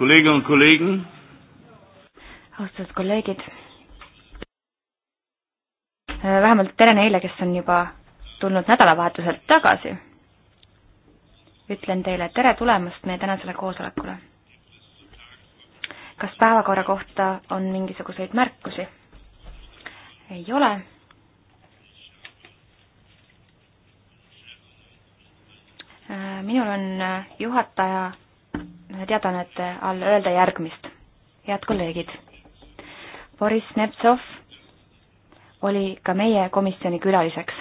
Kolleginnen und Kollegen. austatud kolleegid. Äh, vähemalt tere neile, kes on juba tulnud nädalavahetuselt tagasi. ütlen teile tere tulemast meie tänasele koosolekule. kas päevakorra kohta on mingisuguseid märkusi? ei ole. Äh, minul on juhataja teadaannete all öelda järgmist. head kolleegid, Boris Nemtsov oli ka meie komisjoni külaliseks.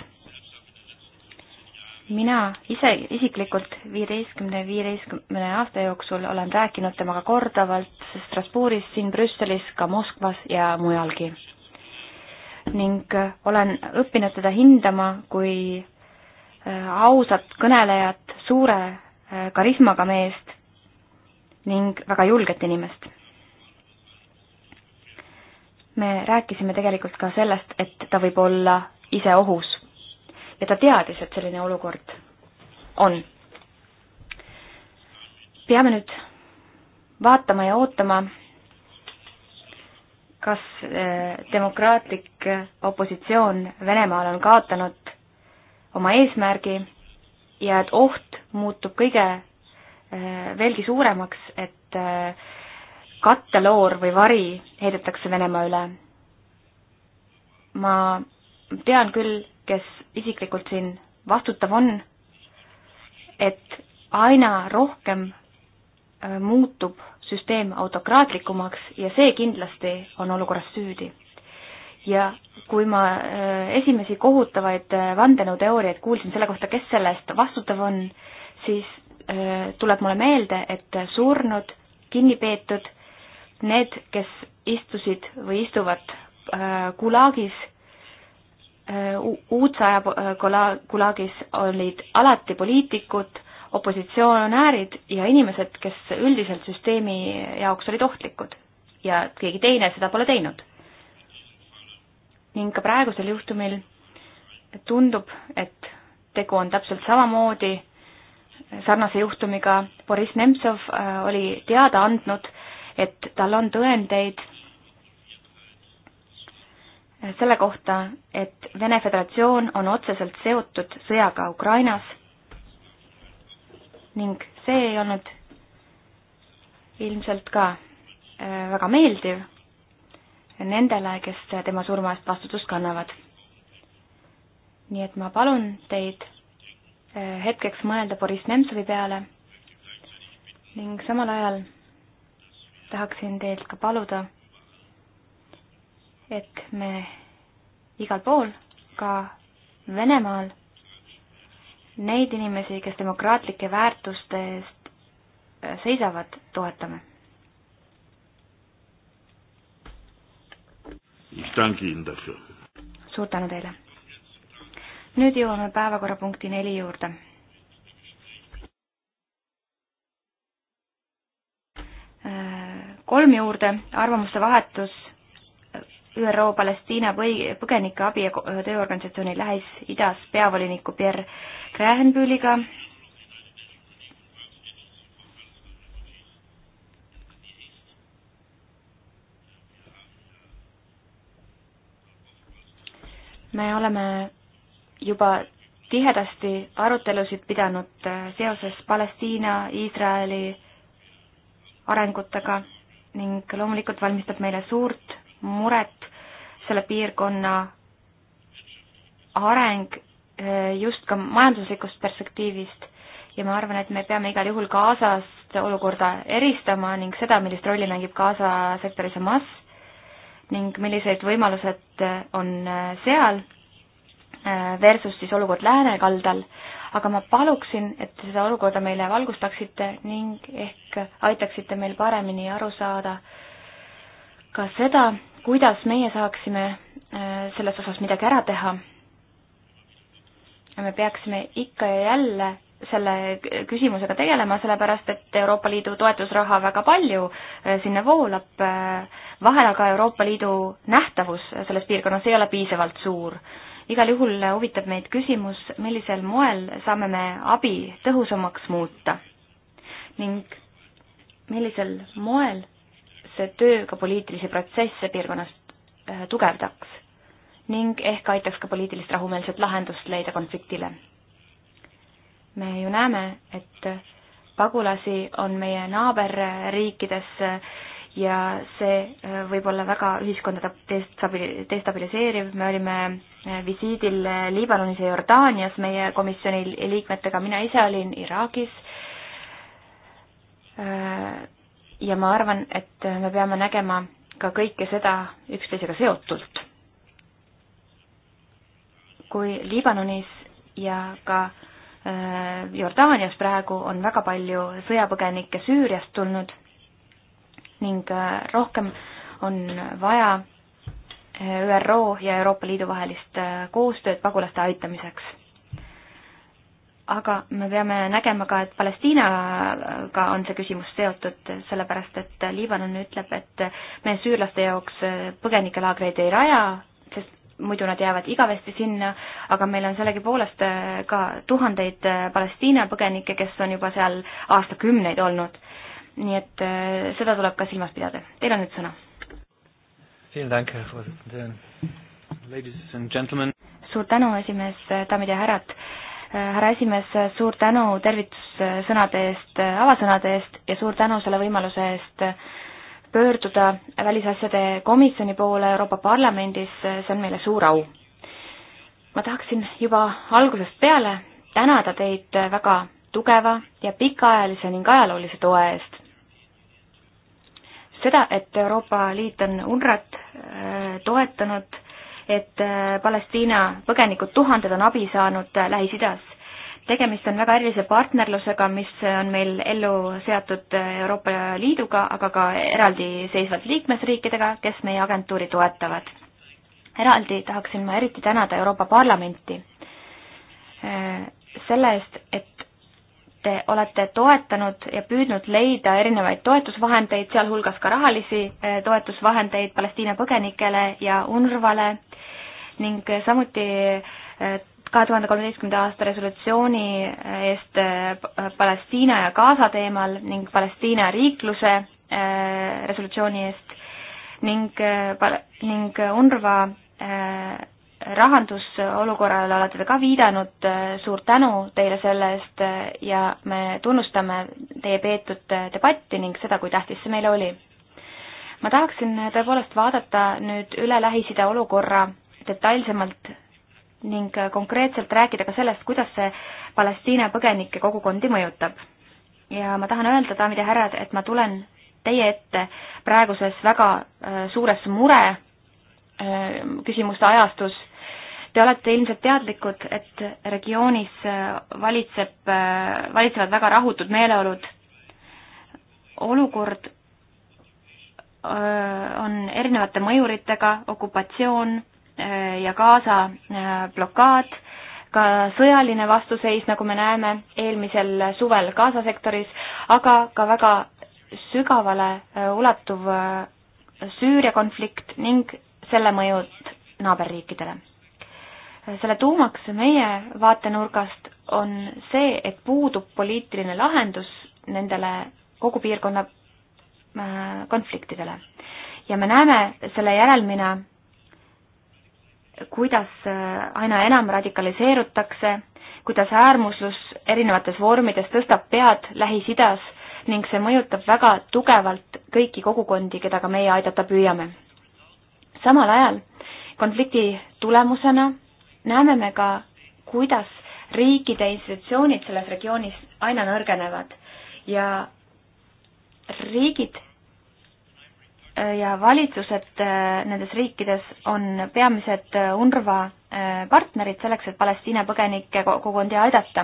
mina ise isiklikult viieteistkümne, viieteistkümne aasta jooksul olen rääkinud temaga korduvalt Strasbourgis, siin Brüsselis, ka Moskvas ja mujalgi. ning äh, olen õppinud teda hindama kui äh, ausat kõnelejat, suure äh, karismaga meest, ning väga julget inimest. me rääkisime tegelikult ka sellest, et ta võib olla ise ohus ja ta teadis, et selline olukord on. peame nüüd vaatama ja ootama, kas eh, demokraatlik opositsioon Venemaal on kaotanud oma eesmärgi ja et oht muutub kõige Äh, veelgi suuremaks, et äh, katteloor või vari heidetakse Venemaa üle. ma tean küll, kes isiklikult siin vastutav on, et aina rohkem äh, muutub süsteem autokraatlikumaks ja see kindlasti on olukorras süüdi. ja kui ma esimesi kohutavaid vandenõuteooriaid kuulsin selle kohta, kes selle eest vastutav on, siis Äh, tuleb mulle meelde, et surnud, kinnipeetud, need, kes istusid või istuvad äh, Gulagis, äh, uudse aja Gulagis olid alati poliitikud, opositsionäärid ja inimesed, kes üldiselt süsteemi jaoks olid ohtlikud ja keegi teine seda pole teinud. ning ka praegusel juhtumil tundub, et tegu on täpselt samamoodi sarnase juhtumiga Boriss Nemtsov äh, oli teada andnud, et tal on tõendeid selle kohta, et Vene Föderatsioon on otseselt seotud sõjaga Ukrainas ning see ei olnud ilmselt ka äh, väga meeldiv nendele, kes tema surma eest vastutust kannavad. nii et ma palun teid Eh, hetkeks mõelda Boris Nemtsovi peale ning samal ajal tahaksin teilt ka paluda, et me igal pool, ka Venemaal, neid inimesi, kes demokraatlike väärtuste eest eh, seisavad, toetame. suur tänu teile! nüüd jõuame päevakorrapunkti neli juurde. kolm juurde, arvamuste vahetus ÜRO Palestiina põi-, põgenike abi- ja tööorganisatsiooni Lähis-Idas peavoliniku Pierre Krähenbüliga. me oleme juba tihedasti arutelusid pidanud äh, seoses Palestiina, Iisraeli arengutega ning loomulikult valmistab meile suurt muret selle piirkonna areng äh, just ka majanduslikust perspektiivist ja ma arvan, et me peame igal juhul Gazast olukorda eristama ning seda, millist rolli mängib Gaza sektoris Hamas ning millised võimalused äh, on seal Äh, versus siis olukord läänekaldal, aga ma paluksin, et te seda olukorda meile valgustaksite ning ehk aitaksite meil paremini aru saada ka seda, kuidas meie saaksime äh, selles osas midagi ära teha. me peaksime ikka ja jälle selle küsimusega tegelema, sellepärast et Euroopa Liidu toetusraha väga palju äh, sinna voolab, vahel aga Euroopa Liidu nähtavus selles piirkonnas ei ole piisavalt suur igal juhul huvitab meid küsimus, millisel moel saame me abi tõhusamaks muuta ning millisel moel see töö ka poliitilisi protsesse piirkonnas äh, tugevdaks ning ehk aitaks ka poliitilist rahumeelset lahendust leida konfliktile. me ju näeme, et pagulasi on meie naaberriikides ja see äh, võib olla väga ühiskonda destabiliseeriv, me olime äh, visiidil äh, Liibanonis ja Jordaanias meie komisjoni liikmetega, mina ise olin Iraagis ja ma arvan, et me peame nägema ka kõike seda üksteisega seotult. kui Liibanonis ja ka Jordaanias praegu on väga palju sõjapõgenikke Süüriast tulnud ning äh, rohkem on vaja äh, ÜRO ja Euroopa Liidu vahelist äh, koostööd pagulaste aitamiseks. aga me peame nägema ka, et Palestiinaga on see küsimus seotud, sellepärast et Liibanon ütleb, et me süürlaste jaoks põgenikelaagreid ei raja, sest muidu nad jäävad igavesti sinna, aga meil on sellegipoolest ka tuhandeid Palestiina põgenikke, kes on juba seal aastakümneid olnud nii et äh, seda tuleb ka silmas pidada. Teil on nüüd sõna. suur tänu, esimees, daamid ja härrad. Äh, härra esimees, suur tänu tervitussõnade eest, äh, avasõnade eest ja suur tänu selle võimaluse eest pöörduda Välisasjade Komisjoni poole Euroopa Parlamendis, see on meile suur au. ma tahaksin juba algusest peale tänada teid väga tugeva ja pikaajalise ning ajaloolise toe eest seda, et Euroopa Liit on UNRWA-t äh, toetanud, et äh, Palestiina põgenikud, tuhanded on abi saanud äh, Lähis-Idas. tegemist on väga erilise partnerlusega, mis on meil ellu seatud Euroopa Liiduga, aga ka eraldiseisvalt liikmesriikidega, kes meie agentuuri toetavad. eraldi tahaksin ma eriti tänada Euroopa Parlamenti selle eest, et te olete toetanud ja püüdnud leida erinevaid toetusvahendeid, sealhulgas ka rahalisi eh, toetusvahendeid Palestiina põgenikele ja UNRWA-le ning samuti eh, kahe tuhande kolmeteistkümnenda aasta resolutsiooni eh, eest Palestiina ja Gaza teemal ning Palestiina riikluse resolutsiooni eest ning, ning UNRWA rahandusolukorrale olete te ka viidanud, suur tänu teile selle eest ja me tunnustame teie peetud debatti ning seda, kui tähtis see meile oli. ma tahaksin tõepoolest vaadata nüüd üle Lähis-Ida olukorra detailsemalt ning konkreetselt rääkida ka sellest, kuidas see Palestiina põgenike kogukondi mõjutab. ja ma tahan öelda, daamid ja härrad, et ma tulen teie ette praeguses väga äh, suures mure äh, küsimuste ajastus Te olete ilmselt teadlikud, et regioonis äh, valitseb, äh, valitsevad väga rahutud meeleolud. olukord äh, on erinevate mõjuritega, okupatsioon ja Gaza blokaad, ka sõjaline vastuseis, nagu me näeme eelmisel suvel Gaza sektoris, aga ka väga sügavale ulatuv Süüria konflikt ning selle mõjud naaberriikidele selle tuumaks meie vaatenurgast on see, et puudub poliitiline lahendus nendele kogu piirkonna äh, konfliktidele. ja me näeme selle järelmina, kuidas äh, aina enam radikaliseerutakse, kuidas äärmuslus erinevates vormides tõstab pead Lähis-Idas ning see mõjutab väga tugevalt kõiki kogukondi, keda ka meie aidata püüame. samal ajal konflikti tulemusena näeme me ka, kuidas riikide institutsioonid selles regioonis aina nõrgenevad ja riigid äh, ja valitsused äh, nendes riikides on peamised äh, UNRWA partnerid selleks, et Palestiina põgenike kogukondi aidata.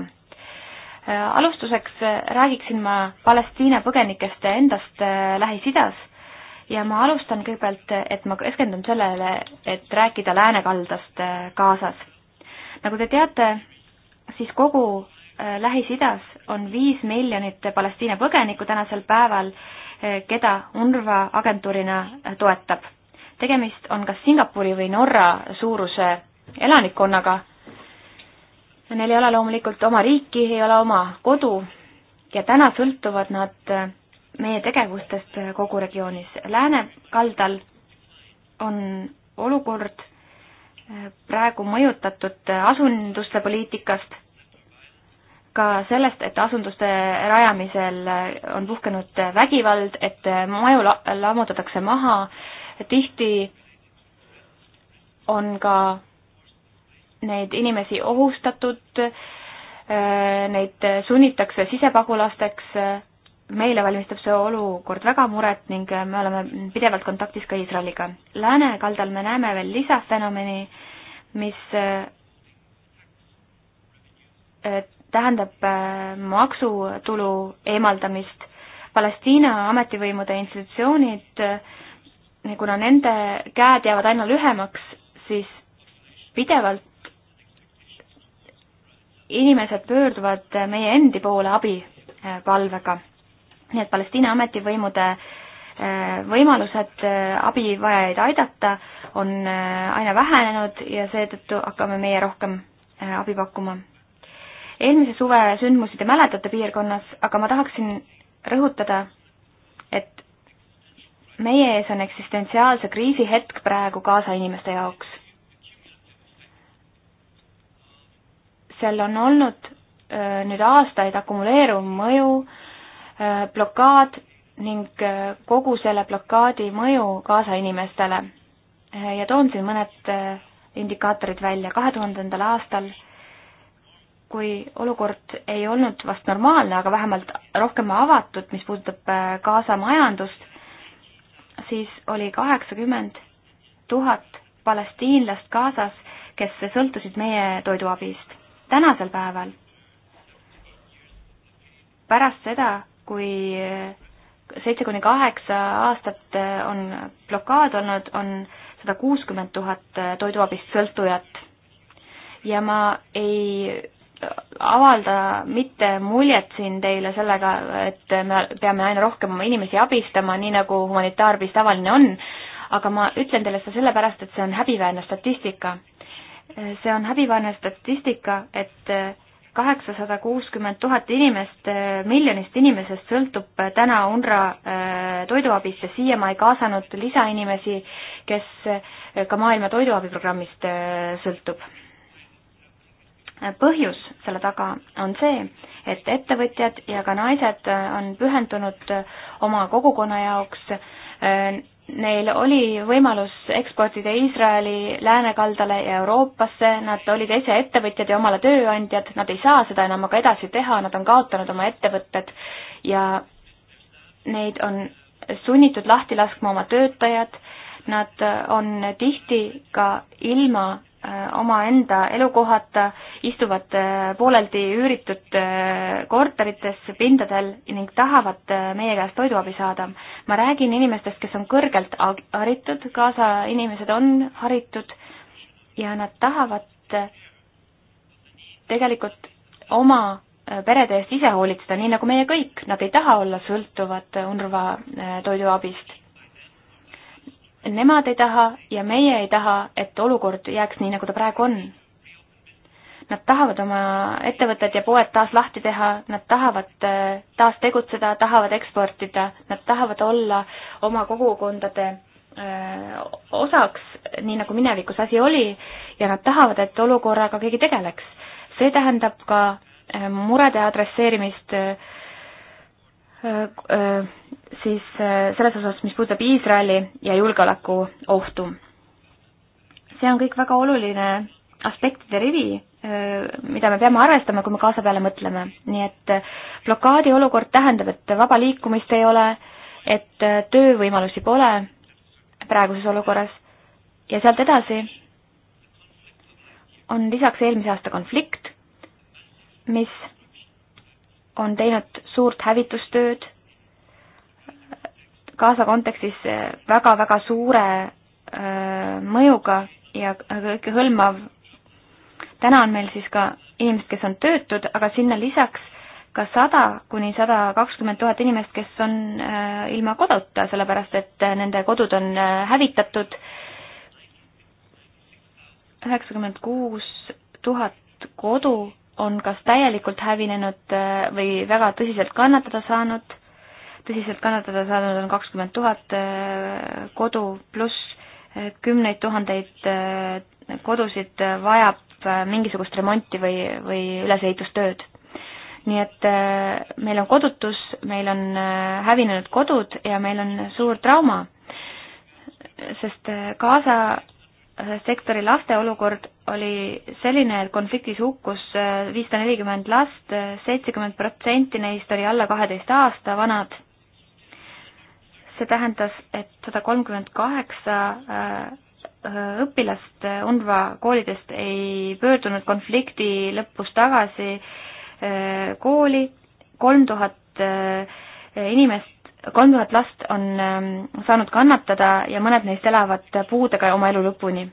alustuseks räägiksin ma Palestiina põgenikest endast Lähis-Idas ja ma alustan kõigepealt, et ma keskendun sellele, et rääkida läänekaldast äh, Gazas. nagu te teate, siis kogu äh, Lähis-Idas on viis miljonit Palestiina põgenikku tänasel päeval, äh, keda UNRWA agentuurina toetab. tegemist on kas Singapuri või Norra suuruse elanikkonnaga, neil ei ole loomulikult oma riiki, ei ole oma kodu ja täna sõltuvad nad meie tegevustest kogu regioonis. Lääne kaldal on olukord eh, praegu mõjutatud asunduste poliitikast, ka sellest, et asunduste rajamisel eh, on puhkenud vägivald, et eh, maju la-, lammutatakse maha, tihti on ka neid inimesi ohustatud, neid sunnitakse sisepagulasteks meile valmistab see olukord väga muret ning me oleme pidevalt kontaktis ka Iisraeliga. Lääne kaldal me näeme veel lisafenomeni, mis äh, tähendab äh, maksutulu eemaldamist. Palestiina ametivõimude institutsioonid, äh, kuna nende käed jäävad aina lühemaks, siis pidevalt inimesed pöörduvad meie endi poole abi palvega nii et Palestiina ametivõimude äh, võimalused äh, abivajajaid aidata on äh, aina vähenenud ja seetõttu hakkame meie rohkem abi pakkuma. eelmise suve sündmusi te mäletate piirkonnas, aga ma tahaksin rõhutada, et meie ees on eksistentsiaalse kriisi hetk praegu Gaza inimeste jaoks. seal on olnud nüüd aastaid akumuleeruv mõju äh, Äh, blokaad ning äh, kogu selle blokaadi mõju Gaza inimestele. Äh, ja toon siin mõned indikaatorid välja. kahe tuhandendal aastal, kui olukord ei olnud vast normaalne, aga vähemalt rohkem avatud, mis puudutab Gaza majandust, siis oli kaheksakümmend tuhat palestiinlast Gazas, kes sõltusid meie toiduabist. tänasel päeval pärast seda, kui seitse kuni kaheksa aastat on blokaad olnud, on sada kuuskümmend tuhat toiduabist sõltujat. ja ma ei avalda mitte muljet siin teile sellega, et me peame aina rohkem oma inimesi abistama, nii nagu humanitaarabis tavaline on, aga ma ütlen teile seda sellepärast, et see on häbiväärne statistika. see on häbiväärne statistika, et kaheksasada kuuskümmend tuhat inimest, miljonist inimesest sõltub äh, täna UNRWA äh, toiduabist ja siia ma ei kaasanud lisainimesi, kes äh, ka Maailma Toiduabiprogrammist sõltub. põhjus selle taga on see, et ettevõtjad ja ka naised on pühendunud oma kogukonna jaoks Neil oli võimalus eksportida Iisraeli läänekaldale ja Euroopasse, nad olid ise ettevõtjad ja omale tööandjad, nad ei saa seda enam aga edasi teha, nad on kaotanud oma ettevõtted ja neid on sunnitud lahti laskma oma töötajad, nad on tihti ka ilma Äh, omaenda elukohata, istuvad äh, pooleldi üüritud äh, korterites, pindadel ning tahavad meie käest toiduabi saada. ma räägin inimestest, kes on kõrgelt haritud, Gaza inimesed on haritud ja nad tahavad tegelikult oma perede eest ise hoolitseda, nii nagu meie kõik, nad ei taha olla sõltuvad UNRWA toiduabist nemad ei taha ja meie ei taha, et olukord jääks nii, nagu ta praegu on. Nad tahavad oma ettevõtted ja poed taas lahti teha, nad tahavad äh, taas tegutseda, tahavad eksportida, nad tahavad olla oma kogukondade äh, osaks, nii nagu minevikus asi oli, ja nad tahavad, et olukorraga keegi tegeleks. see tähendab ka äh, murede adresseerimist äh, Äh, äh, siis äh, selles osas, mis puudutab Iisraeli ja julgeolekuohtu. see on kõik väga oluline aspektide rivi, mida me peame arvestama, kui me kaasa peale mõtleme. nii et blokaadi olukord tähendab, et vaba liikumist ei ole, et töövõimalusi pole praeguses olukorras ja sealt edasi on lisaks eelmise aasta konflikt, mis on teinud suurt hävitustööd, Gaza kontekstis väga-väga suure mõjuga ja kõikehõlmav. täna on meil siis ka inimesed, kes on töötud, aga sinna lisaks ka sada kuni sada kakskümmend tuhat inimest, kes on ilma koduta, sellepärast et nende kodud on hävitatud. üheksakümmend kuus tuhat kodu on kas täielikult hävinenud äh, või väga tõsiselt kannatada saanud, tõsiselt kannatada saanud on kakskümmend tuhat äh, kodu pluss äh, kümneid tuhandeid kodusid vajab mingisugust remonti või, või ülesehitustööd. nii et meil on kodutus, meil on hävinenud kodud ja meil on suur trauma, sest Gaza sektori laste olukord oli selline, et konfliktis hukkus äh, viissada nelikümmend last, seitsekümmend protsenti neist oli alla kaheteist aasta vanad. see tähendas, et sada kolmkümmend kaheksa äh, äh, õpilast UNRWA koolidest ei pöördunud konflikti lõpus tagasi kooli, kolm tuhat inimest, kolm tuhat last on ähm, saanud kannatada ja mõned neist elavad puudega oma elu lõpuni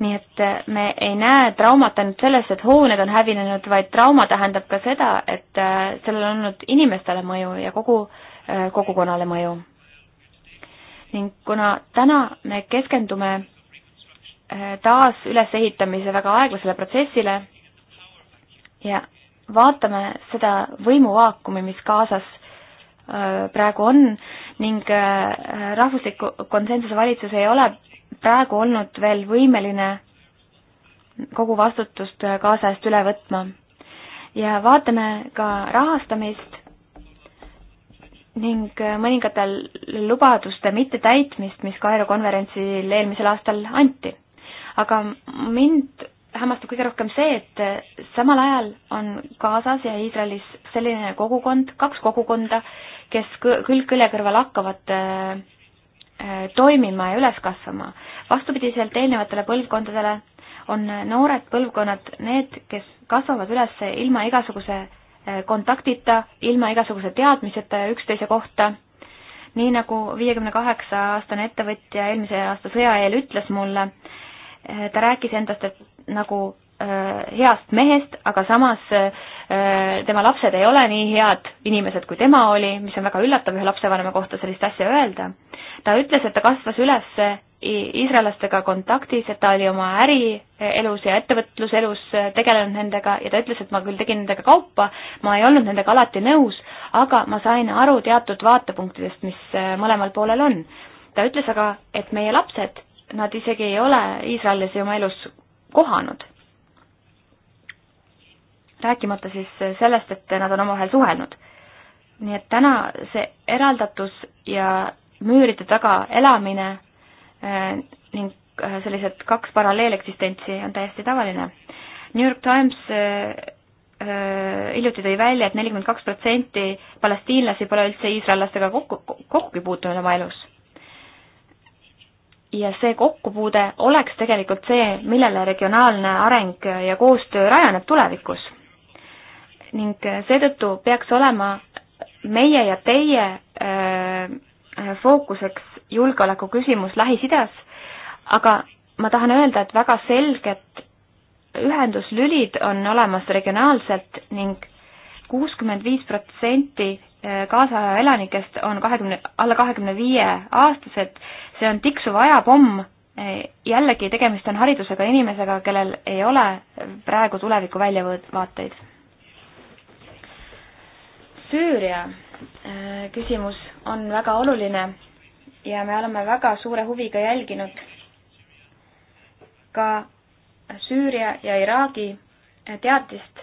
nii et eh, me ei näe traumat ainult selles, et hooned on hävinenud, vaid trauma tähendab ka seda, et eh, sellel on olnud inimestele mõju ja kogu eh, kogukonnale mõju. ning kuna täna me keskendume taas ülesehitamise väga aeglasele protsessile ja vaatame seda võimuvaakumi, mis kaasas praegu on ning rahvusliku konsensuse valitsus ei ole praegu olnud veel võimeline kogu vastutust kaasajast üle võtma. ja vaatame ka rahastamist ning mõningatel lubaduste mittetäitmist, mis Kairo konverentsil eelmisel aastal anti. aga mind hämmastab kõige rohkem see, et samal ajal on Gazas ja Iisraelis selline kogukond, kaks kogukonda, kes kõlg külje kõrval hakkavad äh, Äh, toimima ja üles kasvama. vastupidiselt eelnevatele põlvkondadele on noored põlvkonnad need, kes kasvavad üles ilma igasuguse äh, kontaktita, ilma igasuguse teadmiseta üksteise kohta. nii nagu viiekümne kaheksa aastane ettevõtja eelmise aasta sõja eel ütles mulle, äh, ta rääkis endast, et nagu Äh, heast mehest, aga samas äh, tema lapsed ei ole nii head inimesed, kui tema oli, mis on väga üllatav ühe lapsevanema kohta sellist asja öelda. ta ütles, et ta kasvas üles iisraellastega äh, kontaktis, et ta oli oma ärielus ja ettevõtluselus tegelenud nendega ja ta ütles, et ma küll tegin nendega kaupa, ma ei olnud nendega alati nõus, aga ma sain aru teatud vaatepunktidest, mis mõlemal poolel on. ta ütles aga, et meie lapsed, nad isegi ei ole Iisraelis oma elus kohanud rääkimata siis sellest, et nad on omavahel suhelnud. nii et täna see eraldatus ja müüride taga elamine eh, ning eh, sellised kaks paralleeleksistentsi on täiesti tavaline. New York Times eh, hiljuti tõi välja et, et nelikümmend kaks protsenti palestiinlasi pole üldse iisraellastega kokku, kokkugi puutunud oma elus. ja see kokkupuude oleks tegelikult see, millele regionaalne areng ja koostöö rajaneb tulevikus ning äh, seetõttu peaks olema meie ja teie äh, äh, fookuseks julgeoleku küsimus Lähis-Idas, aga ma tahan öelda, et väga selged ühenduslülid on olemas regionaalselt ning kuuskümmend viis protsenti kaasaja elanikest on kahekümne, alla kahekümne viie aastased, see on tiksuv ajapomm, jällegi tegemist on haridusega inimesega, kellel ei ole praegu tuleviku väljavaateid Süüria äh, küsimus on väga oluline ja me oleme väga suure huviga jälginud ka Süüria ja Iraagi teatist,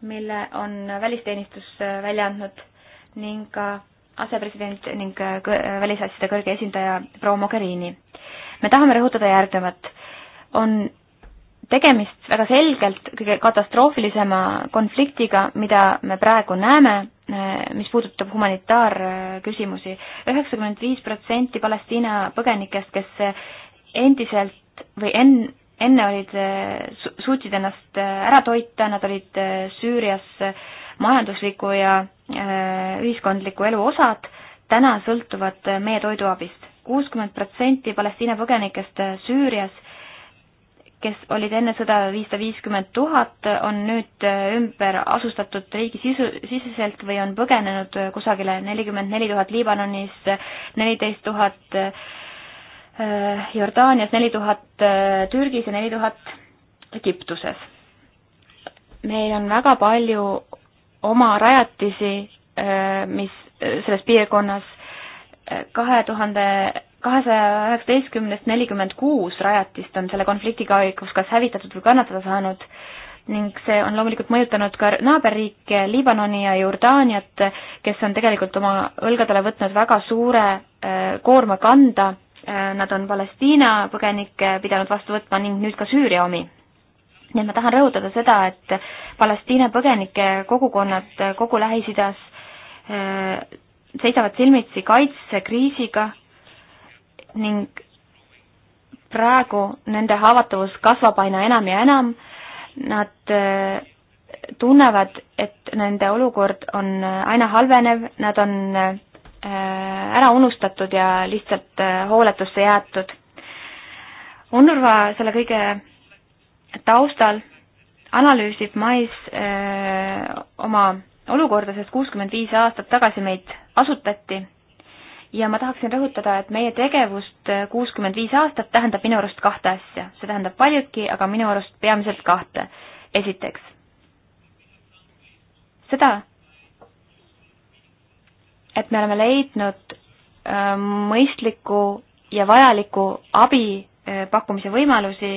mille on välisteenistus äh, välja andnud ning ka asepresident ning äh, välisasjade kõrge esindaja proua Mogherini. me tahame rõhutada järgnevat. on tegemist väga selgelt kõige katastroofilisema konfliktiga, mida me praegu näeme, eh, mis puudutab humanitaarküsimusi. üheksakümmend viis protsenti Palestiina põgenikest, kes endiselt või enn-, enne olid, eh, suutsid ennast eh, ära toita, nad olid Süürias majandusliku ja ühiskondliku elu osad, täna sõltuvad meie toiduabist. kuuskümmend protsenti Palestiina põgenikest Süürias kes olid enne sõda viissada viiskümmend tuhat, on nüüd äh, ümber asustatud riigi sisu, siseselt või on põgenenud äh, kusagile nelikümmend neli tuhat Liibanonis, neliteist tuhat äh, Jordaanias, neli tuhat Türgis ja neli tuhat Egiptuses. meil on väga palju oma rajatisi, mis selles piirkonnas kahe tuhande kahesaja üheksateistkümnest nelikümmend kuus rajatist on selle konflikti käigus kas hävitatud või kannatada saanud ning see on loomulikult mõjutanud ka naaberriike Liibanoni ja Jordaaniat, kes on tegelikult oma õlgadele võtnud väga suure äh, koorma kanda. Äh, nad on Palestiina põgenikke pidanud vastu võtma ning nüüd ka Süüria omi. nii et ma tahan rõhutada seda, et Palestiina põgenike kogukonnad kogu Lähis-Idas äh, seisavad silmitsi kaitsekriisiga ning praegu nende haavatavus kasvab aina enam ja enam, nad äh, tunnevad, et nende olukord on äh, aina halvenev, nad on äh, ära unustatud ja lihtsalt hooletusse jäetud. UNRWA selle kõige taustal analüüsib mais öö, oma olukorda, sest kuuskümmend viis aastat tagasi meid asutati ja ma tahaksin rõhutada, et meie tegevust kuuskümmend viis aastat tähendab minu arust kahte asja. see tähendab paljutki, aga minu arust peamiselt kahte. esiteks, seda, et me oleme leidnud äh, mõistliku ja vajaliku abi äh, pakkumise võimalusi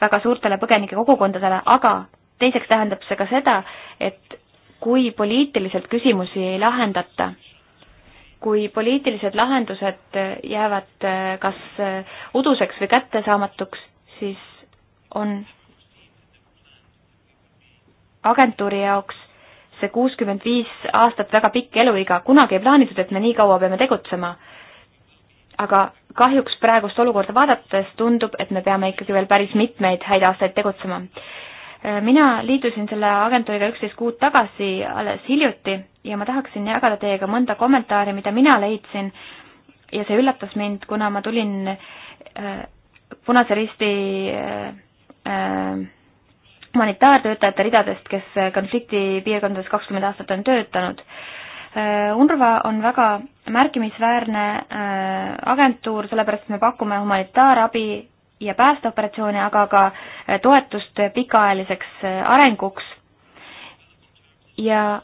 väga suurtele põgenike kogukondadele, aga teiseks tähendab see ka seda, et kui poliitiliselt küsimusi ei lahendata, kui poliitilised lahendused jäävad äh, kas äh, uduseks või kättesaamatuks, siis on agentuuri jaoks see kuuskümmend viis aastat väga pikk eluiga, kunagi ei plaanitud, et me nii kaua peame tegutsema. aga kahjuks praegust olukorda vaadates tundub, et me peame ikkagi veel päris mitmeid häid aastaid tegutsema. Äh, mina liitusin selle agentuuriga üksteist kuud tagasi alles hiljuti ja ma tahaksin jagada teiega mõnda kommentaari, mida mina leidsin ja see üllatas mind, kuna ma tulin äh, Punase Risti äh, äh, humanitaartöötajate äh, ridadest, kes konfliktipiirkondades kakskümmend aastat on töötanud äh,. UNRWA on väga märkimisväärne agentuur, sellepärast me pakume humanitaarabi ja päästeoperatsioone, aga ka äh, toetust pikaajaliseks äh, arenguks. ja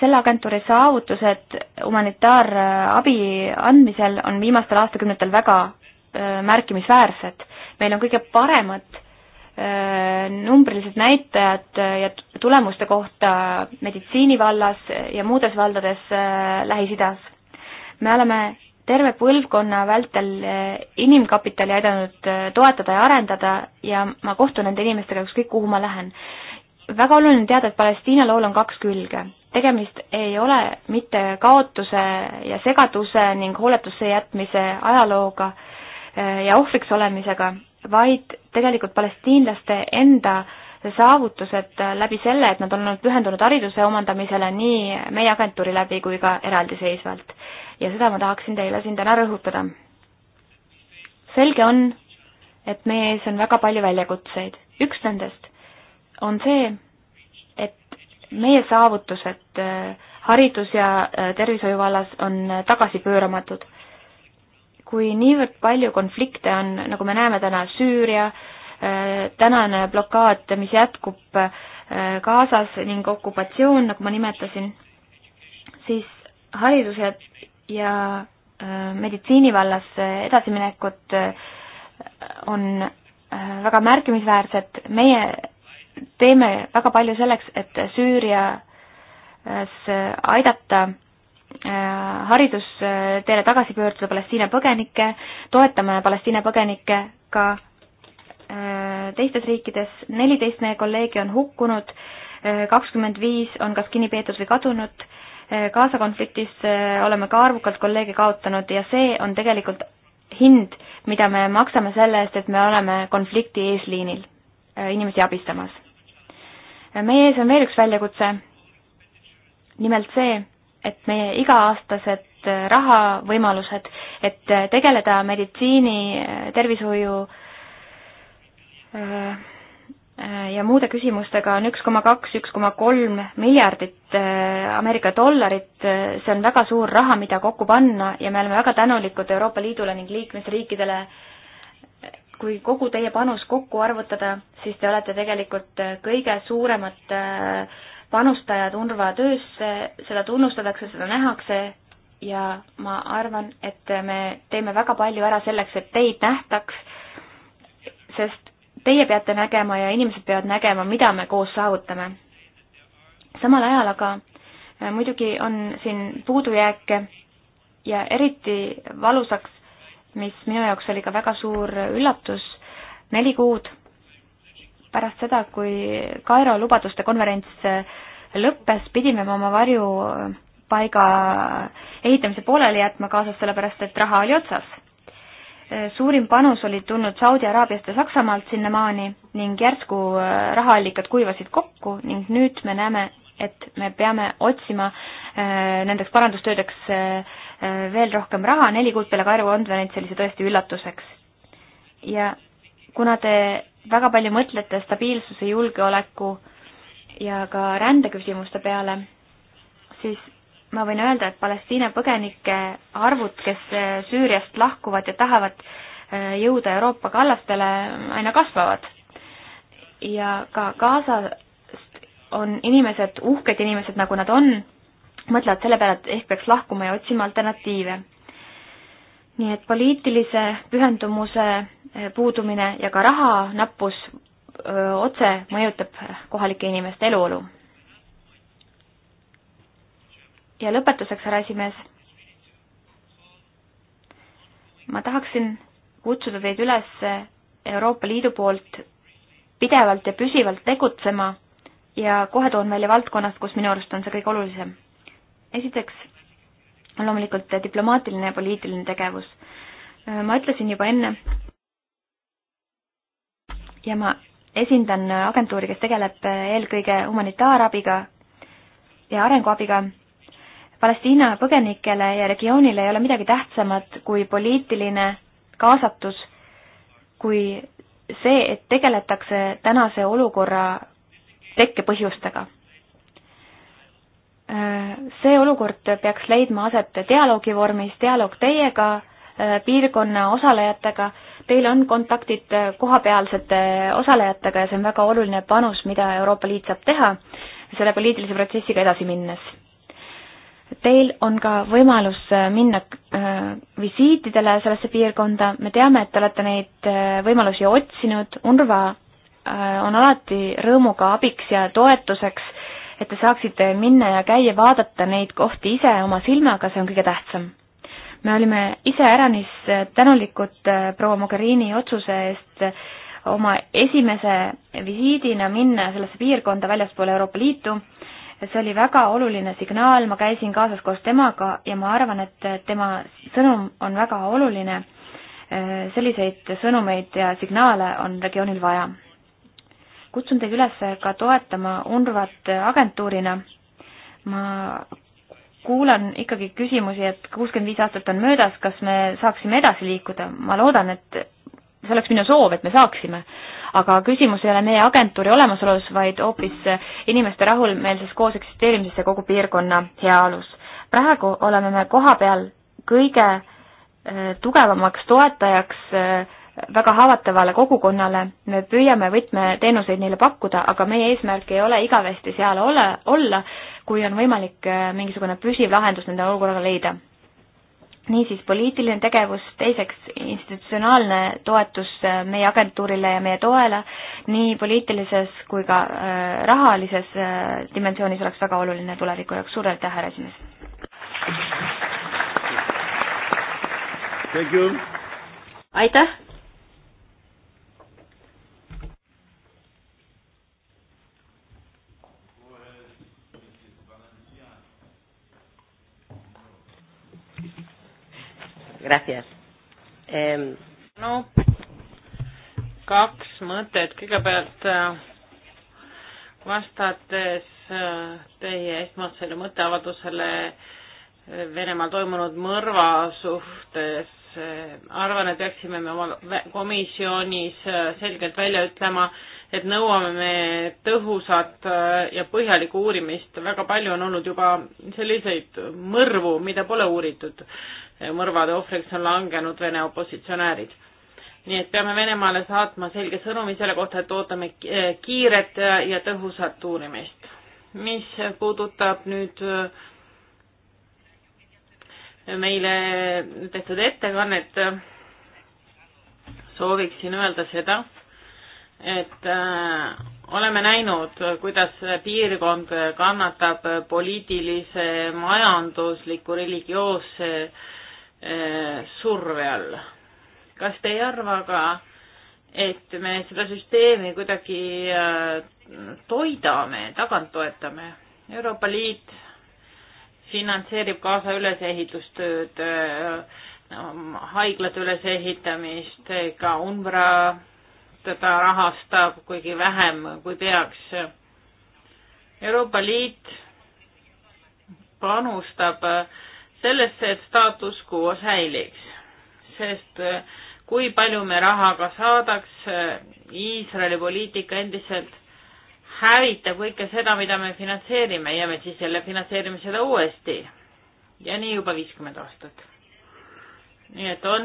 selle agentuuri saavutused humanitaarabi äh, andmisel on viimastel aastakümnetel väga märkimisväärsed. meil on kõige paremad numbrilised näitajad ja tulemuste kohta meditsiinivallas ja muudes valdades Lähis-Idas. me oleme terve põlvkonna vältel eh, inimkapitali aidanud eh, toetada ja arendada ja ma kohtun nende inimestega ükskõik, kuhu ma lähen. väga oluline on teada, et Palestiina lool on kaks külge. tegemist ei ole mitte kaotuse ja segaduse ning hooletusse jätmise ajalooga eh, ja ohvriks olemisega, vaid tegelikult palestiinlaste enda saavutused läbi selle, et nad on olnud pühendunud hariduse omandamisele nii meie agentuuri läbi kui ka eraldiseisvalt ja seda ma tahaksin teile siin täna rõhutada. selge on, et meie ees on väga palju väljakutseid. üks nendest on see, et meie saavutused äh, haridus- ja äh, tervishoiu vallas on äh, tagasipööramatud. kui niivõrd palju konflikte on, nagu me näeme täna, Süüria, tänane blokaad, mis jätkub Gazas ning okupatsioon, nagu ma nimetasin, siis haridus ja ja äh, meditsiinivallas äh, edasiminekud äh, on väga märkimisväärsed. meie teeme väga palju selleks, et Süürias aidata haridusteele tagasi pöörduda Palestiina põgenikke, toetame Palestiina põgenikke ka teistes riikides, neliteist meie kolleegi on hukkunud, kakskümmend viis on kas kinni peetud või kadunud Äh, Gaza konfliktis äh, oleme ka arvukalt kolleege kaotanud ja see on tegelikult hind, mida me maksame selle eest, et me oleme konflikti eesliinil äh, inimesi abistamas. meie ees on veel üks väljakutse, nimelt see, et meie iga-aastased rahavõimalused, et tegeleda meditsiini, tervishoiu ja muude küsimustega on üks koma kaks, üks koma kolm miljardit Äh, Ameerika dollarit, äh, see on väga suur raha, mida kokku panna ja me oleme väga tänulikud Euroopa Liidule ning liikmesriikidele. kui kogu teie panus kokku arvutada, siis te olete tegelikult äh, kõige suuremad panustajad UNRWA töösse, seda tunnustatakse, seda nähakse ja ma arvan, et me teeme väga palju ära selleks, et teid nähtaks, sest teie peate nägema ja inimesed peavad nägema, mida me koos saavutame samal ajal aga äh, muidugi on siin puudujääke ja eriti valusaks, mis minu jaoks oli ka väga suur üllatus, neli kuud pärast seda, kui Kairo lubaduste konverents äh, lõppes, pidime me oma varjupaiga ehitamise pooleli jätma kaasas, sellepärast et raha oli otsas suurim panus oli tulnud Saudi Araabiast ja Saksamaalt sinnamaani ning järsku äh, rahaallikad kuivasid kokku ning nüüd me näeme, et me peame otsima äh, nendeks parandustöödeks äh, veel rohkem raha, neli kuud peale Kairo konverentsi oli see tõesti üllatuseks. ja kuna te väga palju mõtlete stabiilsuse, julgeoleku ja ka rändeküsimuste peale, siis ma võin öelda, et Palestiina põgenike arvud, kes äh, Süüriast lahkuvad ja tahavad äh, jõuda Euroopa kallastele, aina kasvavad. ja ka Gazast on inimesed, uhked inimesed, nagu nad on, mõtlevad selle peale, et ehk peaks lahkuma ja otsima alternatiive. nii et poliitilise pühendumuse äh, puudumine ja ka raha nappus öö, otse mõjutab kohalike inimeste eluolu ja lõpetuseks, härra esimees, ma tahaksin kutsuda teid üles Euroopa Liidu poolt pidevalt ja püsivalt tegutsema ja kohe toon välja valdkonnad, kus minu arust on see kõige olulisem. esiteks on loomulikult diplomaatiline ja poliitiline tegevus. ma ütlesin juba enne ja ma esindan agentuuri, kes tegeleb eelkõige humanitaarabiga ja arenguabiga Palestiina põgenikele ja regioonile ei ole midagi tähtsamat kui poliitiline kaasatus, kui see, et tegeletakse tänase olukorra tekkepõhjustega. See olukord peaks leidma aset dialoogi vormis, dialoog teiega, piirkonna osalejatega, teil on kontaktid kohapealsete osalejatega ja see on väga oluline panus, mida Euroopa Liit saab teha selle poliitilise protsessiga edasi minnes Teil on ka võimalus äh, minna äh, visiitidele sellesse piirkonda, me teame, et te olete neid äh, võimalusi otsinud, UNRWA on alati rõõmuga abiks ja toetuseks, et te saaksite minna ja käia, vaadata neid kohti ise oma silmaga, see on kõige tähtsam. me olime iseäranis tänulikud proua Mogherini otsuse eest oma esimese visiidina minna sellesse piirkonda väljaspool Euroopa Liitu see oli väga oluline signaal, ma käisin kaasas koos temaga ja ma arvan, et tema sõnum on väga oluline. selliseid sõnumeid ja signaale on regioonil vaja. kutsun teid üles ka toetama UNRWA-t agentuurina. ma kuulan ikkagi küsimusi, et kuuskümmend viis aastat on möödas, kas me saaksime edasi liikuda, ma loodan, et see oleks minu soov, et me saaksime, aga küsimus ei ole meie agentuuri olemasolus, vaid hoopis inimeste rahumeelses kooseksisteerimises ja kogu piirkonna heaolus. praegu oleme me kohapeal kõige äh, tugevamaks toetajaks äh, väga haavatavale kogukonnale, me püüame võtmeteenuseid neile pakkuda, aga meie eesmärk ei ole igavesti seal ole, olla, kui on võimalik äh, mingisugune püsiv lahendus nende olukorraga leida niisiis poliitiline tegevus, teiseks institutsionaalne toetus äh, meie agentuurile ja meie toele, nii poliitilises kui ka äh, rahalises äh, dimensioonis oleks väga oluline tuleviku jaoks. suur aitäh, härra esimees! aitäh! Gracias. Ehm... no kaks mõtet, kõigepealt äh, vastates äh, teie esmasele mõtteavaldusele äh, Venemaal toimunud mõrva suhtes, arvan, et peaksime me oma komisjonis selgelt välja ütlema, et nõuame me tõhusat ja põhjalikku uurimist, väga palju on olnud juba selliseid mõrvu, mida pole uuritud mõrvade ohvriks on langenud Vene opositsionäärid. nii et peame Venemaale saatma selge sõnumi selle kohta, et ootame eh, kiiret ja tõhusat uurimist. mis puudutab nüüd eh, meile tehtud ettekannet, sooviksin öelda seda, et äh, oleme näinud, kuidas piirkond kannatab poliitilise, majandusliku, religioosse äh, Äh, surve all. kas te ei arva ka, et me seda süsteemi kuidagi äh, toidame, tagant toetame? Euroopa Liit finantseerib kaasa ülesehitustööd, äh, haiglate ülesehitamist, ka UNRWA teda rahastab, kuigi vähem kui peaks. Euroopa Liit panustab äh, sellesse, et staatus quo säiliks, sest äh, kui palju me rahaga saadaks, äh, Iisraeli poliitika endiselt hävitab kõike seda, mida me finantseerime ja me siis jälle finantseerime seda uuesti. ja nii juba viiskümmend aastat. nii et on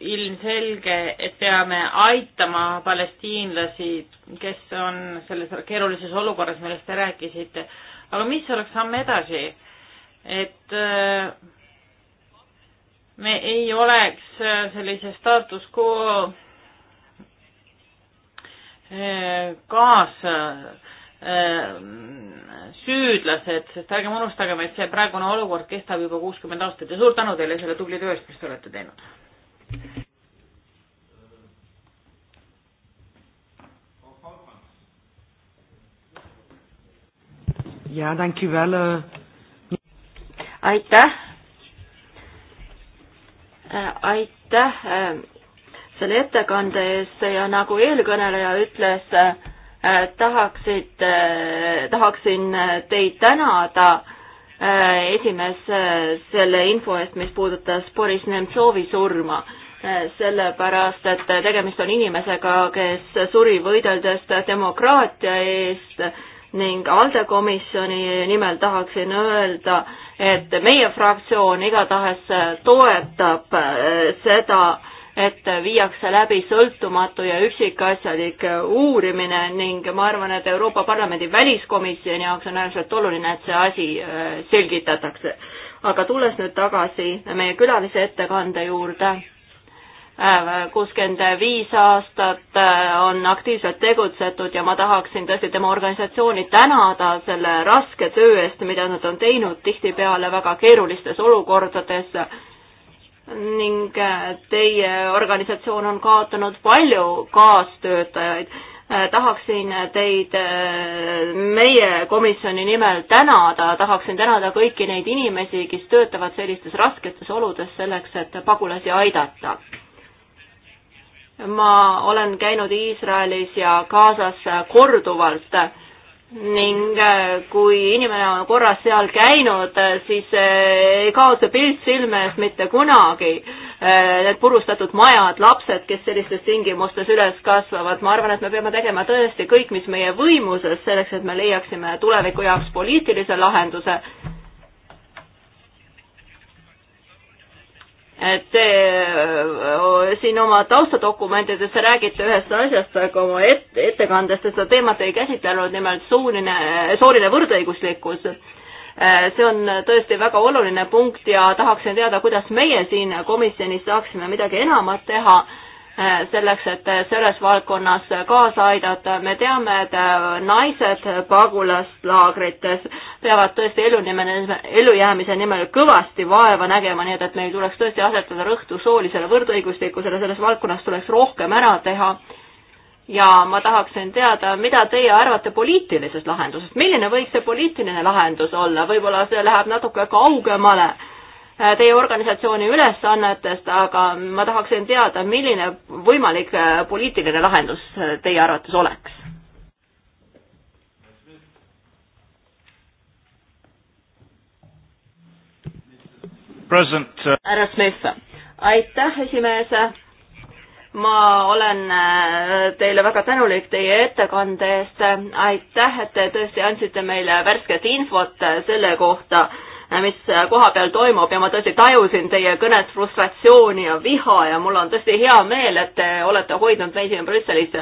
ilmselge, et peame aitama palestiinlasi, kes on selles keerulises olukorras, millest te rääkisite. aga mis oleks samm edasi? et äh, me ei oleks äh, sellise staatus quo äh, kaas süüdlased, sest ärgem unustagem, et see praegune olukord kestab juba kuuskümmend aastat ja suur tänu teile selle tubli töö eest, mis te olete teinud. ja tänki veel aitäh. Äh, aitäh äh, selle ettekande eest ja nagu eelkõneleja ütles, äh, tahaksid, tahaksin teid tänada esimees selle info eest, mis puudutas Boris Nemtsovi surma, sellepärast et tegemist on inimesega, kes suri võideldes demokraatia eest ning ALDE komisjoni nimel tahaksin öelda, et meie fraktsioon igatahes toetab äh, seda, et viiakse läbi sõltumatu ja üksikasjalik äh, uurimine ning ma arvan, et Euroopa Parlamendi väliskomisjoni jaoks on äärmiselt oluline, et see asi äh, selgitatakse. aga tulles nüüd tagasi meie külalise ettekande juurde Äh, kuuskümmend viis aastat äh, on aktiivselt tegutsetud ja ma tahaksin tõesti tema organisatsiooni tänada selle raske töö eest, mida nad on teinud tihtipeale väga keerulistes olukordades ning äh, teie organisatsioon on kaotanud palju kaastöötajaid. tahaksin teid meie komisjoni nimel tänada, tahaksin tänada kõiki neid inimesi, kes töötavad sellistes rasketes oludes selleks, et pagulasi aidata ma olen käinud Iisraelis ja Gazas korduvalt ning äh, kui inimene on korra seal käinud, äh, siis äh, ei kao see pilt silme eest mitte kunagi. Need purustatud majad, lapsed, kes sellistes tingimustes üles kasvavad, ma arvan, et me peame tegema tõesti kõik, mis meie võimuses, selleks et me leiaksime tuleviku jaoks poliitilise lahenduse Te eh, eh, siin oma taustadokumentides räägite ühest asjast, aga oma et, ettekandes te seda teemat ei käsitlenud, nimelt suuline, sooline võrdõiguslikkus. Eh, see on tõesti väga oluline punkt ja tahaksin teada, kuidas meie siin komisjonis saaksime midagi enamat teha selleks, et selles valdkonnas kaasa aidata. me teame, et äh, naised pagulaslaagrites peavad tõesti elunimene, ellujäämise nimel kõvasti vaeva nägema, nii et, et meil tuleks tõesti asetada rõhtu soolisele võrdõiguslikkusele, selles valdkonnas tuleks rohkem ära teha. ja ma tahaksin teada, mida teie arvate poliitilisest lahendusest, milline võiks see poliitiline lahendus olla, võib-olla see läheb natuke kaugemale ka Äh, teie organisatsiooni ülesannetest, aga ma tahaksin teada, milline võimalik äh, poliitiline lahendus äh, teie arvates oleks? härra Smith, aitäh, esimees. ma olen teile väga tänulik teie ettekande eest. aitäh, et te tõesti andsite meile värsket infot selle kohta mis äh, koha peal toimub ja ma tõesti tajusin teie kõnes frustratsiooni ja viha ja mul on tõesti hea meel, et te olete hoidnud meid siin Brüsselis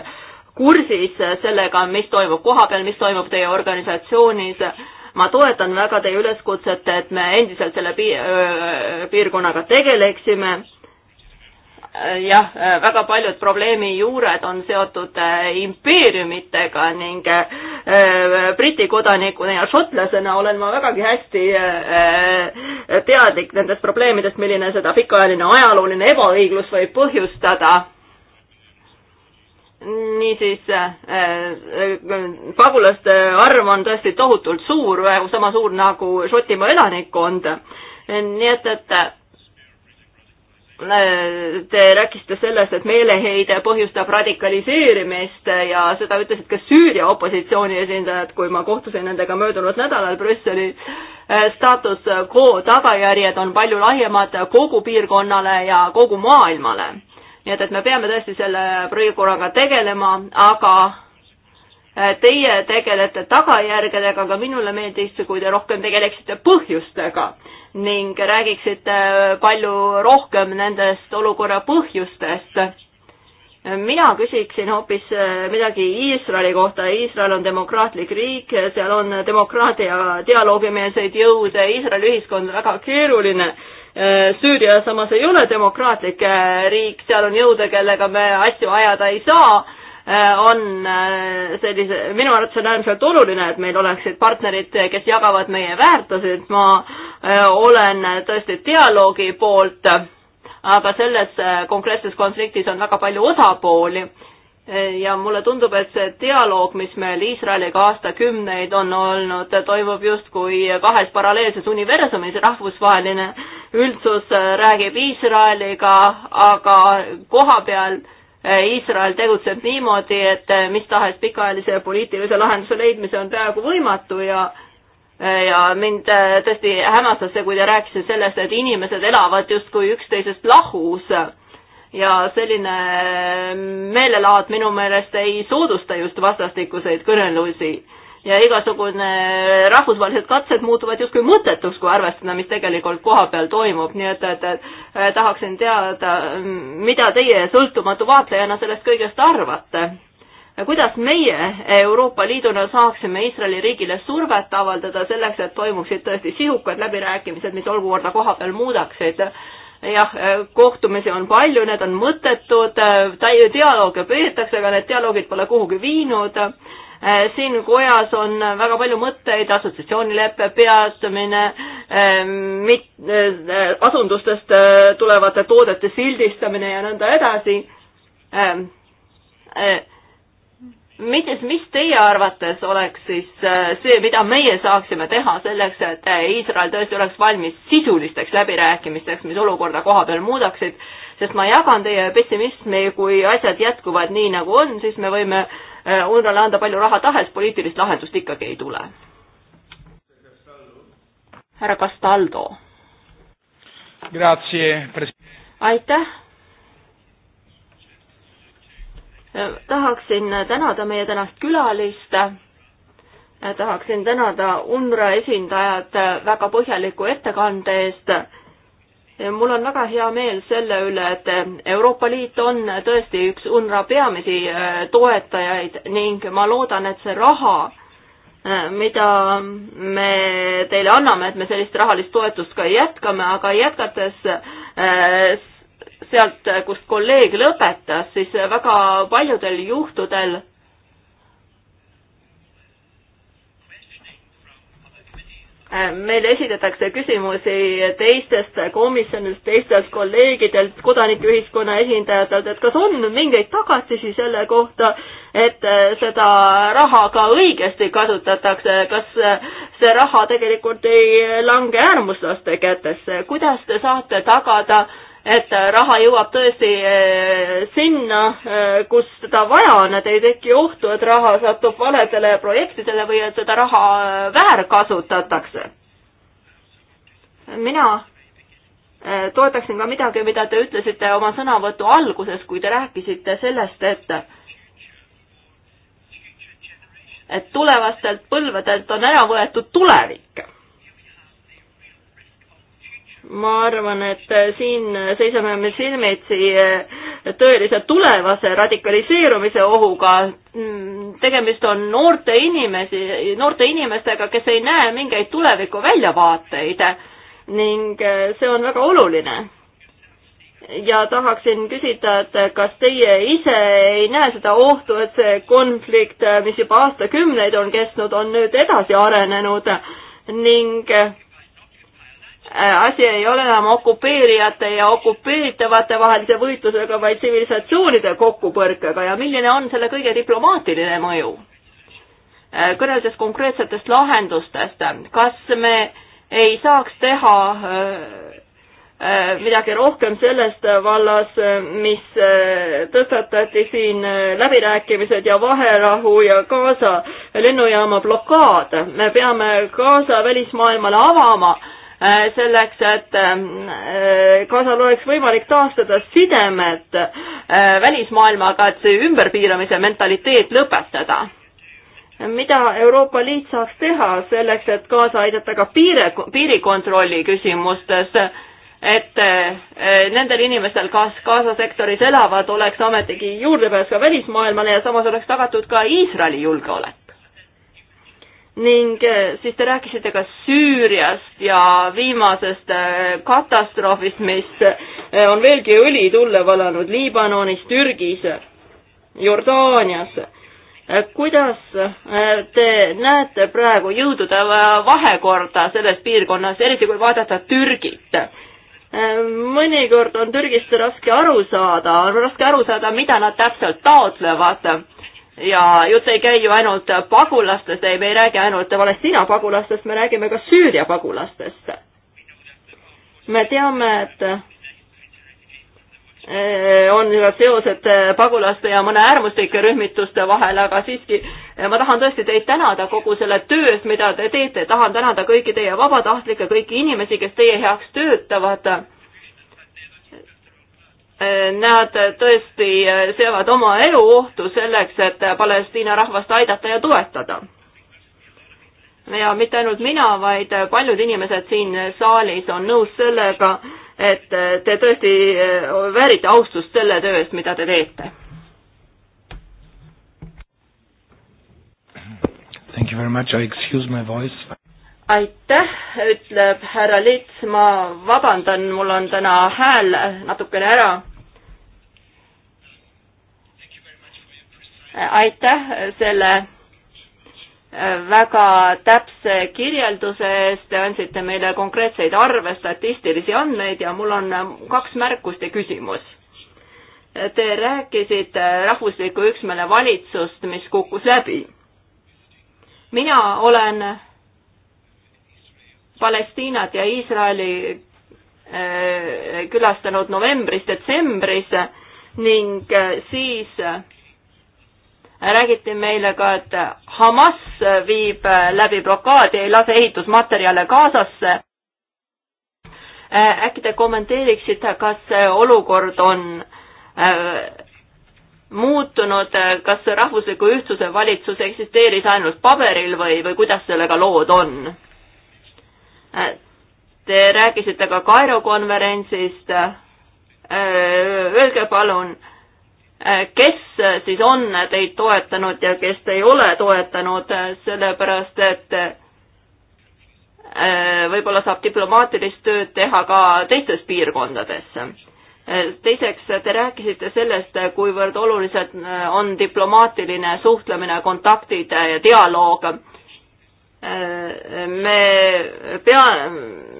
kursis sellega, mis toimub koha peal, mis toimub teie organisatsioonis ma toetan väga teie üleskutset, et me endiselt selle piirkonnaga tegeleksime Äh, jah, äh, väga paljud probleemi juured on seotud äh, impeeriumitega ning Briti kodanikuna ja šotlasena olen ma vägagi hästi teadlik nendest probleemidest, milline seda pikaajaline ajalooline ebaõiglus võib põhjustada niisiis äh, pagulaste arv on tõesti tohutult suur, sama suur nagu Šotimaa elanikkond. nii et, et Te rääkisite sellest, et meeleheide põhjustab radikaliseerimist ja seda ütlesid ka Süüria opositsiooni esindajad, kui ma kohtusin nendega möödunud nädalal Brüsselis. Eh, staatus quo tagajärjed on palju laiemad kogu piirkonnale ja kogu maailmale. nii et, et me peame tõesti selle projektikorraga tegelema, aga eh, teie tegelete tagajärgedega, aga minule meeldiks, kui te rohkem tegeleksite põhjustega ning räägiksite äh, palju rohkem nendest olukorra põhjustest. mina küsiksin hoopis äh, midagi Iisraeli kohta. Iisrael on demokraatlik riik, seal on demokraatia dialoogimeelseid jõude, Iisraeli ühiskond on väga keeruline äh, Süüria samas ei ole demokraatlik riik, seal on jõude, kellega me asju ajada ei saa Äh, on äh, sellise, minu arvates on äärmiselt oluline, et meil oleksid partnerid, kes jagavad meie väärtused, ma äh, olen tõesti dialoogi poolt, aga selles konkreetses konfliktis on väga palju osapooli ja mulle tundub, et see dialoog, mis meil Iisraeliga aastakümneid on olnud, toimub justkui kahes paralleelses universumis, rahvusvaheline üldsus räägib Iisraeliga, aga koha peal äh, Eh, Iisrael tegutseb niimoodi, et eh, mis tahes pikaajalise poliitilise lahenduse leidmise on peaaegu võimatu ja eh, ja mind tõesti hämmastas see, kui te rääkisite sellest, et inimesed elavad justkui üksteisest lahus ja selline meelelaad minu meelest ei soodusta just vastastikuseid kõnelusi ja igasugune rahvusvahelised katsed muutuvad justkui mõttetuks, kui arvestada, mis tegelikult kohapeal toimub, nii et, et, et äh, tahaksin teada, mida teie sõltumatu vaatlejana sellest kõigest arvate? kuidas meie Euroopa Liiduna saaksime Iisraeli riigile survet avaldada selleks, et toimuksid tõesti sisukad läbirääkimised, mis olukorda koha peal muudaksid? jah, äh, kohtumisi on palju, need on mõttetud, äh, dialoogi peetakse, aga need dialoogid pole kuhugi viinud Äh, siin kojas on väga palju mõtteid, assotsiatsioonileppe peatamine, ähm, mit-, äh, asundustest äh, tulevate toodete sildistamine ja nõnda edasi. Ähm, mis, mis teie arvates oleks siis see, mida meie saaksime teha selleks, et Iisrael tõesti oleks valmis sisulisteks läbirääkimisteks, mis olukorda koha peal muudaksid, sest ma jagan teie pessimismi, kui asjad jätkuvad nii, nagu on, siis me võime äh, UNRWA-le äh, anda palju raha tahes, poliitilist lahendust ikkagi ei tule. härra Castaldo. aitäh. Äh, tahaksin tänada meie tänast külalist äh, tahaksin tänada UNRWA esindajad väga põhjaliku ettekande eest mul on väga hea meel selle üle, et Euroopa Liit on tõesti üks UNRWA peamisi äh, toetajaid ning ma loodan, et see raha, äh, mida me teile anname, et me sellist rahalist toetust ka jätkame, aga jätkates äh, sealt, kust kolleeg lõpetas, siis väga paljudel juhtudel meile esitatakse küsimusi teistest komisjonidest, teistelt kolleegidelt, kodanikeühiskonna esindajatelt, et kas on mingeid tagatisi selle kohta, et äh, seda raha ka õigesti kasutatakse, kas äh, see raha tegelikult ei lange äärmuslaste kätesse, kuidas te saate tagada, et raha jõuab tõesti eh, sinna, eh, kus teda vaja on, et ei teki ohtu, et raha satub valedele projektidele või et seda raha eh, väärkasutatakse. mina toetaksin ka midagi, mida te ütlesite oma sõnavõtu alguses, kui te rääkisite sellest, et et tulevastelt põlvedelt on ära võetud tulevik ma arvan, et äh, siin seisame me silmitsi äh, tõelise tulevase radikaliseerumise ohuga. Mm, tegemist on noorte inimesi, noorte inimestega, kes ei näe mingeid tuleviku väljavaateid ning äh, see on väga oluline. ja tahaksin küsida, et kas teie ise ei näe seda ohtu, et see konflikt, mis juba aastakümneid on kestnud, on nüüd edasi arenenud ning Äh, asi ei ole enam okupeerijate ja okupeeritavate vahelise võitlusega, vaid tsivilisatsioonide kokkupõrkega ja milline on selle kõige diplomaatiline mõju? Äh, kõneldes konkreetsetest lahendustest, kas me ei saaks teha äh, midagi rohkem sellest vallas, mis tõstatati siin läbirääkimised ja vaherahu ja Gaza lennujaama blokaad. me peame Gaza välismaailmale avama Äh, selleks, et ähm, äh, kaasal oleks võimalik taastada sidemed äh, välismaailmaga, et see ümberpiiramise mentaliteet lõpetada. mida Euroopa Liit saaks teha selleks, et kaasa aidata ka piire, piirikontrolli küsimustes, et nendel inimestel, kas Gaza sektoris elavad, oleks ometigi juurdepääs ka välismaailmale ja samas oleks tagatud ka Iisraeli julgeolek? ning eh, siis te rääkisite ka Süüriast ja viimasest eh, katastroofist, mis eh, on veelgi õli tulle valanud Liibanonis, Türgis, Jordaanias. kuidas te näete praegu jõudude vahekorda selles piirkonnas, eriti kui vaadata Türgit? mõnikord on Türgist raske aru saada, on raske aru saada, mida nad täpselt taotlevad ja jutt ei käi ju ainult pagulastest, ei, me ei räägi ainult Palestiina pagulastest, me räägime ka Süüria pagulastest. me teame, et eh, on seosed eh, pagulaste ja mõne äärmuslike rühmituste vahel, aga siiski eh, ma tahan tõesti teid tänada kogu selle töö eest, mida te teete, tahan tänada kõiki teie vabatahtlikke, kõiki inimesi, kes teie heaks töötavad Äh, nad tõesti äh, seavad oma elu ohtu selleks, et äh, Palestiina rahvast aidata ja toetada. ja mitte ainult mina, vaid paljud inimesed siin saalis on nõus sellega, et te tõesti väärite austust selle töö eest, mida te teete. Thank you very much, I excuse my voice aitäh, ütleb härra Lits, ma vabandan, mul on täna hääl natukene ära. aitäh selle äh, väga täpse kirjelduse eest, te andsite meile konkreetseid arve, statistilisi andmeid ja mul on äh, kaks märkust ja küsimus. Te rääkisite rahvusliku üksmeele valitsust, mis kukkus läbi. mina olen Palestiinat ja Iisraeli eh, külastanud novembris-detsembris ning eh, siis eh, räägiti meile ka, et Hamas viib läbi blokaadi, ei lase ehitusmaterjale Gazasse. äkki te kommenteeriksite, kas see olukord on muutunud, kas rahvusliku ühtsuse valitsus eksisteeris ainult paberil või, või kuidas sellega lood on? Te rääkisite ka Kairo konverentsist. Äh, öelge palun, äh, kes siis on teid toetanud ja kes te ei ole toetanud, äh, sellepärast et võib-olla saab diplomaatilist tööd teha ka teistes piirkondades. teiseks, te rääkisite sellest, kuivõrd olulised on diplomaatiline suhtlemine, kontaktid ja dialoog me pea,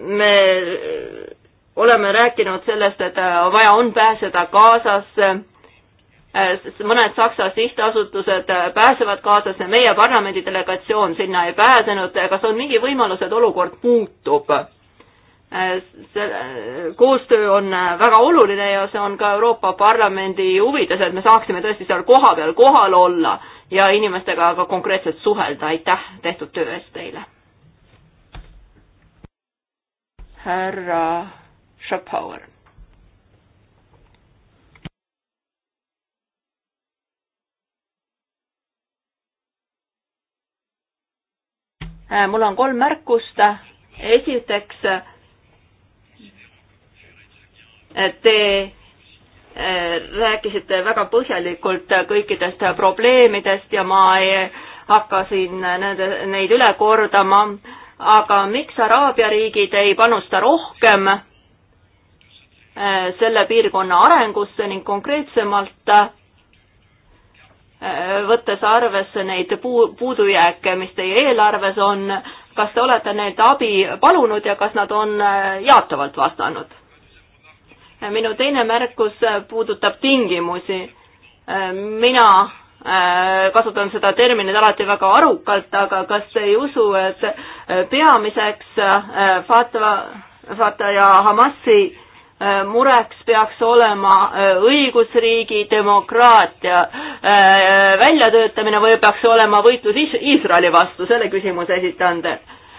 me oleme rääkinud sellest, et vaja on pääseda Gazasse, mõned Saksa sihtasutused pääsevad Gazasse, meie parlamendi delegatsioon sinna ei pääsenud, kas on mingi võimalus, et olukord muutub? see koostöö on väga oluline ja see on ka Euroopa Parlamendi huvides, et me saaksime tõesti seal kohapeal kohal olla ja inimestega ka konkreetselt suhelda. aitäh tehtud töö eest teile. härra Schopenhauer. Äh, mul on kolm märkust. esiteks, te Äh, rääkisite väga põhjalikult kõikidest probleemidest ja ma ei hakka siin nende, neid üle kordama, aga miks Araabia riigid ei panusta rohkem äh, selle piirkonna arengusse ning konkreetsemalt äh, võttes arvesse neid puu, puudujääke, mis teie eelarves on, kas te olete neilt abi palunud ja kas nad on jaatavalt vastanud? minu teine märkus puudutab tingimusi. Äh, mina äh, kasutan seda terminit alati väga arukalt, aga kas te ei usu, et äh, peamiseks Fatwa, Fatwa ja Hamasi mureks peaks olema õigusriigi demokraatia väljatöötamine või peaks olema võitlus Iisraeli vastu, selle küsimuse esitan te.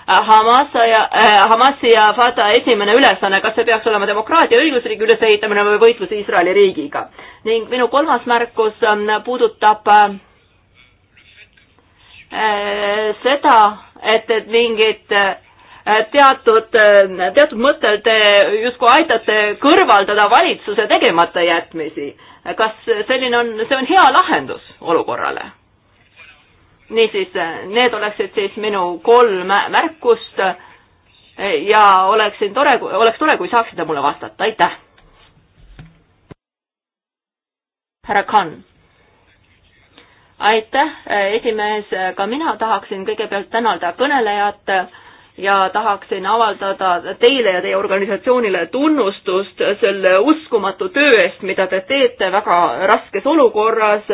Äh, Hamas ja äh,, Hamasi ja Fatah esimene ülesanne, kas see peaks olema demokraatia õigusriigi ülesehitamine või võitlus Iisraeli riigiga. ning minu kolmas märkus ähm, äh, puudutab äh, seda, et, et mingid äh, teatud, äh, teatud mõttel te justkui aitate kõrvaldada valitsuse tegemata jätmisi. kas selline on, see on hea lahendus olukorrale? niisiis, need oleksid siis minu kolm märkust ja oleksin tore, oleks tore, kui saaksite mulle vastata, aitäh. härra Khan. aitäh, esimees, ka mina tahaksin kõigepealt tänada kõnelejat ja tahaksin avaldada teile ja teie organisatsioonile tunnustust selle uskumatu töö eest, mida te teete väga raskes olukorras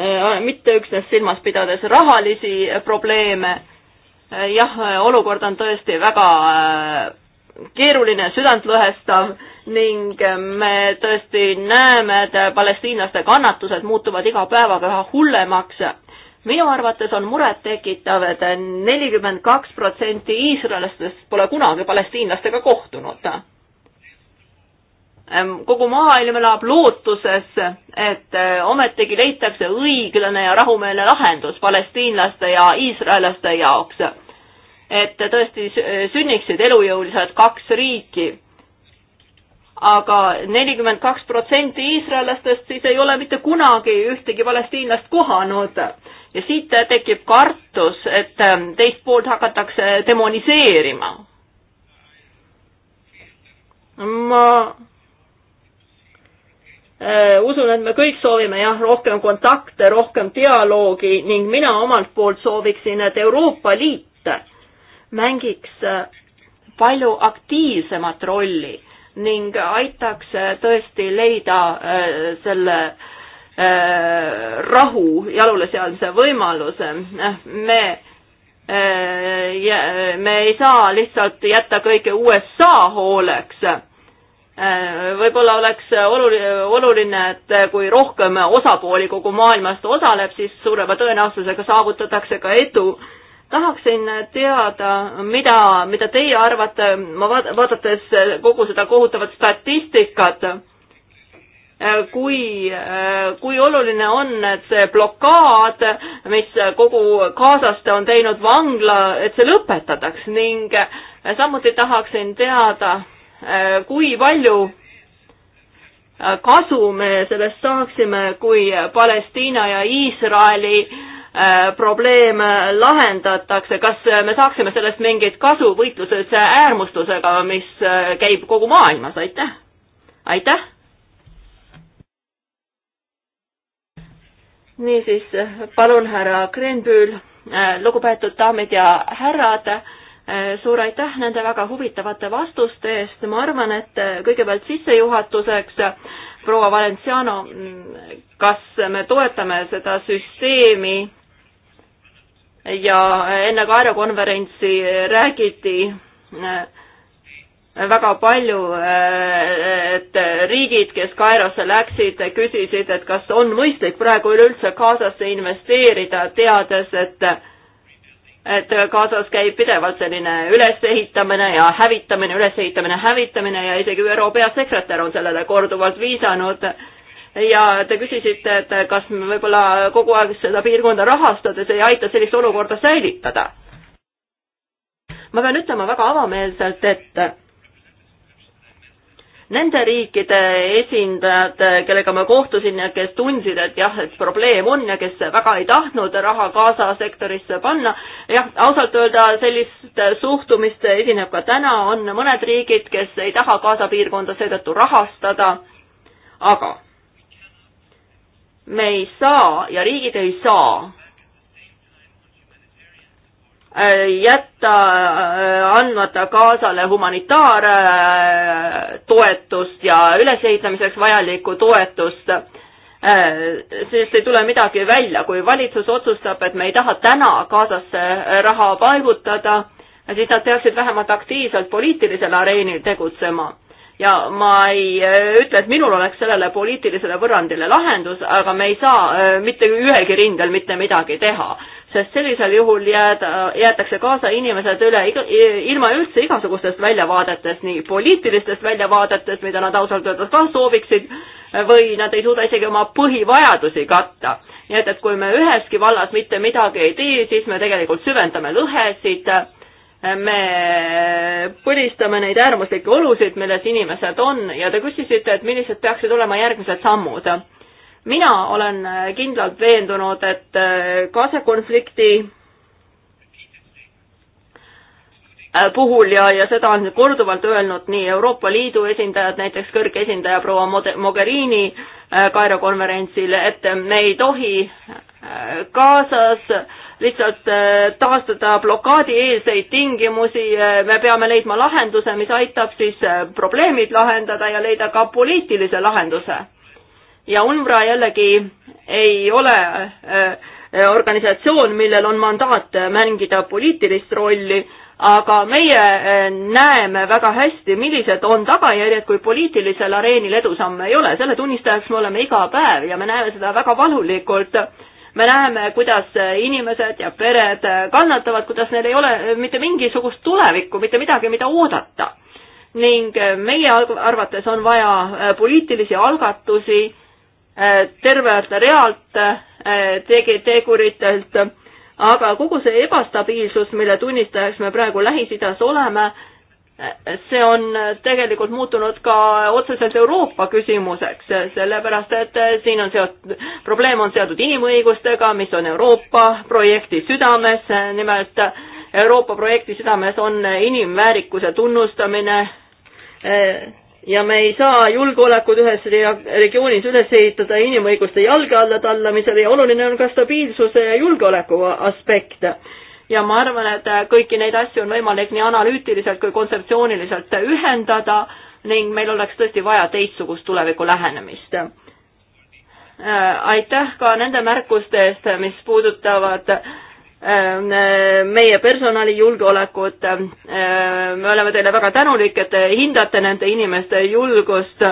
Äh, mitte üksnes silmas pidades rahalisi äh, probleeme. Äh, jah, olukord on tõesti väga keeruline, südantlõhestav ning me tõesti näeme, et palestiinlaste kannatused muutuvad iga päevaga üha hullemaks minu arvates on murettekitav, et nelikümmend kaks protsenti iisraellastest pole kunagi palestiinlastega kohtunud kogu maailm elab lootuses, et eh, ometigi leitakse õiglane ja rahumeelne lahendus palestiinlaste ja iisraellaste jaoks. et tõesti sünniksid elujõulised kaks riiki aga. aga nelikümmend kaks protsenti iisraellastest siis ei ole mitte kunagi ühtegi palestiinlast kohanud ja siit tekib kartus, et teist poolt hakatakse demoniseerima. ma Äh, usun, et me kõik soovime jah, rohkem kontakte, rohkem dialoogi ning mina omalt poolt sooviksin, et Euroopa Liit mängiks äh, palju aktiivsemat rolli ning aitaks äh, tõesti leida selle rahu jaluleseadmise võimaluse. me ja me ei saa lihtsalt jätta kõike USA hooleks Äh, võib-olla oleks oluline, oluline, et kui rohkem osapooli kogu maailmast osaleb, siis suurema tõenäosusega saavutatakse ka edu. tahaksin teada, mida, mida teie arvate, ma vaadates kogu seda kohutavat statistikat, äh, kui, äh, kui oluline on, et see blokaad, mis kogu Gazast on teinud vangla, et see lõpetataks ning samuti tahaksin teada, Äh, kui palju äh, kasu me sellest saaksime, kui Palestiina ja Iisraeli äh, probleem lahendatakse, kas me saaksime sellest mingit kasu võitluses äärmustusega, mis käib kogu maailmas, aitäh! aitäh! niisiis, palun, härra Kreenbüül, lugupeetud daamid ja härrad Äh, suur aitäh nende väga huvitavate vastuste eest, ma arvan, et äh, kõigepealt sissejuhatuseks, äh, proua Valenciano, mm, kas me toetame seda süsteemi ja enne Kairo konverentsi räägiti väga palju, et riigid, kes Kairosse läksid, küsisid, et kas on mõistlik praegu üleüldse Gazasse investeerida, teades, et et Gazas käib pidevalt selline ülesehitamine ja hävitamine, ülesehitamine, hävitamine ja isegi ÜRO peasekretär on sellele korduvalt viisanud. ja te küsisite, et kas me võib-olla kogu aeg seda piirkonda rahastades ei aita sellist olukorda säilitada. ma pean ütlema väga avameelselt, et nende riikide esindajad, kellega ma kohtusin ja kes tundsid, et jah, et probleem on ja kes väga ei tahtnud raha Gaza sektorisse panna, jah, ausalt öelda sellist suhtumist esineb ka täna, on mõned riigid, kes ei taha Gaza piirkonda seetõttu rahastada, aga me ei saa ja riigid ei saa jätta äh, andmata Gazale humanitaartoetust ja ülesehitamiseks vajalikku toetust, äh, sest ei tule midagi välja. kui valitsus otsustab, et me ei taha täna Gazasse raha paigutada, siis nad peaksid vähemalt aktiivselt poliitilisel areenil tegutsema ja ma ei äh, ütle, et minul oleks sellele poliitilisele võrrandile lahendus, aga me ei saa äh, mitte ühegi rindel mitte midagi teha, sest sellisel juhul jääd, jäetakse kaasa inimesed üle iga, ilma üldse igasugustest väljavaadetest, nii poliitilistest väljavaadetest, mida nad ausalt öeldes ka sooviksid, või nad ei suuda isegi oma põhivajadusi katta. nii et, et kui me üheski vallas mitte midagi ei tee, siis me tegelikult süvendame lõhesid me põlistame neid äärmuslikke olusid, milles inimesed on ja te küsisite, et millised peaksid olema järgmised sammud. mina olen kindlalt veendunud, et kaasakonflikti puhul ja, ja seda on korduvalt öelnud nii Euroopa Liidu esindajad, näiteks kõrge esindaja proua Mogherini äh, Kairo konverentsil, et me ei tohi äh, kaasas äh, lihtsalt äh, taastada blokaadieelseid tingimusi, äh, me peame leidma lahenduse, mis aitab siis äh, probleemid lahendada ja leida ka poliitilise lahenduse. ja UNRWA jällegi ei ole organisatsioon, millel on mandaat mängida poliitilist rolli, aga meie näeme väga hästi, millised on tagajärjed, kui poliitilisel areenil edusamme ei ole, selle tunnistajaks me oleme iga päev ja me näeme seda väga valulikult me näeme, kuidas inimesed ja pered kannatavad, kuidas neil ei ole mitte mingisugust tulevikku, mitte midagi, mida oodata. ning meie arvates on vaja äh, poliitilisi algatusi äh, tervelt realt äh, tegi, teguritelt, aga kogu see ebastabiilsus, mille tunnistajaks me praegu Lähis-Idas oleme, see on tegelikult muutunud ka otseselt Euroopa küsimuseks, sellepärast et siin on seotud, probleem on seotud inimõigustega, mis on Euroopa projekti südames, nimelt Euroopa projekti südames on inimväärikuse tunnustamine ja me ei saa julgeolekut ühes regioonis üles ehitada inimõiguste jalge alla tallamisele ja oluline on ka stabiilsuse ja julgeoleku aspekt ja ma arvan, et äh, kõiki neid asju on võimalik nii analüütiliselt kui kontseptsiooniliselt ühendada ning meil oleks tõesti vaja teistsugust tuleviku lähenemist. Äh, aitäh ka nende märkuste eest, mis puudutavad äh, meie personali julgeolekut. me oleme teile väga tänulik, et te hindate nende inimeste julgust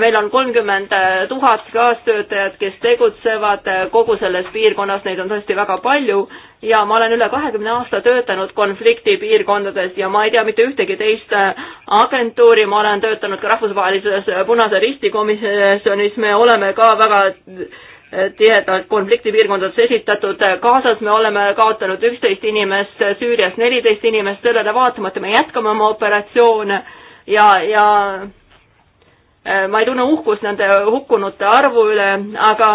meil on kolmkümmend äh, tuhat kaastöötajat, kes tegutsevad äh, kogu selles piirkonnas, neid on tõesti väga palju ja ma olen üle kahekümne aasta töötanud konfliktipiirkondades ja ma ei tea mitte ühtegi teist äh, agentuuri, ma olen töötanud ka rahvusvahelises Punase Risti komisjonis, me oleme ka väga tihedalt konfliktipiirkondades esitatud, Gazas me oleme kaotanud üksteist inimest, Süürias neliteist inimest, sellele vaatamata me jätkame oma operatsioone ja, ja Äh, ma ei tunne uhkust nende hukkunute arvu üle, aga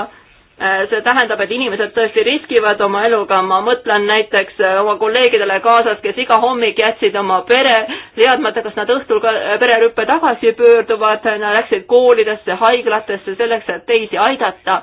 äh, see tähendab, et inimesed tõesti riskivad oma eluga, ma mõtlen näiteks äh, oma kolleegidele kaasas, kes iga hommik jätsid oma pere, teadmata, kas nad õhtul ka pererüppe tagasi pöörduvad, nad läksid koolidesse, haiglatesse selleks, et teisi aidata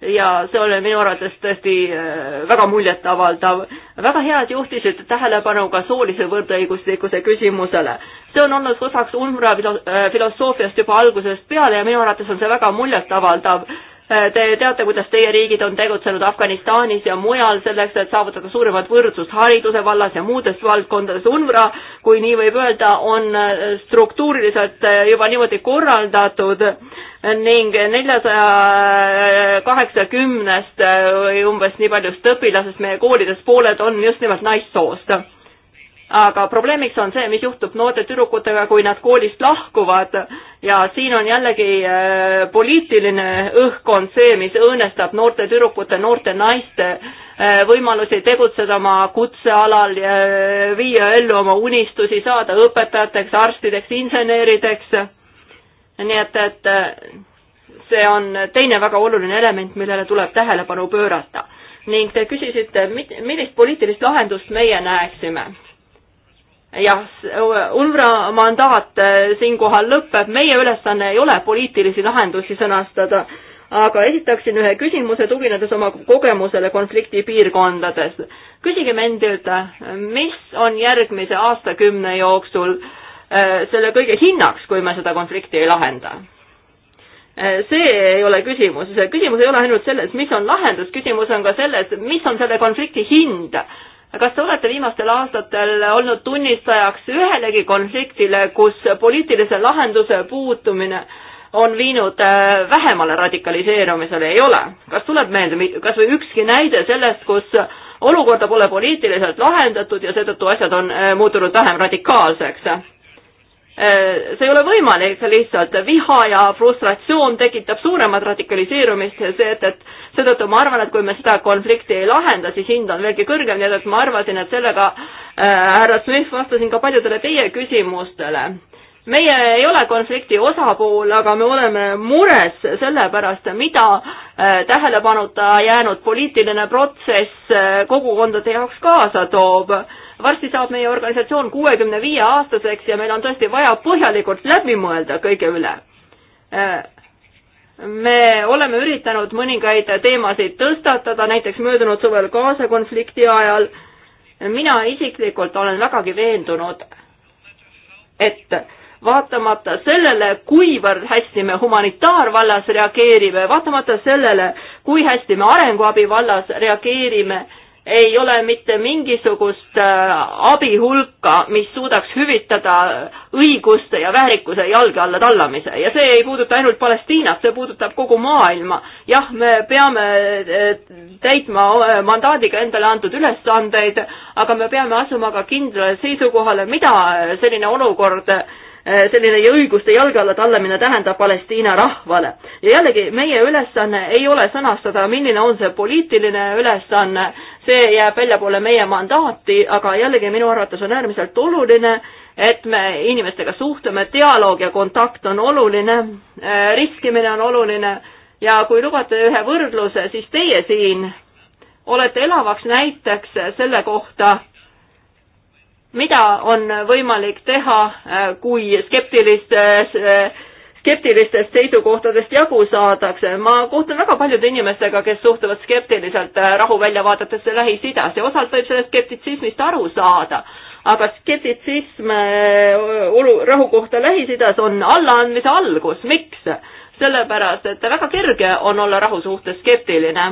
ja see oli minu arvates tõesti äh, väga muljetavaldav. väga hea, et juhtisid tähelepanu ka soolise võrdõiguslikkuse küsimusele. see on olnud osaks UNRWA äh, filosoofiast juba algusest peale ja minu arvates on see väga muljetavaldav Te teate, kuidas teie riigid on tegutsenud Afganistanis ja mujal selleks, et saavutada suuremat võrdsust hariduse vallas ja muudes valdkondades. UNRWA, kui nii võib öelda, on struktuuriliselt juba niimoodi korraldatud ning neljasaja kaheksakümnest või umbes nii paljust õpilasest meie koolides pooled on just nimelt naissoost nice aga probleemiks on see, mis juhtub noorte tüdrukutega, kui nad koolist lahkuvad ja siin on jällegi äh, poliitiline õhkkond see, mis õõnestab noorte tüdrukute, noorte naiste äh, võimalusi tegutseda oma kutsealal, äh, viia ellu oma unistusi, saada õpetajateks, arstideks, insenerideks. nii et, et see on teine väga oluline element, millele tuleb tähelepanu pöörata. ning te küsisite, millist poliitilist lahendust meie näeksime jah, UNRWA mandaat äh, siinkohal lõpeb, meie ülesanne ei ole poliitilisi lahendusi sõnastada, aga esitaksin ühe küsimuse, tuginedes oma kogemusele konfliktipiirkondades. küsigem endilt, mis on järgmise aastakümne jooksul äh, selle kõige hinnaks, kui me seda konflikti ei lahenda? Äh, see ei ole küsimus, küsimus ei ole ainult selles, mis on lahendus, küsimus on ka selles, mis on selle konflikti hind kas te olete viimastel aastatel olnud tunnistajaks ühelegi konfliktile, kus poliitilise lahenduse puutumine on viinud äh, vähemale radikaliseerumisele, ei ole. kas tuleb meelde kas või ükski näide sellest, kus olukorda pole poliitiliselt lahendatud ja seetõttu asjad on äh, muutunud vähem radikaalseks? Äh, see ei ole võimalik, lihtsalt viha ja frustratsioon tekitab suuremat radikaliseerumist, see, et, et seetõttu ma arvan, et kui me seda konflikti ei lahenda, siis hind on veelgi kõrgem, nii et ma arvasin, et sellega äh, härra äh, Smith vastasin ka paljudele teie küsimustele. meie ei ole konflikti osapool, aga me oleme mures selle pärast, mida äh, tähelepanuta jäänud poliitiline protsess äh, kogukondade jaoks kaasa toob äh, varsti saab meie organisatsioon kuuekümne viie aastaseks ja meil on tõesti vaja põhjalikult läbi mõelda kõige üle. Äh, me oleme üritanud mõningaid teemasid tõstatada, näiteks möödunud suvel Gaza konflikti ajal. mina isiklikult olen vägagi veendunud, et vaatamata sellele, kuivõrd hästi me humanitaarvallas reageerime, vaatamata sellele, kui hästi me arenguabi vallas reageerime ei ole mitte mingisugust äh, abi hulka, mis suudaks hüvitada õiguste ja väärikuse jalge alla tallamise ja see ei puuduta ainult Palestiinat, see puudutab kogu maailma. jah, me peame äh, täitma äh, mandaadiga endale antud ülesandeid, aga me peame asuma ka kindlale seisukohale, mida selline olukord selline õiguste jalge alla tallamine tähendab Palestiina rahvale. ja jällegi, meie ülesanne ei ole sõnastada, milline on see poliitiline ülesanne, see jääb väljapoole meie mandaati, aga jällegi minu arvates on äärmiselt oluline, et me inimestega suhtleme, dialoog ja kontakt on oluline, äh, riskimine on oluline ja kui lubate ühe võrdluse, siis teie siin olete elavaks näiteks selle kohta, mida on võimalik teha, äh, kui skeptilistes äh, skeptilistest seisukohtadest jagu saadakse. ma kohtun väga paljude inimestega, kes suhtuvad skeptiliselt äh, rahuväljavaadatesse Lähis-Idas ja osalt võib sellest skeptitsismist aru saada, aga skeptitsism olu-, äh, rahu kohta Lähis-Idas on allaandmise algus, miks? sellepärast, et väga kerge on olla rahu suhtes skeptiline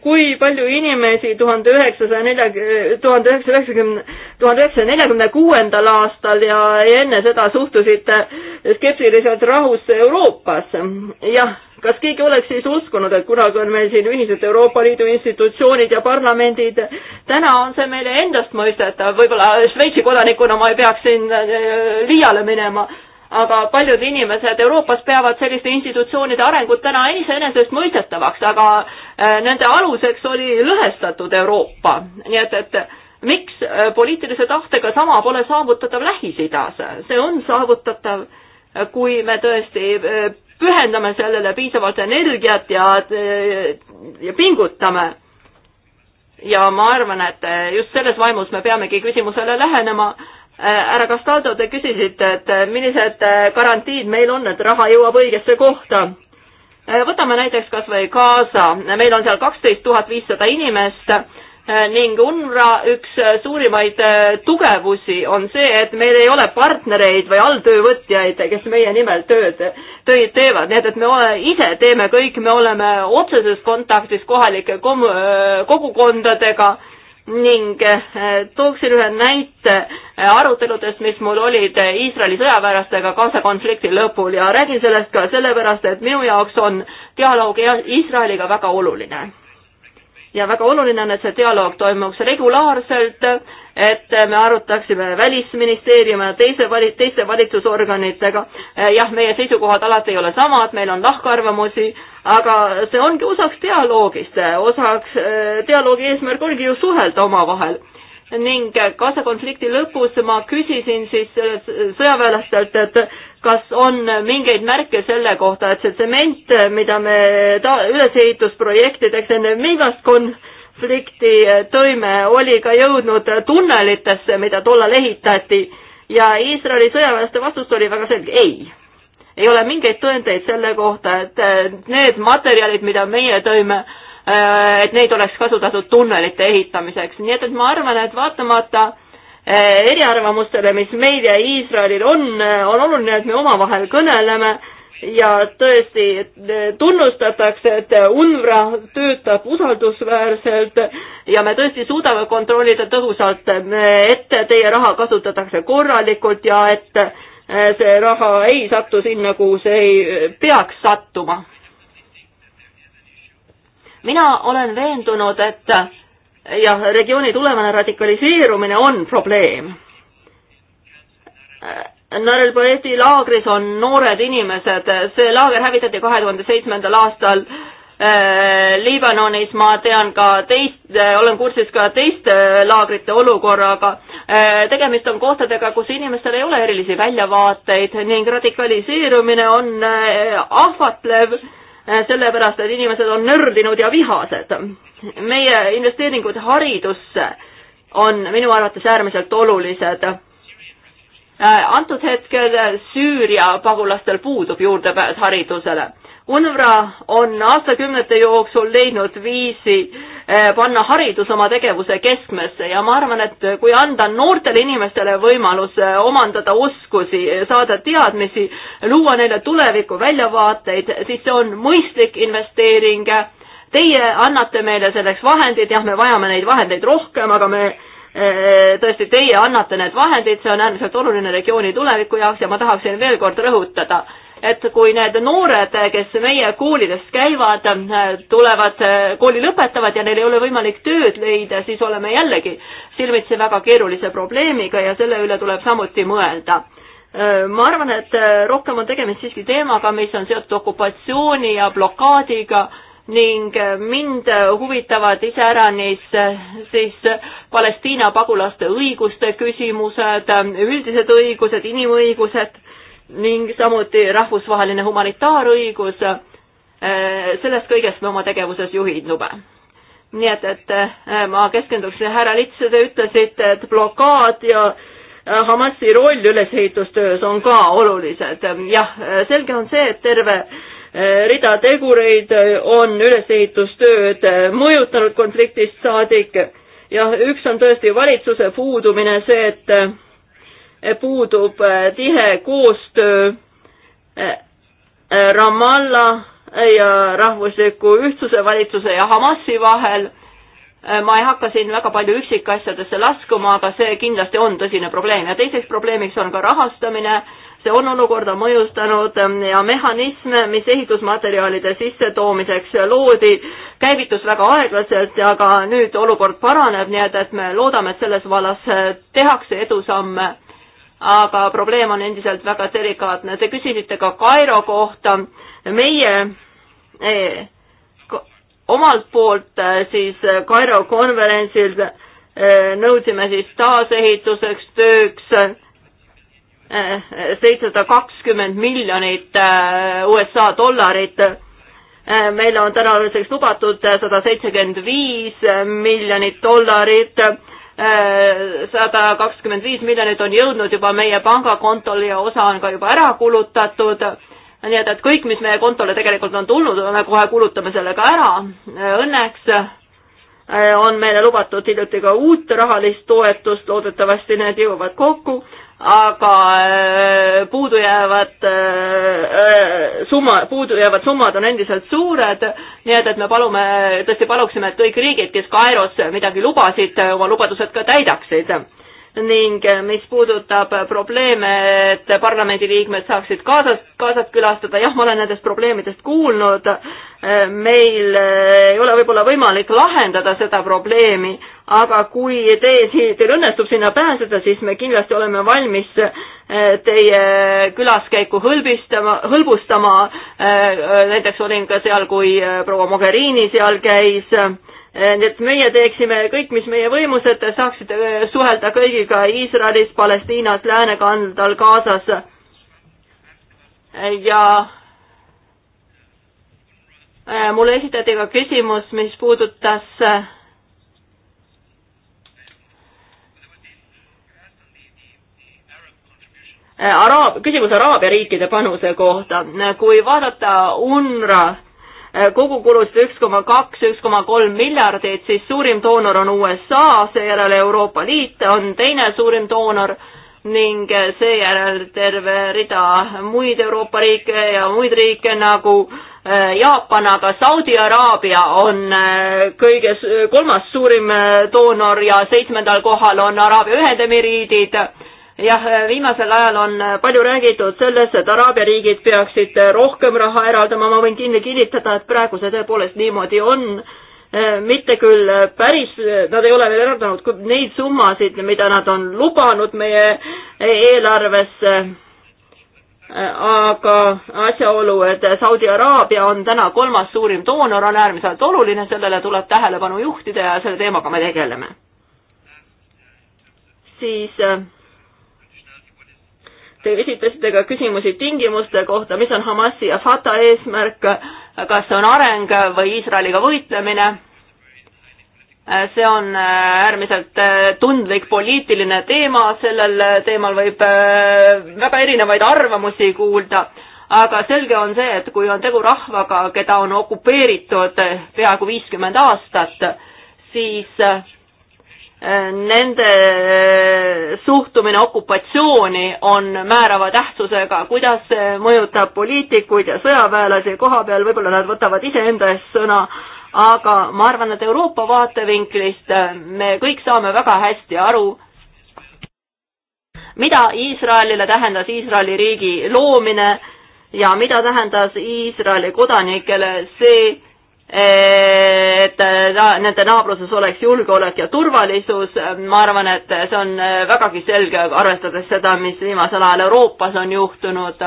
kui palju inimesi tuhande üheksasaja neljakümne, eh, tuhande üheksasaja üheksakümne, tuhande üheksasaja neljakümne kuuendal aastal ja enne seda suhtusid eh, skeptiliselt rahusse Euroopas. jah, kas keegi oleks siis uskunud, et kunagi on meil siin ühised Euroopa Liidu institutsioonid ja parlamendid. täna on see meile endastmõistetav, võib-olla Šveitsi kodanikuna ma ei peaks siin eh, liiale minema aga paljud inimesed Euroopas peavad selliste institutsioonide arengut täna iseenesestmõistetavaks, aga äh, nende aluseks oli lõhestatud Euroopa, nii et, et miks äh, poliitilise tahtega sama pole saavutatav Lähis-Idas, see on saavutatav, äh, kui me tõesti pühendame sellele piisavalt energiat ja, ja pingutame. ja ma arvan, et just selles vaimus me peamegi küsimusele lähenema Äh, härra Castaldo, te küsisite, et äh, millised äh, garantiid meil on, et raha jõuab õigesse kohta. võtame näiteks kas või Gaza, meil on seal kaksteist tuhat viissada inimest ning UNRWA üks suurimaid tugevusi on see, et meil ei ole partnereid või alltöövõtjaid, kes meie nimel tööd, töid teevad, nii et, et me ole, ise teeme kõik, me oleme otseses kontaktis kohalike kom-, kogukondadega ning äh, tooksin ühe näite äh, aruteludest, mis mul olid äh, Iisraeli sõjaväelastega Gaza konflikti lõpul ja räägin sellest ka sellepärast, et minu jaoks on dialoog Iisraeliga väga oluline. ja väga oluline on, et see dialoog toimuks regulaarselt et me arutaksime Välisministeeriumi ja teise vali-, teiste valitsusorganitega. jah, meie seisukohad alati ei ole samad, meil on lahkarvamusi, aga see ongi osaks dialoogist, osaks, eh, dialoogi eesmärk ongi ju suhelda omavahel ning Gaza konflikti lõpus ma küsisin siis eh, sõjaväelastelt, et kas on mingeid märke selle kohta, et see tsement, mida me ta-, ülesehitusprojektideks enne viimast kon-, konflikti eh, toime oli ka jõudnud tunnelitesse, mida tollal ehitati ja Iisraeli sõjaväelaste vastus oli väga selge ei. ei ole mingeid tõendeid selle kohta, et eh, need materjalid, mida meie tõime, eh, et neid oleks kasutatud tunnelite ehitamiseks, nii et, et ma arvan, et vaatamata eriarvamustele, mis meil ja Iisraelil on, on oluline, et me omavahel kõneleme ja tõesti tunnustatakse, et UNRWA töötab usaldusväärselt ja me tõesti suudame kontrollida tõhusalt, et teie raha kasutatakse korralikult ja et see raha ei satu sinna, kuhu see ei peaks sattuma. mina olen veendunud, et jah, regiooni tulevane radikaliseerumine on probleem Narel-Poeti laagris on noored inimesed, see laager hävitati kahe tuhande seitsmendal aastal äh, Liibanonis ma tean ka teist, äh, olen kursis ka teiste laagrite olukorraga. Äh, tegemist on kohtadega, kus inimestel ei ole erilisi väljavaateid ning radikaliseerumine on ahvatlev, sellepärast et inimesed on nördinud ja vihased. meie investeeringud haridusse on minu arvates äärmiselt olulised Äh, antud hetkel äh, Süüria pagulastel puudub juurdepääs haridusele. UNRWA on aastakümnete jooksul leidnud viisi äh, panna haridus oma tegevuse keskmesse ja ma arvan, et kui anda noortele inimestele võimalus omandada oskusi, saada teadmisi, luua neile tuleviku väljavaateid, siis see on mõistlik investeering. Teie annate meile selleks vahendid, jah, me vajame neid vahendeid rohkem, aga me Äh, tõesti, teie annate need vahendid, see on äärmiselt oluline regiooni tuleviku jaoks ja ma tahaksin veel kord rõhutada, et kui need noored, kes meie koolidest käivad, tulevad, kooli lõpetavad ja neil ei ole võimalik tööd leida, siis oleme jällegi silmitsi väga keerulise probleemiga ja selle üle tuleb samuti mõelda äh, ma arvan, et rohkem on tegemist siiski teemaga, mis on seotud okupatsiooni ja blokaadiga ning mind huvitavad iseäranis eh, siis Palestiina pagulaste õiguste küsimused, üldised õigused, inimõigused ning samuti rahvusvaheline humanitaarõigus. Eh, sellest kõigest me oma tegevuses juhindume. nii et, et eh, ma keskenduksin, härra Lits, te ütlesite, et blokaad ja Hamasi roll ülesehitustöös on ka olulised. jah, selge on see, et terve rida tegureid eh, on ülesehitustööd eh, mõjutanud konfliktist saadik. jah, üks on tõesti valitsuse puudumine, see, et eh, puudub tihe koostöö Ramalla ja rahvusliku ühtsuse valitsuse ja Hamasi vahel. ma ei hakka siin väga palju üksikasjadesse laskuma, aga see kindlasti on tõsine probleem ja teiseks probleemiks on ka rahastamine see on olukorda mõjustanud ehm, ja mehhanism, mis ehitusmaterjalide sissetoomiseks loodi, käivitus väga aeglaselt ja ka nüüd olukord paraneb, nii et, et me loodame, et selles vallas eh, tehakse edusamme. aga probleem on endiselt väga delikaatne. Te küsisite ka Kairo kohta. meie eh, omalt poolt eh, siis eh, Kairo konverentsil eh, nõudsime siis taasehituseks tööks seitsesada kakskümmend miljonit äh, USA dollarit. Äh, meile on täna nüüdseks lubatud sada seitsekümmend viis miljonit dollarit, äh, sada kakskümmend viis miljonit on jõudnud juba meie pangakontole ja osa on ka juba ära kulutatud, nii et, et kõik, mis meie kontole tegelikult on tulnud, me kohe kulutame selle ka ära, õnneks on meile lubatud hiljuti ka uut rahalist toetust, loodetavasti need jõuavad kokku aga äh, puudujäävad äh, äh, summa, puudujäävad summad on endiselt suured, nii et, et me palume, tõesti paluksime, et kõik riigid, kes Kairos midagi lubasid, oma lubadused ka täidaksid ning eh, mis puudutab probleeme, et parlamendiliikmed saaksid kaasas, kaasat külastada, jah, ma olen nendest probleemidest kuulnud, eh, meil eh, ei ole võib-olla võimalik lahendada seda probleemi, aga kui te, teil õnnestub sinna pääseda, siis me kindlasti oleme valmis teie külaskäiku hõlbistama, hõlbustama, näiteks olin ka seal, kui proua Mogherini seal käis, Äh, nii et meie teeksime kõik, mis meie võimus, et te saaksite äh, suhelda kõigiga Iisraelis, Palestiinas, Lääne-Kandal, Gazas äh, ja mulle esitati ka küsimus, mis puudutas Araab, küsimus Araabia riikide panuse kohta. kui vaadata UNRWA Äh, kogukulust üks koma kaks, üks koma kolm miljardit, siis suurim doonor on USA, seejärel Euroopa Liit on teine suurim doonor ning äh, seejärel terve rida muid Euroopa riike ja muid riike nagu äh, Jaapan, aga Saudi Araabia on kõige, kolmas suurim doonor ja seitsmendal kohal on Araabia Ühendemiriidid jah, eh, viimasel ajal on eh, palju räägitud sellest, et Araabia riigid peaksid eh, rohkem raha eraldama, ma võin kinni kinnitada, et praegu see tõepoolest niimoodi on mitte küll päris, nad ei ole veel eraldanud neid summasid, mida nad on lubanud meie eelarvesse, aga asjaolu, et Saudi Araabia on täna kolmas suurim doonor, on äärmiselt oluline, sellele tuleb tähelepanu juhtida ja selle teemaga me tegeleme. siis Te esitasite ka küsimusi tingimuste kohta, mis on Hamasi ja Fata eesmärk, kas see on areng või Iisraeliga võitlemine. see on äärmiselt tundlik poliitiline teema, sellel teemal võib väga erinevaid arvamusi kuulda aga selge on see, et kui on tegu rahvaga, keda on okupeeritud peaaegu viiskümmend aastat, siis Äh, nende äh, suhtumine okupatsiooni on määrava tähtsusega, kuidas see mõjutab poliitikuid ja sõjaväelasi koha peal, võib-olla nad võtavad iseenda eest sõna, aga ma arvan, et Euroopa vaatevinklist äh, me kõik saame väga hästi aru, mida Iisraelile tähendas Iisraeli riigi loomine ja mida tähendas Iisraeli kodanikele see, et äh, nende naabruses oleks julgeolek ja turvalisus, ma arvan, et see on äh, vägagi selge, arvestades seda, mis viimasel ajal Euroopas on juhtunud.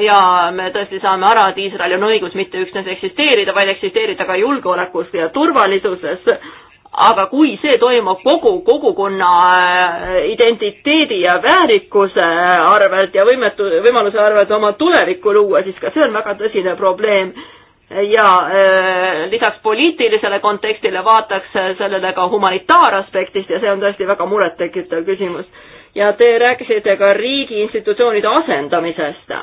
ja me tõesti saame aru, et Iisraelil on õigus mitte üksnes eksisteerida, vaid eksisteerida ka julgeolekus ja turvalisuses, aga kui see toimub kogu kogukonna äh, identiteedi ja väärikuse arvelt ja võimetu, võimaluse arvelt oma tulevikku luua, siis ka see on väga tõsine probleem ja äh, lisaks poliitilisele kontekstile vaataks sellele ka humanitaaraspektist ja see on tõesti väga murettekitav küsimus. ja te rääkisite ka riigi institutsioonide asendamisest äh,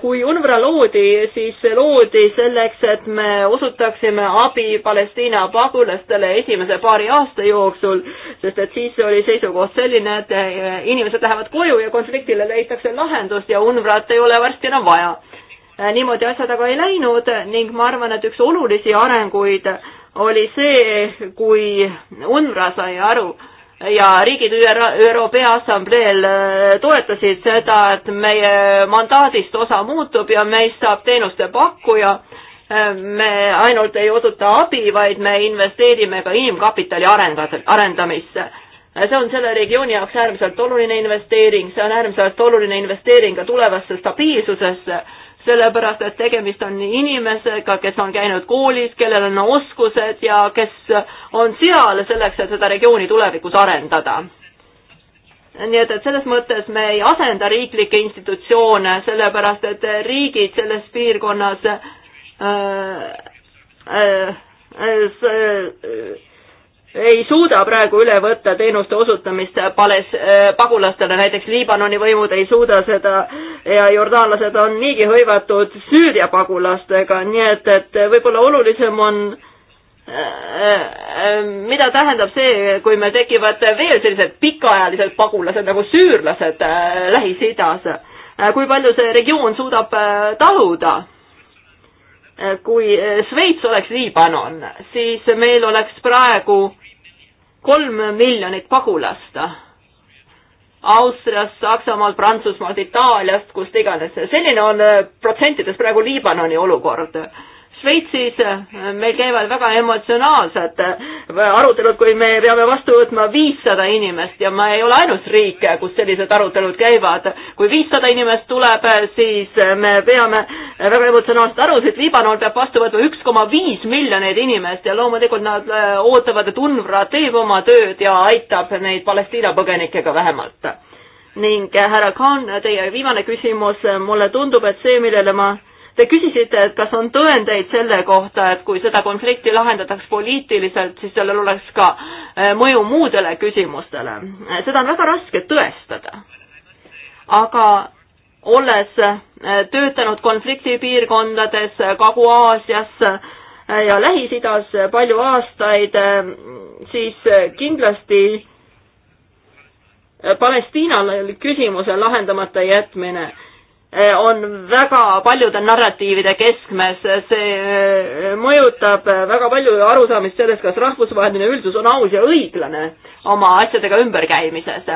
kui UNRWA loodi, siis see loodi selleks, et me osutaksime abi Palestiina pagulastele esimese paari aasta jooksul, sest et siis oli seisukoht selline, et äh, inimesed lähevad koju ja konfliktile leitakse lahendust ja UNRWA-t ei ole varsti enam vaja Äh, niimoodi asjad aga ei läinud ning ma arvan, et üks olulisi arenguid oli see, kui UNRWA sai aru ja riigid ÜRO, ÜRO Peaassambleel äh, toetasid seda, et meie mandaadist osa muutub ja meist saab teenuste pakkuja. Äh, me ainult ei osuta abi, vaid me investeerime ka inimkapitali arendamisse see on selle regiooni jaoks äärmiselt oluline investeering, see on äärmiselt oluline investeering ka tulevasse stabiilsusesse sellepärast et tegemist on inimesega, kes on käinud koolis, kellel on oskused ja kes on seal selleks, et seda regiooni tulevikus arendada. nii et, et selles mõttes me ei asenda riiklikke institutsioone, sellepärast et riigid selles piirkonnas äh, äh, äh, ei suuda praegu üle võtta teenuste osutamist pales-, äh, pagulastele, näiteks Liibanoni võimud ei suuda seda ja jordaanlased on niigi hõivatud Süüria pagulastega, nii et, et võib-olla olulisem on äh, äh, mida tähendab see, kui meil tekivad veel sellised pikaajalised pagulased nagu süürlased Lähis-Idas? kui palju see regioon suudab taluda? kui Šveits oleks Liibanon, siis meil oleks praegu kolm miljonit pagulast Austriast, Saksamaalt, Prantsusmaalt, Itaaliast, kust iganes. selline on äh, protsentides praegu Liibanoni olukord. Šveitsis äh, meil käivad väga emotsionaalsed äh, arutelud, kui me peame vastu võtma viissada inimest ja ma ei ole ainus riik, kus sellised arutelud käivad. kui viissada inimest tuleb, äh, siis me peame väga emotsionaalselt aru, et Liibanon peab vastu võtma üks koma viis miljonit inimest ja loomulikult nad ootavad, et UNRWA teeb oma tööd ja aitab neid Palestiina põgenikega vähemalt ning härra Khan, teie viimane küsimus, mulle tundub, et see, millele ma Te küsisite, et kas on tõendeid selle kohta, et kui seda konflikti lahendataks poliitiliselt, siis sellel oleks ka eh, mõju muudele küsimustele. seda on väga raske tõestada. aga olles eh, töötanud konfliktipiirkondades eh, Kagu-Aasias ja Lähis-Idas palju aastaid, siis kindlasti Palestiinal oli küsimuse lahendamata jätmine Eh, on väga paljude narratiivide keskmes, see eh, mõjutab eh, väga palju arusaamist sellest, kas rahvusvaheline üldsus on aus ja õiglane oma asjadega ümberkäimises.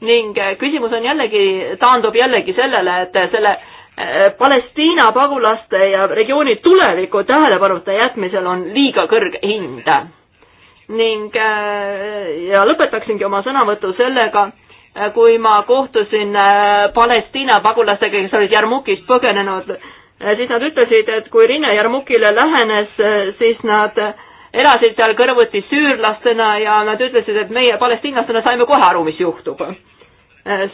ning küsimus on jällegi, taandub jällegi sellele, et selle Palestiina pagulaste ja regiooni tuleviku tähelepanuta jätmisel on liiga kõrge hind. ning ja lõpetaksingi oma sõnavõtu sellega kui ma kohtusin äh, Palestiina pagulastega, kes olid Jarmukist põgenenud, äh, siis nad ütlesid, et kui rinne Jarmukile lähenes, äh, siis nad elasid seal kõrvuti süürlastena ja nad ütlesid, et meie palestiinlastena saime kohe aru, mis juhtub.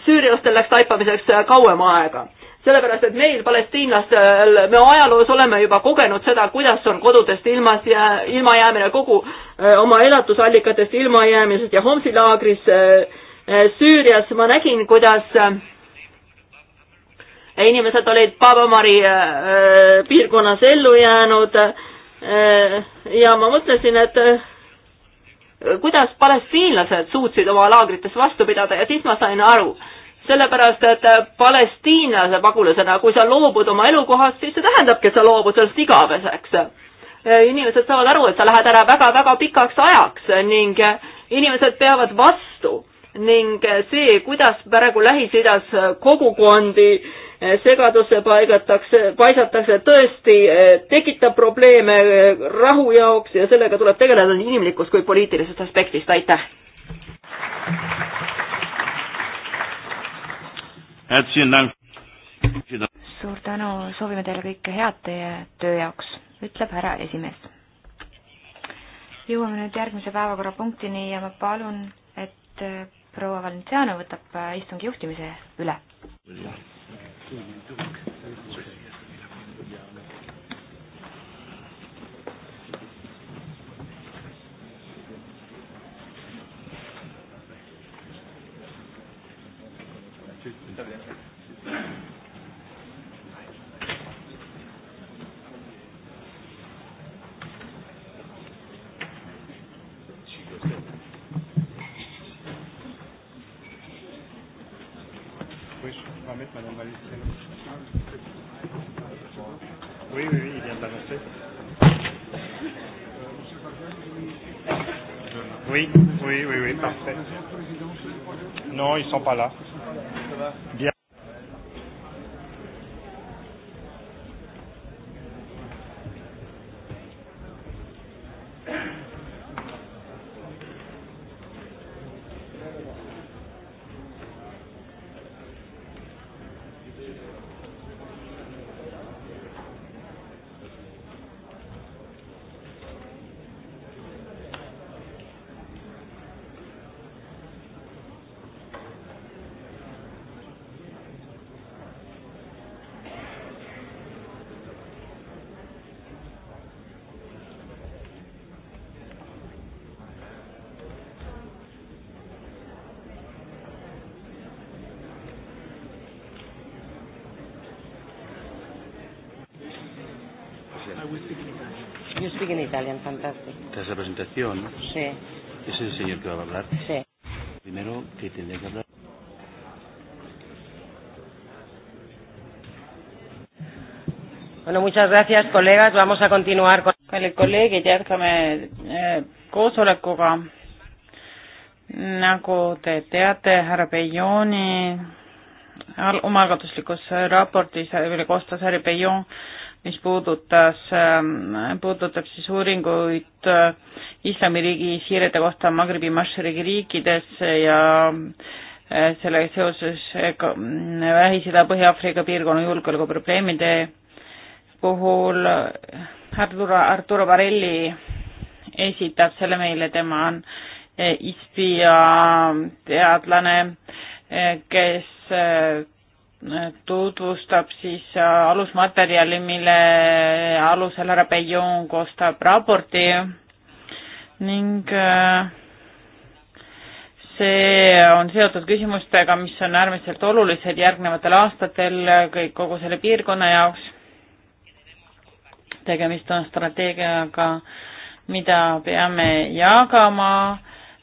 süürialastel läks taipamiseks kauem aega, sellepärast et meil, palestiinlastel, me ajaloos oleme juba kogenud seda, kuidas on kodudest ilmas ja ilmajäämine, kogu oma elatusallikatest ilmajäämisest ja Homsi laagris äh, Äh, Süürias ma nägin, kuidas äh, inimesed olid Paabamari äh, piirkonnas ellu jäänud ja ma mõtlesin, et kuidas palestiinlased suutsid oma laagrites vastu pidada ja siis ma sain aru, sellepärast et palestiinlase pagulasena, kui sa loobud oma elukohast, siis see tähendabki, et sa loobud sellest igaveseks. inimesed saavad aru, et sa lähed ära väga-väga pikaks ajaks ning inimesed peavad vastu ning see, kuidas praegu Lähis-Idas kogukondi segadusse paigatakse, paisatakse, tõesti eh, tekitab probleeme rahu jaoks ja sellega tuleb tegeleda nii inimlikust kui poliitilisest aspektist, aitäh! suur tänu, soovime teile kõike head teie töö jaoks, ütleb härra esimees. jõuame nüüd järgmise päevakorrapunktini ja ma palun, et proua Valenciano võtab äh, istungi juhtimise üle. Está bien. sans pas là. Bien. you speak in Italian, fantastic. Tras la presentación, sí. es el señor que va a hablar. Sí. Primero que tendría que hablar. Bueno, muchas gracias, colegas. Vamos a continuar con... kallid kolleegid, jätkame eh, koosolekuga. nagu te teate, härra Bejoni omaalgatuslikus raportis, mille koostas härra Bejon, mis puudutas, ähm, puudutab siis uuringuid äh, islamiriigi siirete kohta Magribi Mašrigi riikides ja äh, sellega seoses mm, Lähis-Ida, Põhja-Aafrika piirkonna julgeolekuprobleemide puhul äh, Arturo, Arturo Varelli esitab selle meile, tema on ISPI ja teadlane, kes tutvustab siis äh, alusmaterjali, mille alusel härra Peillon koostab raporti ning äh, see on seotud küsimustega, mis on äärmiselt olulised järgnevatel aastatel kõik kogu selle piirkonna jaoks. tegemist on strateegiaga, mida peame jagama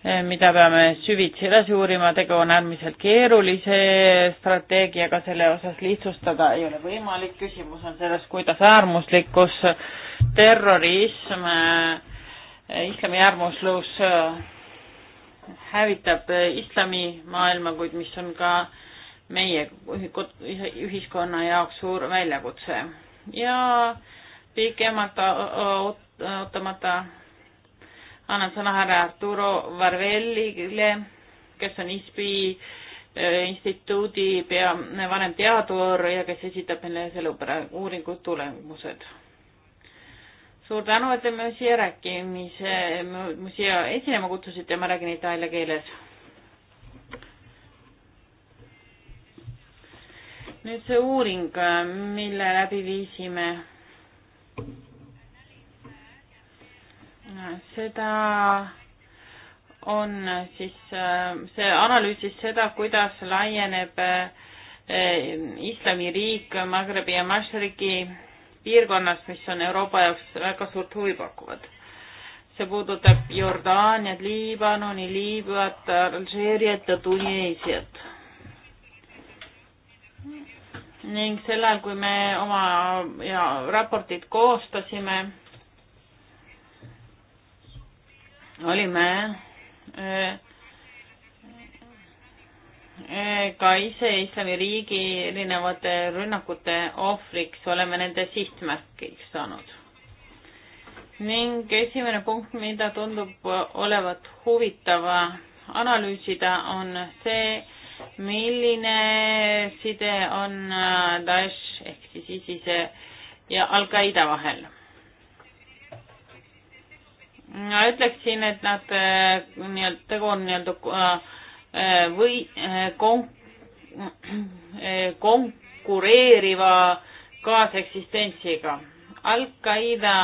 Eh, mida peame süvitsi edasi uurima, tegu on äärmiselt keerulise strateegiaga, selle osas lihtsustada ei ole võimalik, küsimus on selles, kuidas äärmuslikkus, terrorism, eh, islami äärmuslus eh, hävitab islamimaailma, kuid mis on ka meie ühiskonna jaoks suur väljakutse ja pikemalt ootamata annan sõna härra Arturo Varvellile, kes on ISPI eh, instituudi pea, vanemteadur ja kes esitab meile selle uuringu tulemused. suur tänu, et te me siia rääkimise, mu siia esinema kutsusite, ma räägin itaalia keeles. nüüd see uuring, mille läbi viisime seda on siis, see analüüsis seda, kuidas laieneb eh, islamiriik Magrebi ja Mašriki piirkonnas, mis on Euroopa jaoks väga suurt huvi pakuvad. see puudutab Jordaaniat, Liibanoni, Liibüat, Alžeeriat ja Tuneesiat. ning sel ajal, kui me oma ja raportit koostasime olime äh, äh, ka ise islamiriigi erinevate rünnakute ohvriks, oleme nende sihtmärkiks saanud. ning esimene punkt, mida tundub olevat huvitav analüüsida, on see, milline side on Daesh ehk siis ISISe ja Al-Qaeda vahel ma ütleksin, et nad äh, nii-öelda, tegu on nii-öelda äh, äh, või kon-, konkureeriva kaaseksistentsiga. Al-Qaeda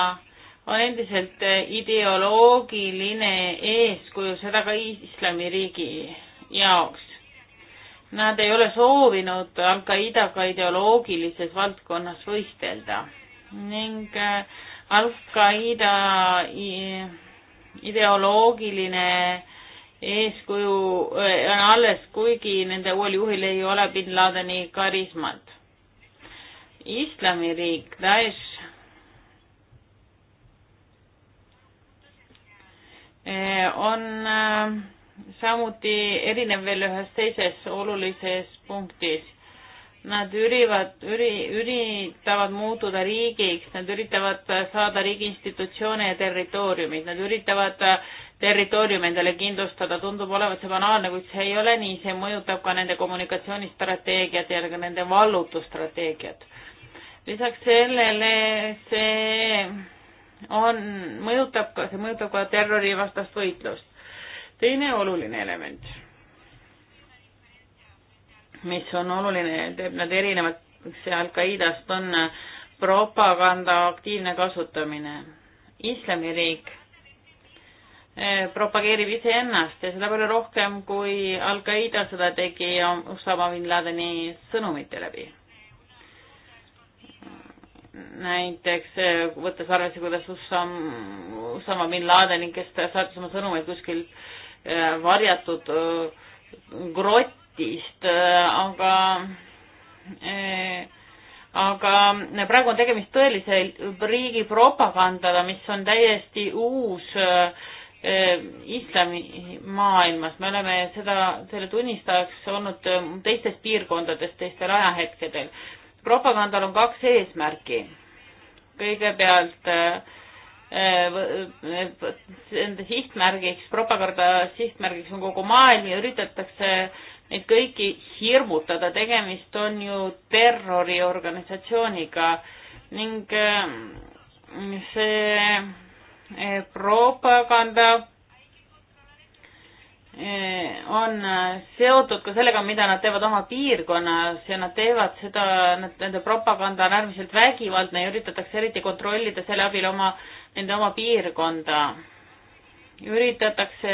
on endiselt ideoloogiline eeskuju, seda ka islamiriigi jaoks. Nad ei ole soovinud Al-Qaedaga ideoloogilises valdkonnas võistelda ning äh, Al-Qaeda ideoloogiline eeskuju eh, on alles, kuigi nende uuel juhil ei ole bin Ladeni karismat. islamiriik Daesh eh, on eh, samuti erinev veel ühes teises olulises punktis Nad ürivad, üri-, üritavad muutuda riigiks, nad üritavad saada riigi institutsioone ja territooriumid, nad üritavad territooriumi endale kindlustada, tundub olevat see banaalne, kuid see ei ole nii, see mõjutab ka nende kommunikatsioonistrateegiat ja ka nende vallutusstrateegiat. lisaks sellele see on, mõjutab ka, see mõjutab ka terrorivastast võitlust. teine oluline element mis on oluline, teeb nad erinevad, see Al-Qaedast on propaganda aktiivne kasutamine. islamiriik eh, propageerib iseennast ja seda palju rohkem, kui Al-Qaeda seda tegi Osama bin Ladeni sõnumite läbi. näiteks eh, võttes arvesse, kuidas Osam-, Osama bin Laden, kes saatis oma sõnumeid kuskil eh, varjatud grotti, Eestist, äh, aga äh, aga praegu on tegemist tõelise riigi propagandaga, mis on täiesti uus äh, islamimaailmas, me oleme seda, selle tunnistajaks olnud teistes piirkondades teistel ajahetkedel. propagandal on kaks eesmärki. kõigepealt nende sihtmärgiks, propaganda sihtmärgiks on kogu maailm ja üritatakse neid kõiki hirmutada, tegemist on ju terroriorganisatsiooniga ning ähm, see äh, propaganda äh, on äh, seotud ka sellega, mida nad teevad oma piirkonnas ja nad teevad seda, nad, nende propaganda on äärmiselt vägivaldne ja üritatakse eriti kontrollida selle abil oma, nende oma piirkonda. üritatakse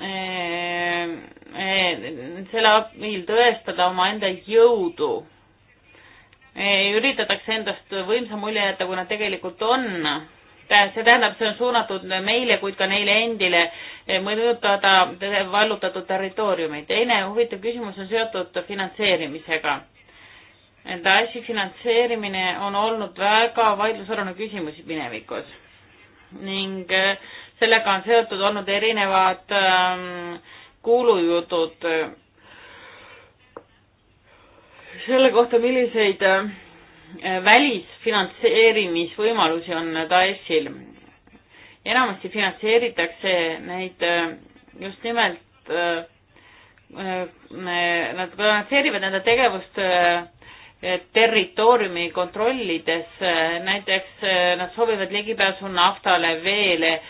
Eh, eh, selle abil tõestada omaenda jõudu. Eh, üritatakse endast võimsa mulje jätta, kui nad tegelikult on. see tähendab, see on suunatud meile, kuid ka neile endile mõjutada vallutatud territooriumi. teine huvitav küsimus on seotud finantseerimisega. Daeshi finantseerimine on olnud väga vaidlusalune küsimus minevikus ning äh, sellega on seotud olnud erinevad ähm, kuulujutud äh, selle kohta, milliseid äh, välisfinantseerimisvõimalusi on Daeshil. enamasti finantseeritakse neid äh, just nimelt äh,, äh nad finantseerivad enda tegevust äh, territooriumi kontrollides, näiteks äh, nad soovivad ligipääsu naftale, veele,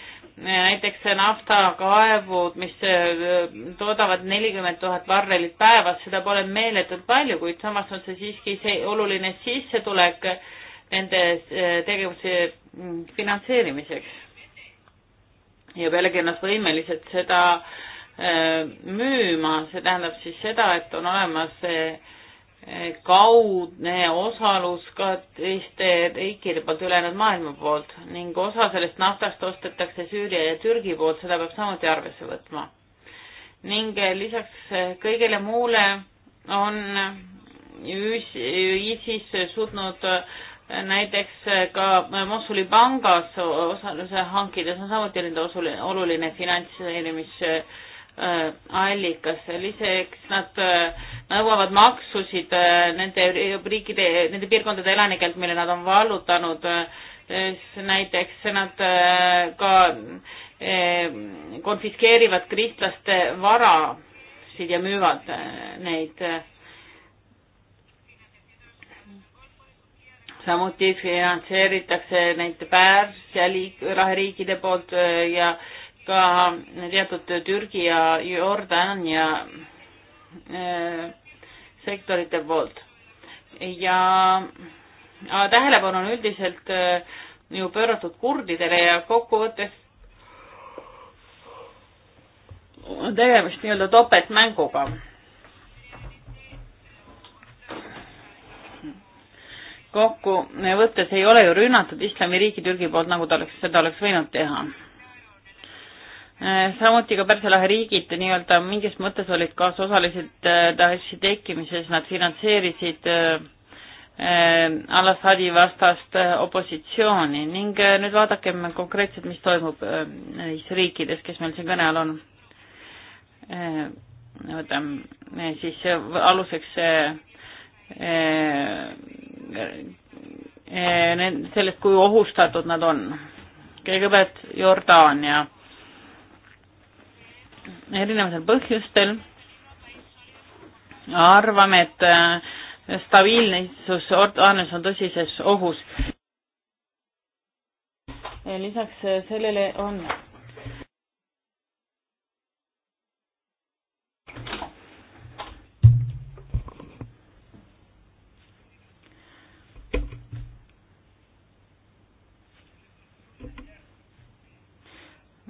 näiteks naftakaevud, mis äh, toodavad nelikümmend tuhat barrelit päevas, seda pole meeletult palju, kuid samas on see siiski see oluline sissetulek nende äh, tegevuse mm, finantseerimiseks. ja pealegi on nad võimelised seda äh, müüma, see tähendab siis seda, et on olemas see kaudne osalus ka teiste riikide poolt, ülejäänud maailma poolt ning osa sellest naftast ostetakse Süüria ja Türgi poolt, seda peab samuti arvesse võtma. ning lisaks kõigele muule on ISIS suutnud näiteks ka Mosuli pangas osaluse hankida, see on samuti nende oluline finantseerimis- Äh, allikas, lisaks nad äh, nõuavad maksusid äh, nende riikide, nende piirkondade elanikelt, mille nad on vallutanud, näiteks nad ka konfiskeerivad kristlaste varasid ja müüvad neid. samuti finantseeritakse neid Pärsia liik-, rahariikide poolt ja äh, ka teatud Türgi ja Jordaania äh, sektorite poolt. ja tähelepanu on üldiselt äh, ju pööratud kurdidele ja kokkuvõttes on tegemist nii-öelda topeltmänguga. kokkuvõttes ei ole ju rünnatud islamiriiki Türgi poolt, nagu ta oleks, seda oleks võinud teha Äh, samuti ka Pärsia lahe riigid nii-öelda mingis mõttes olid kaasosalised äh, Daeshi tekkimises, nad finantseerisid äh, Al-Assadi vastast opositsiooni ning nüüd vaadakem konkreetselt, mis toimub neis riikides, kes meil siin kõne all on. võtame siis aluseks sellest, kui ohustatud nad on. kõigepealt Jordaania erinevatel põhjustel arvame, et äh, stabiilsus Jordaanias on tõsises ohus. lisaks äh, sellele on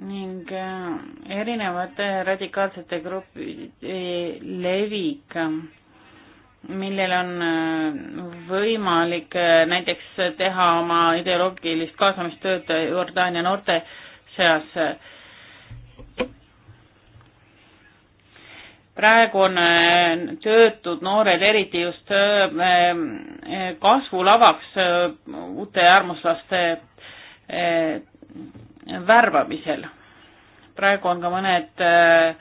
ning äh, erinevate radikaalsete gruppi levik, millel on äh, võimalik äh, näiteks teha oma ideoloogilist kaasamistööd Jordaania noorte seas. praegu on töötud noored eriti just kasvulavaks uute äärmuslaste värbamisel. praegu on ka mõned äh,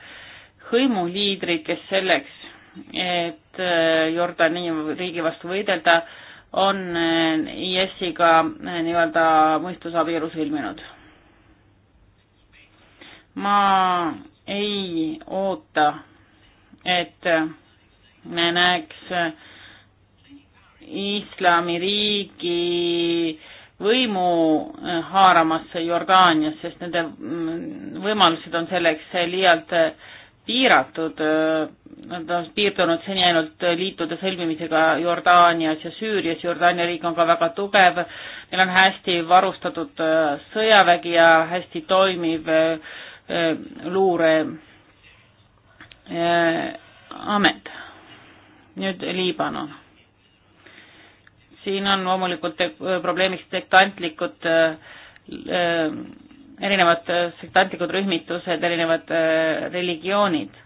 hõimuliidrid, kes selleks, et äh, Jordani riigi vastu võidelda, on äh, IS-iga nii-öelda mõistusabielu sõlminud. ma ei oota, et me näeks islamiriigi äh, võimu eh, haaramasse Jordaanias, sest nende mm, võimalused on selleks liialt eh, piiratud, eh, nad on piirdunud seni ainult liitude sõlmimisega Jordaanias ja Süürias, Jordaania riik on ka väga tugev, neil on hästi varustatud sõjavägi ja hästi toimiv luureamet. nüüd Liibanon siin on loomulikult probleemiks sektantlikud äh, erinevad äh, sektantlikud rühmitused, erinevad äh, religioonid.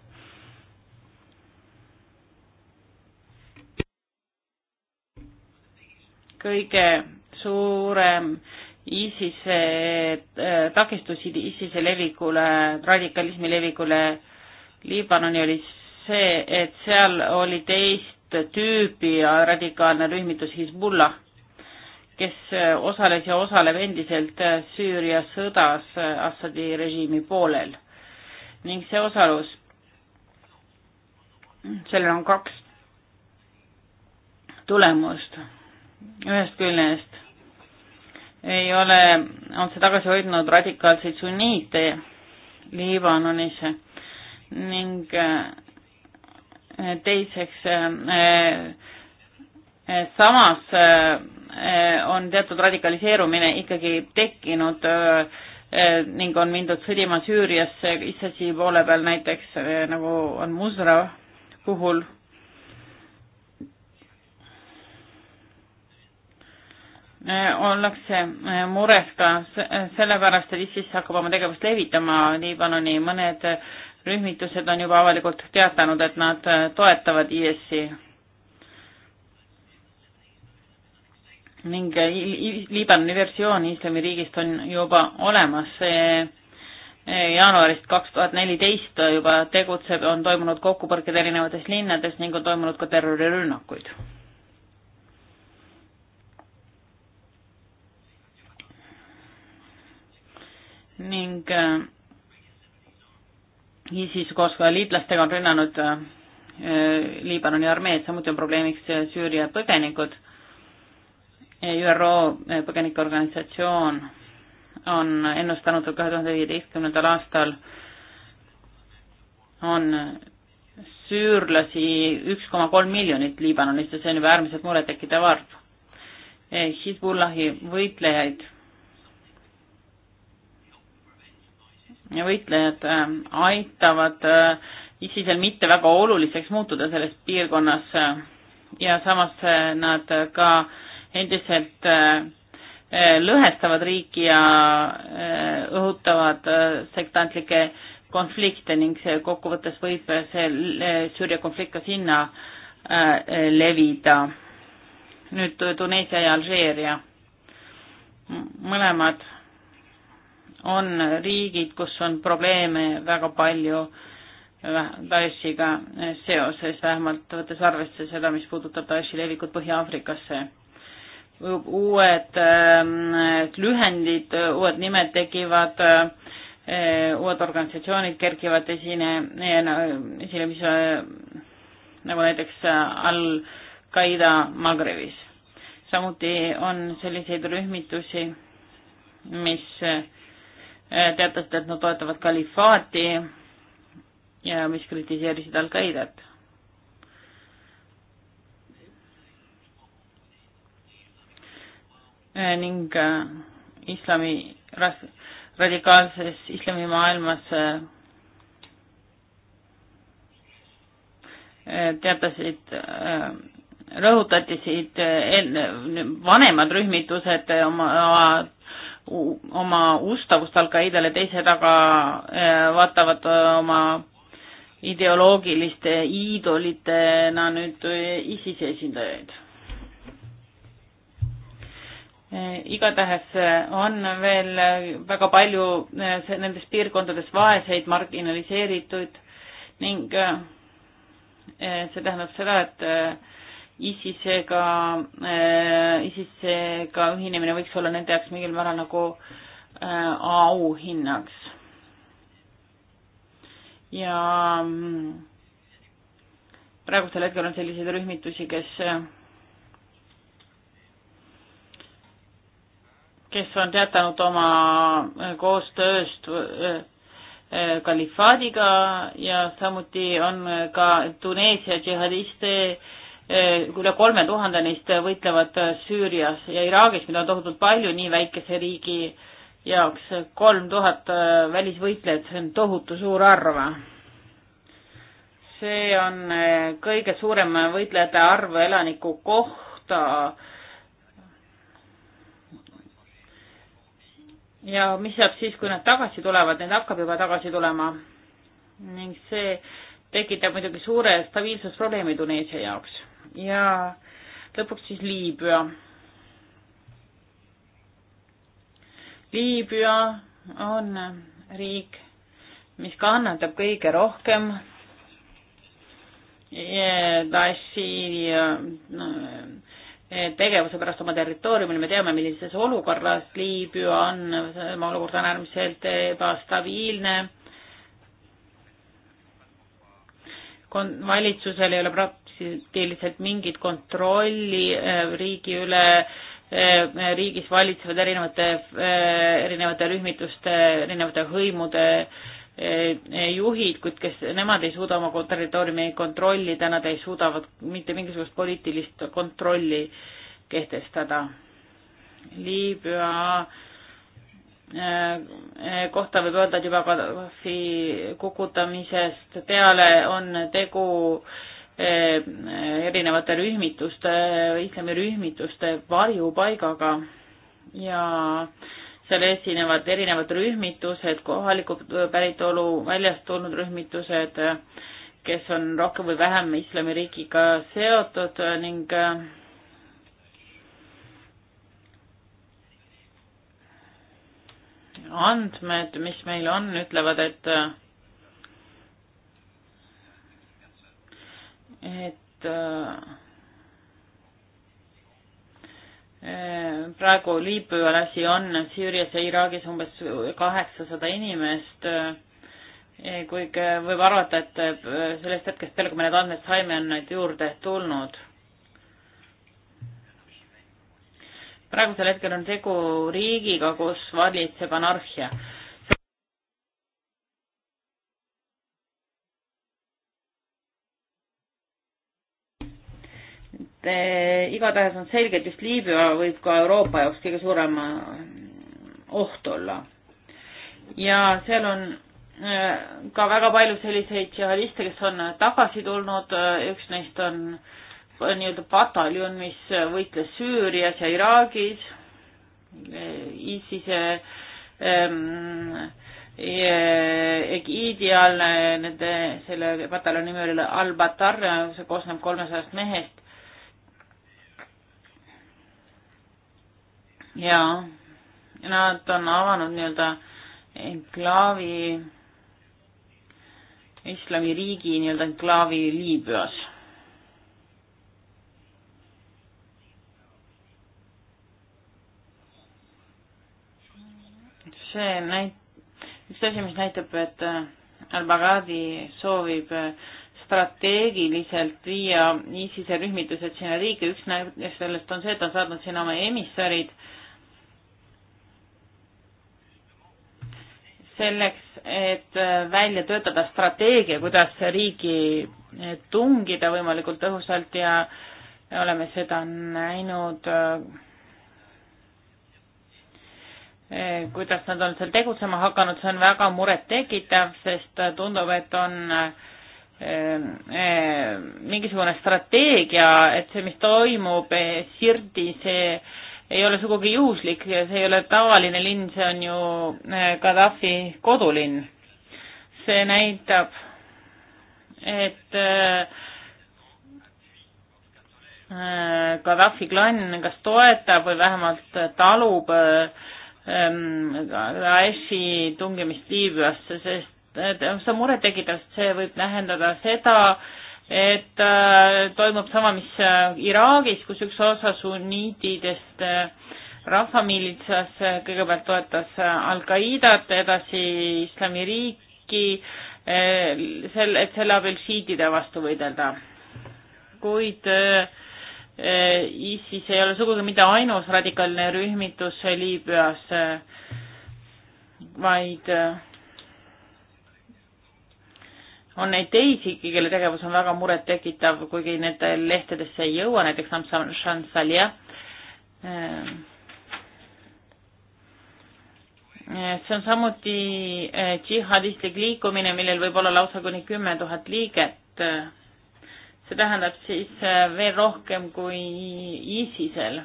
kõige suurem ISISe takistus ISISe levikule, radikalismi levikule Liibanoni oli see, et seal oli teist tüüpi radikaalne rühmitus Hezbollah, kes osales ja osaleb endiselt Süüria sõdas Assadi režiimi poolel ning see osalus, sellel on kaks tulemust. ühest küljest ei ole, on see tagasi hoidnud radikaalseid sunniite Liibanonis ning teiseks, eh, eh, samas eh, on teatud radikaliseerumine ikkagi tekkinud ning on mindud sõdima Süüriasse, ISISi poole peal näiteks, nagu on Musra puhul ollakse mures ka sellepärast, et ISIS hakkab oma tegevust levitama Liibanoni, mõned rühmitused on juba avalikult teatanud, et nad äh, toetavad IS-i ning äh, Liibanoni versioon islamiriigist on juba olemas, see äh, jaanuarist kaks tuhat neliteist juba tegutseb, on toimunud kokkupõrked erinevates linnades ning on toimunud ka terrorirünnakuid. ning ISIS koos ka liitlastega on rünnanud äh, Liibanoni armeed, samuti on probleemiks äh, Süüria põgenikud. ÜRO äh, põgenikeorganisatsioon on ennustanud kahe tuhande viieteistkümnendal aastal on süürlasi üks koma kolm miljonit Liibanonis ja see on juba äärmiselt murettekitav arv. Hezbollahi võitlejaid võitlejad ähm, aitavad äh, ISISel mitte väga oluliseks muutuda selles piirkonnas äh, ja samas äh, nad ka endiselt lõhestavad riiki ja õhutavad sektantlikke konflikte ning see kokkuvõttes võib see Süüria konflikt ka sinna levida. nüüd Tuneesia ja Alžeeria. mõlemad on riigid, kus on probleeme väga palju Daeshiga seoses, vähemalt võttes arvesse seda, mis puudutab Daeshi levikut Põhja-Aafrikasse. uued ähm, lühendid, uued nimed tekivad, äh, uued organisatsioonid kerkivad esine, esile, mis äh, nagu näiteks äh, Al-Qaeda Magrebis. samuti on selliseid rühmitusi, mis äh, Äh, teatasid, et nad toetavad kalifaati ja mis kritiseerisid Al-Qaidat. Äh, ning äh, islami, radikaalses islamimaailmas teatasid, rõhutati siit enne, vanemad rühmitused oma oma ustavust Al-Qaedale, teised aga äh, vaatavad äh, oma ideoloogiliste iidolitena nüüd äh, ISISe esindajaid. igatahes on veel väga palju nendes piirkondades vaeseid, marginaliseerituid ning see tähendab seda, et ISISega, äh, ISISega ühinemine võiks olla nende jaoks mingil määral nagu äh, auhinnaks. ja mm, praegusel hetkel on selliseid rühmitusi, kes, kes on teatanud oma äh, koostööst kalifaadiga ja samuti on ka Tuneesia džihadiste äh, Eh, üle kolme tuhande neist võitlevad eh, Süürias ja Iraagis, mida on tohutult palju nii väikese riigi jaoks. kolm tuhat eh, välisvõitlejat, see on tohutu suur arv. see on kõige suurem võitlejate arv elaniku kohta. ja mis saab siis, kui nad tagasi tulevad, neid hakkab juba tagasi tulema. ning see tekitab muidugi suure stabiilsusprobleemi Tuneesia jaoks ja lõpuks siis Liibüa. Liibüa on riik, mis kannatab kõige rohkem Daeshi no, äh, tegevuse pärast oma territooriumil, me teame, millises olukorras Liibüa on, tema olukord on äärmiselt ebastabiilne kon-, valitsusel ei ole pra-, praktiliselt mingit kontrolli äh, riigi üle, äh, riigis valitsevad erinevate, äh, erinevate rühmituste, erinevate hõimude juhid, kuid kes, nemad ei suuda oma territooriumi kontrollida, nad ei suuda mitte mingisugust poliitilist kontrolli kehtestada. Liibüa kohta võib öelda, et juba Gaddafi kukutamisest peale on tegu äh, Eh, erinevate rühmituste, islamirühmituste varjupaigaga ja seal esinevad erinevad rühmitused, kohaliku päritolu väljast tulnud rühmitused, kes on rohkem või vähem islamiriigiga seotud ning eh, andmed, mis meil on, ütlevad, et et äh, äh, praegu liibüalasi on Süürias ja Iraagis umbes kaheksasada inimest. Äh, kuigi võib arvata, et sellest hetkest peale, kui me need andmed saime, on neid juurde tulnud. praegusel hetkel on tegu riigiga, kus valitseb anarhia Eh, igatahes on selge, et just Liibüa võib ka Euroopa jaoks kõige suurem eh, oht olla. ja seal on eh, ka väga palju selliseid džihadiste, kes on tagasi tulnud, üks neist on nii-öelda pataljon, mis võitles Süürias ja Iraagis ISISe ehm, egiidi all, nende, selle pataljoni nimi oli Al-Batar, see koosneb kolmesajast mehest ja nad on avanud nii-öelda enklaavi, islamiriigi nii-öelda enklaavi Liibüas. see näit-, üks asi, mis näitab, et äh, al-Baghdadi soovib äh, strateegiliselt viia ISISe rühmitused sinna riiki, üks näide sellest on see, et ta on saatnud sinna oma emissarid äh, selleks, et äh, välja töötada strateegia, kuidas riigi äh, tungida võimalikult tõhusalt ja oleme seda näinud, äh, kuidas nad on seal tegutsema hakanud, see on väga murettekitav, sest tundub, et on mingisugune strateegia, et see, mis toimub Sirdi, see ei ole sugugi juhuslik, see ei ole tavaline linn, see on ju eh, Gaddafi kodulinn. see näitab, et eh, eh, Gaddafi klann kas toetab või vähemalt talub ehm, Daeshi tungimist Liibüasse, sest see on murettekitav, sest see võib tähendada seda, et äh, toimub sama, mis äh, Iraagis, kus üks osa sunniitidest äh, rahvamiilitsas kõigepealt toetas Al-Qaidat, edasi Islamiriiki, sel, et selle abil šiitide vastu võidelda. kuid ISIS ei ole sugugi mitte ainus radikaalne rühmitus Liibüas, vaid on neid teisigi, kelle tegevus on väga murettekitav, kuigi need lehtedesse ei jõua, näiteks Amsterdam Salja. Ehm, see on samuti eh, džihadistlik liikumine, millel võib olla lausa kuni kümme tuhat liiget. see tähendab siis eh, veel rohkem kui ISISel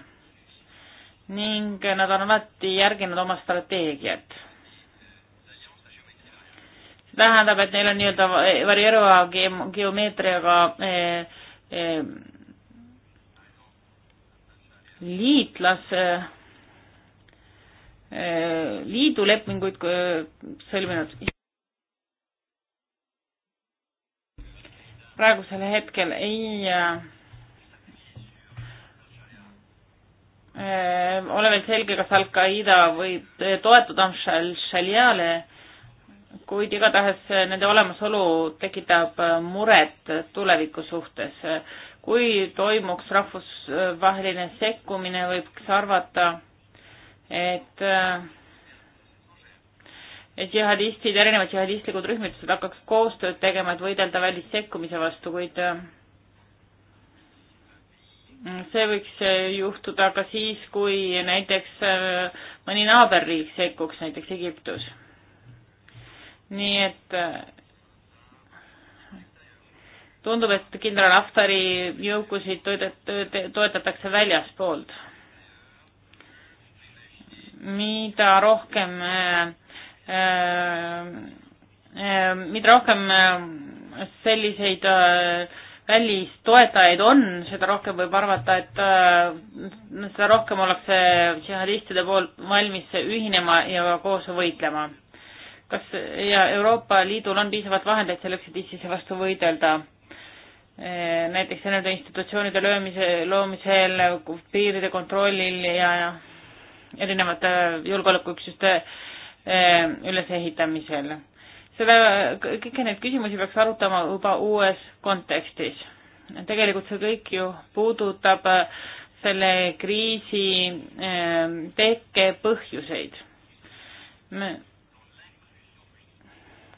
ning eh, nad on alati järginud oma strateegiat tähendab, et neil on nii-öelda varieeruva geomeetriaga eh, eh, liitlas eh, eh liidulepinguid eh, sõlminud. praegusel hetkel ei eh, ole veel selge, kas Al-Qaeda võib toetuda Shal-, Shaliale kuid igatahes nende olemasolu tekitab muret tuleviku suhtes. kui toimuks rahvusvaheline sekkumine, võiks arvata, et et džihadistid, erinevad džihadistlikud rühmitused hakkaks koostööd tegema, et võidelda välissekkumise vastu, kuid see võiks juhtuda ka siis, kui näiteks mõni naaberriik sekkuks, näiteks Egiptus nii et äh, tundub, et kindral Aftari jõukusid toetatakse väljaspoolt. mida rohkem äh, äh, mida rohkem selliseid välistoetajaid on, seda rohkem võib arvata, et seda rohkem ollakse džihadistide poolt valmis ühinema ja koos võitlema kas ja Euroopa Liidul on piisavalt vahendeid selleks, et ISISe vastu võidelda? näiteks nende institutsioonide löömise, loomisel, piiride kontrollil ja erinevate julgeolekuüksuste eh, ülesehitamisel. seda, kõiki neid küsimusi peaks arutama juba uues kontekstis. tegelikult see kõik ju puudutab eh, selle kriisi eh, tekke põhjuseid me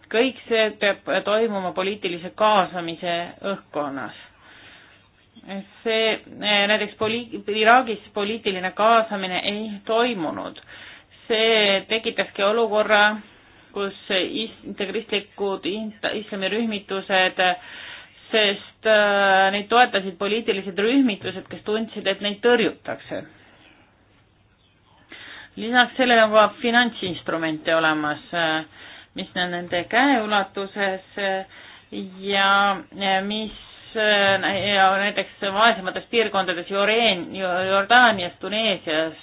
kõik see peab toimuma poliitilise kaasamise õhkkonnas. see eh, näiteks poli-, Iraagis poliitiline kaasamine ei toimunud. see tekitaski olukorra, kus integristlikud islamirühmitused sest äh, neid toetasid poliitilised rühmitused, kes tundsid, et neid tõrjutakse. lisaks sellele on ka finantsinstrumente olemas äh, mis on nende käeulatuses ja mis ja näiteks vaesemates piirkondades Joreen, Jordaanias, Tuneesias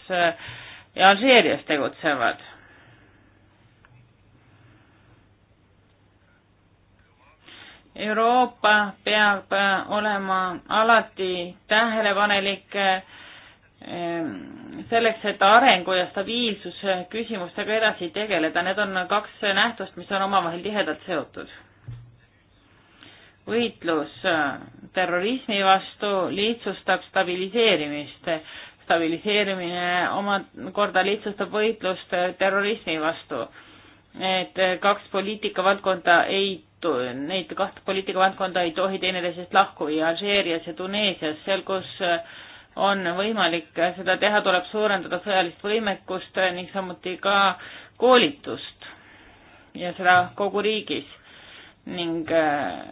ja Alžeerias tegutsevad Euroopa peab olema alati tähelepanelik Ehm, selleks, et arengu ja stabiilsuse küsimustega edasi tegeleda, need on kaks nähtust, mis on omavahel tihedalt seotud. võitlus äh, terrorismi vastu lihtsustab stabiliseerimist, stabiliseerimine omakorda lihtsustab võitlust äh, terrorismi vastu. Need äh, kaks poliitikavaldkonda ei, neid kahte poliitikavaldkonda ei tohi teineteisest lahku viia Alžeerias ja Tuneesias, seal kus äh, on võimalik seda teha, tuleb suurendada sõjalist võimekust ning samuti ka koolitust ja seda kogu riigis ning äh,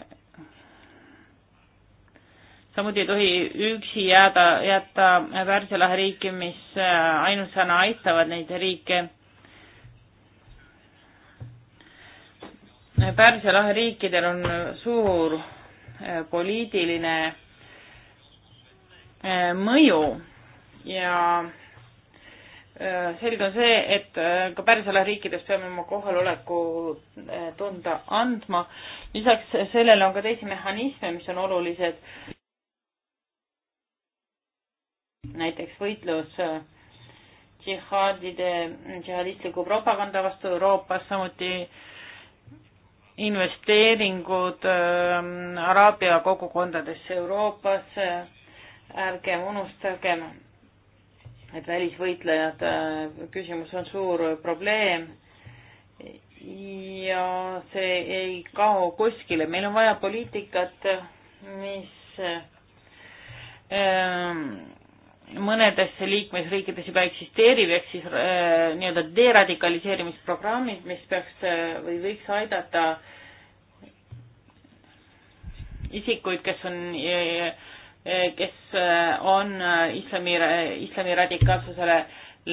samuti ei tohi üksi jääda, jätta Pärsia lahe riiki, mis äh, ainsana aitavad neid riike. Pärsia lahe riikidel on suur äh, poliitiline Äh, mõju ja äh, selge on see, et äh, ka pärisala riikides peame oma kohaloleku tunda andma. lisaks sellele on ka teisi mehhanisme, mis on olulised. näiteks võitlus džihaadide, džihadistliku propaganda vastu Euroopas, samuti investeeringud äh, araabia kogukondadesse Euroopas äh, ärgem unustagem, et välisvõitlejad, äh, küsimus on suur probleem ja see ei kao kuskile, meil on vaja poliitikat, mis ähm, mõnedes liikmesriikides juba eksisteerib, ehk siis äh, nii-öelda deradikaliseerimisprogrammid, mis peaks äh, või võiks aidata isikuid, kes on äh, Eh, kes eh, on eh, islami, islami radikaalsusele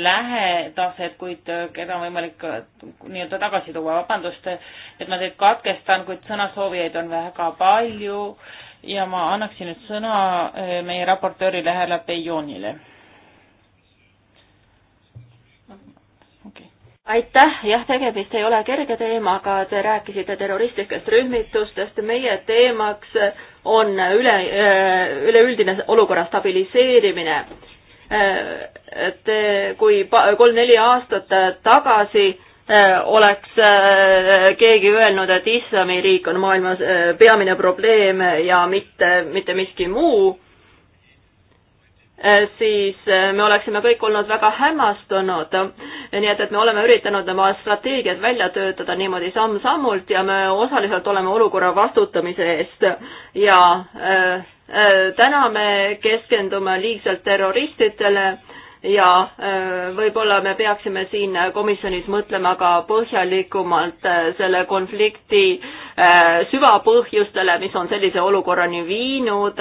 lähedased, kuid keda on võimalik nii-öelda tagasi tuua. vabandust, et ma teid katkestan, kuid sõnasoovijaid on väga palju ja ma annaksin nüüd sõna meie raportöörile Härra Pejonile aitäh, jah, tegemist ei ole kerge teemaga, te rääkisite terroristlikest rühmitustest, meie teemaks on üle, äh, üleüldine olukorra stabiliseerimine. Äh, et äh, kui kolm-neli aastat tagasi oleks keegi öelnud, et islamiriik on maailmas peamine probleem ja mitte, mitte miski muu Eh, siis eh, me oleksime kõik olnud väga hämmastunud. nii et, et me oleme üritanud oma strateegiad välja töötada niimoodi samm-sammult ja me osaliselt oleme olukorra vastutamise eest ja äh, äh, täna me keskendume liigselt terroristidele ja äh, võib-olla me peaksime siin komisjonis mõtlema ka põhjalikumalt selle konflikti süvapõhjustele, mis on sellise olukorrani viinud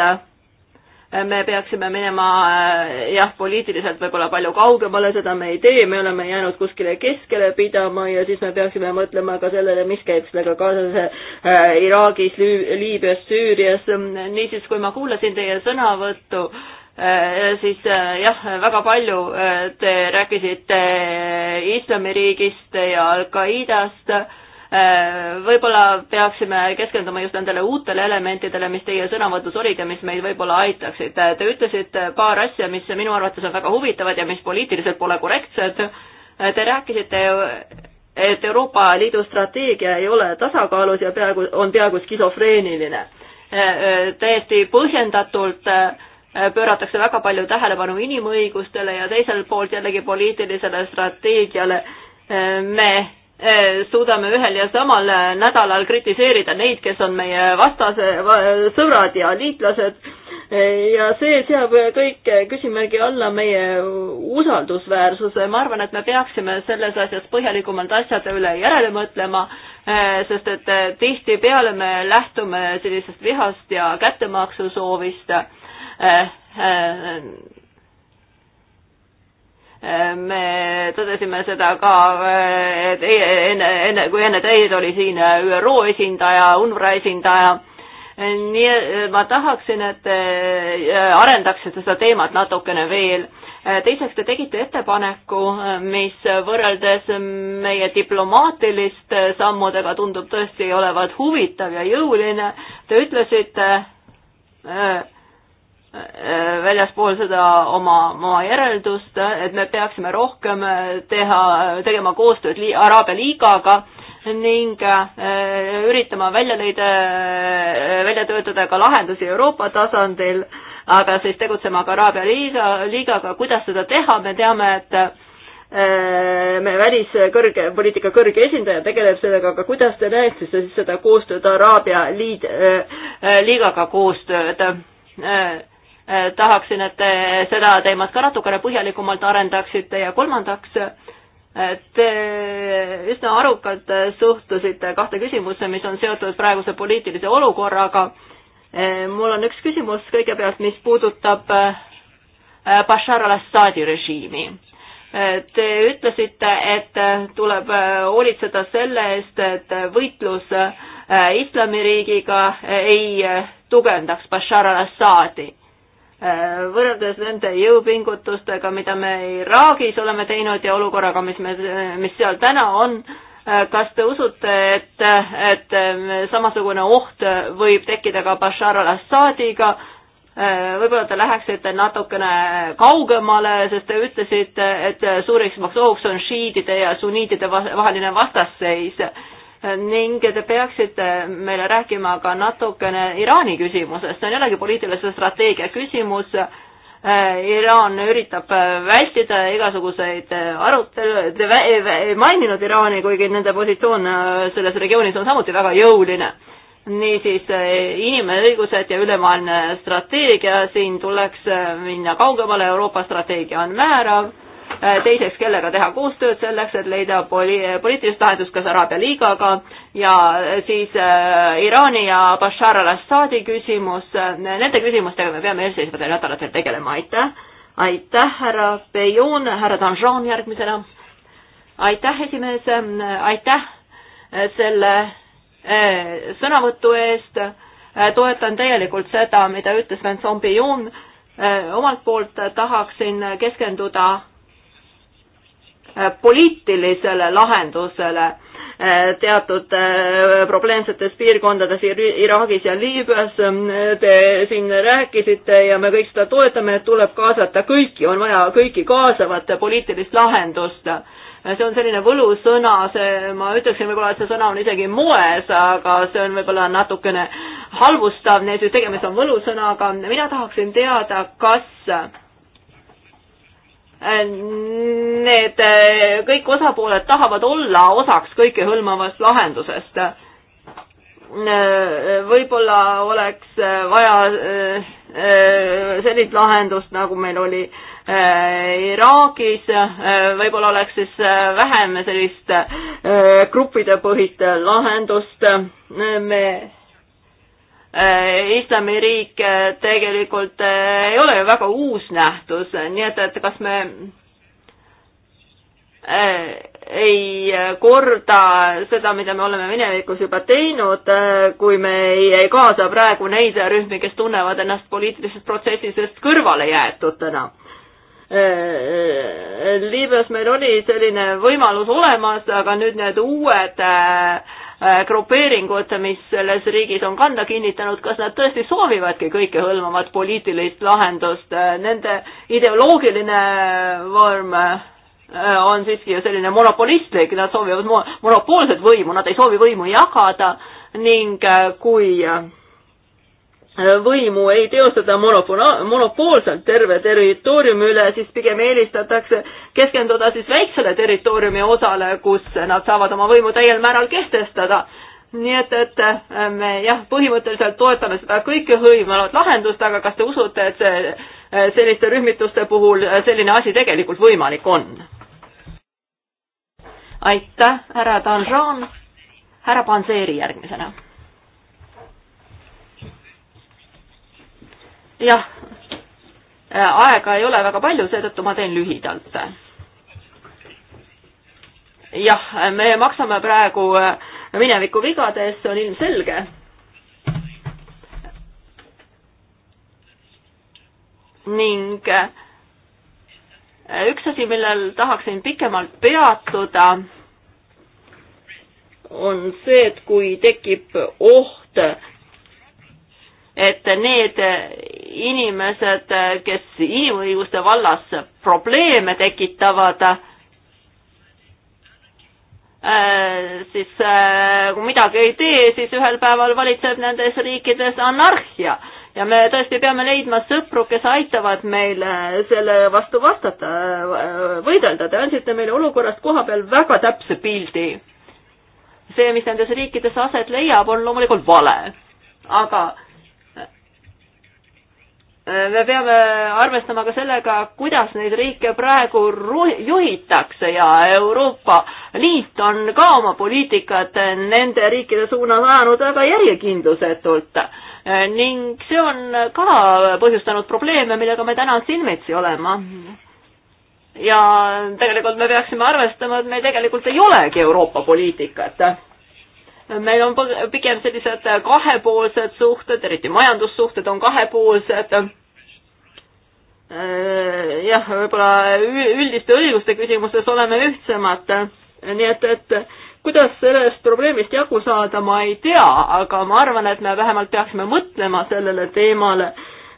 me peaksime minema äh, jah, poliitiliselt võib-olla palju kaugemale, seda me ei tee, me oleme jäänud kuskile keskele pidama ja siis me peaksime mõtlema ka sellele, mis käib sellega kaasas äh, Iraagis, Liibüas, Süürias. niisiis, kui ma kuulasin teie sõnavõttu äh,, siis äh, jah, väga palju äh, te rääkisite äh, Islamiriigist ja Al-Qaidast Äh, võib-olla peaksime keskenduma just nendele uutele elementidele, mis teie sõnavõtus olid ja mis meid võib-olla aitaksid. Äh, te ütlesite paar asja, mis minu arvates on väga huvitavad ja mis poliitiliselt pole korrektsed. Äh, te rääkisite, et Euroopa Liidu strateegia ei ole tasakaalus ja peaaegu, on peaaegu skisofreeniline. täiesti põhjendatult pööratakse väga palju tähelepanu inimõigustele ja teiselt poolt jällegi poliitilisele strateegiale. me Eh, suudame ühel ja samal eh, nädalal kritiseerida neid, kes on meie vastase, sõbrad ja liitlased eh, ja see seab kõik küsimärgi alla meie usaldusväärsuse. ma arvan, et me peaksime selles asjas põhjalikumalt asjade üle järele mõtlema, sest et tihtipeale me lähtume sellisest vihast ja kättemaksusoovist me tõdesime seda ka, et e-, enne, enne, kui enne teid oli siin ÜRO esindaja, UNRWA esindaja, nii ma tahaksin, et te arendaksite seda teemat natukene veel. teiseks, te tegite ettepaneku, mis võrreldes meie diplomaatiliste sammudega tundub tõesti olevat huvitav ja jõuline. Te ütlesite äh, Äh, väljaspool seda oma, oma järeldust, et me peaksime rohkem äh, teha, tegema koostööd li Araabia liigaga ning äh, üritama välja leida, välja töötada ka lahendusi Euroopa tasandil, aga siis tegutsema ka Araabia liiga, liigaga, kuidas seda teha, me teame, et me väliskõrge, poliitika kõrge esindaja tegeleb sellega, aga kuidas te näeksite siis seda koostööd Araabia liid, liigaga koostööd? Äh, tahaksin, et te seda teemat ka natukene põhjalikumalt arendaksite ja kolmandaks, äh, te üsna arukalt suhtusite kahte küsimusse, mis on seotud praeguse poliitilise olukorraga. Äh, mul on üks küsimus kõigepealt, mis puudutab Bashar al-Assadi režiimi. Te ütlesite, et tuleb hoolitseda selle eest, et võitlus islamiriigiga ei tugevdaks Bashar al-Assadi võrreldes nende jõupingutustega, mida me Iraagis oleme teinud ja olukorraga, mis me, mis seal täna on, kas te usute, et, et samasugune oht võib tekkida ka Bashar al-Assadiga? võib-olla te läheksite natukene kaugemale, sest te ütlesite, et suurimaks ohuks on šiidide ja sunniidide vaheline vastasseis ning te peaksite meile rääkima ka natukene Iraani küsimusest, see on jällegi poliitilise strateegia küsimus. Äh, Iraan üritab äh, vältida igasuguseid äh, arutelu, te ei maininud Iraani, kuigi nende positsioon selles regioonis on samuti väga jõuline. niisiis inimõigused ja ülemaailmne strateegia, siin tuleks minna kaugemale, Euroopa strateegia on määrav Äh, teiseks, kellega teha koostööd selleks, et leida poli-, poliitilist lahendust kas Araabia liigaga ja siis äh, Iraani ja Bashar al-Assadi küsimus, äh, nende küsimustega me peame eelseisvatel nädalatel tegelema, aitäh! aitäh, härra Bejoon, härra Danjean järgmisena! aitäh, esimees, aitäh äh, selle äh, sõnavõtu eest, toetan täielikult seda, mida ütles Vincent Bejoon, omalt poolt tahaksin keskenduda Äh, poliitilisele lahendusele äh, teatud äh, probleemsetes piirkondades Iraagis ja Liibüas. Te siin rääkisite ja me kõik seda toetame, et tuleb kaasata kõiki, on vaja kõiki kaasavat poliitilist lahendust. see on selline võlusõna, see, ma ütleksin võib-olla, et see sõna on isegi moes, aga see on võib-olla natukene halvustav, nii et tegemist on võlusõnaga. mina tahaksin teada, kas Need eh, kõik osapooled tahavad olla osaks kõikehõlmavast lahendusest. Eh, võib-olla oleks eh, vaja sellist lahendust, nagu meil oli Iraagis, võib-olla oleks siis vähem sellist gruppidepõhist lahendust. me Äh, islamiriik äh, tegelikult äh, ei ole ju väga uus nähtus, nii et, et kas me ei korda seda, mida me oleme minevikus juba teinud, kui me ei, ei kaasa praegu neid rühmi, kes tunnevad ennast poliitilisest protsessisest kõrvale jäetutena. Liibüas meil oli selline võimalus olemas, aga nüüd need uued äh, Äh, grupeeringud, mis selles riigis on kanda kinnitanud, kas nad tõesti soovivadki kõikehõlmavat poliitilist lahendust, äh, nende ideoloogiline vorm äh, on siiski ju selline monopolistlik, nad soovivad monopoolset võimu, nad ei soovi võimu jagada ning kui äh, võimu ei teostata monopona-, monopoolselt terve territooriumi üle, siis pigem eelistatakse keskenduda siis väiksele territooriumi osale, kus nad saavad oma võimu täiel määral kehtestada. nii et, et äh, me jah, põhimõtteliselt toetame seda kõikehõimavat lahendust, aga kas te usute, et see, äh, selliste rühmituste puhul äh, selline asi tegelikult võimalik on? aitäh, härra Danjon, härra Panseri järgmisena jah, äh, aega ei ole väga palju, seetõttu ma teen lühidalt. jah, me maksame praegu äh, mineviku vigade eest, see on ilmselge. ning äh, üks asi, millel tahaksin pikemalt peatuda, on see, et kui tekib oht, et need inimesed, kes inimõiguste vallas probleeme tekitavad, äh, siis äh, kui midagi ei tee, siis ühel päeval valitseb nendes riikides anarhia ja me tõesti peame leidma sõpru, kes aitavad meil äh, selle vastu vastata, võidelda. Te andsite meile olukorrast koha peal väga täpse pildi. see, mis nendes riikides aset leiab, on loomulikult vale, aga me peame arvestama ka sellega, kuidas neid riike praegu juhitakse ja Euroopa Liit on ka oma poliitikat nende riikide suunas ajanud väga järjekindlusetult. ning see on ka põhjustanud probleeme, millega me täna silmitsi olema. ja tegelikult me peaksime arvestama, et meil tegelikult ei olegi Euroopa poliitikat meil on pigem sellised äh, kahepoolsed suhted, eriti majandussuhted on kahepoolsed. Äh, jah, võib-olla üldiste õiguste küsimustes oleme ühtsemad, nii et, et kuidas sellest probleemist jagu saada, ma ei tea, aga ma arvan, et me vähemalt peaksime mõtlema sellele teemale,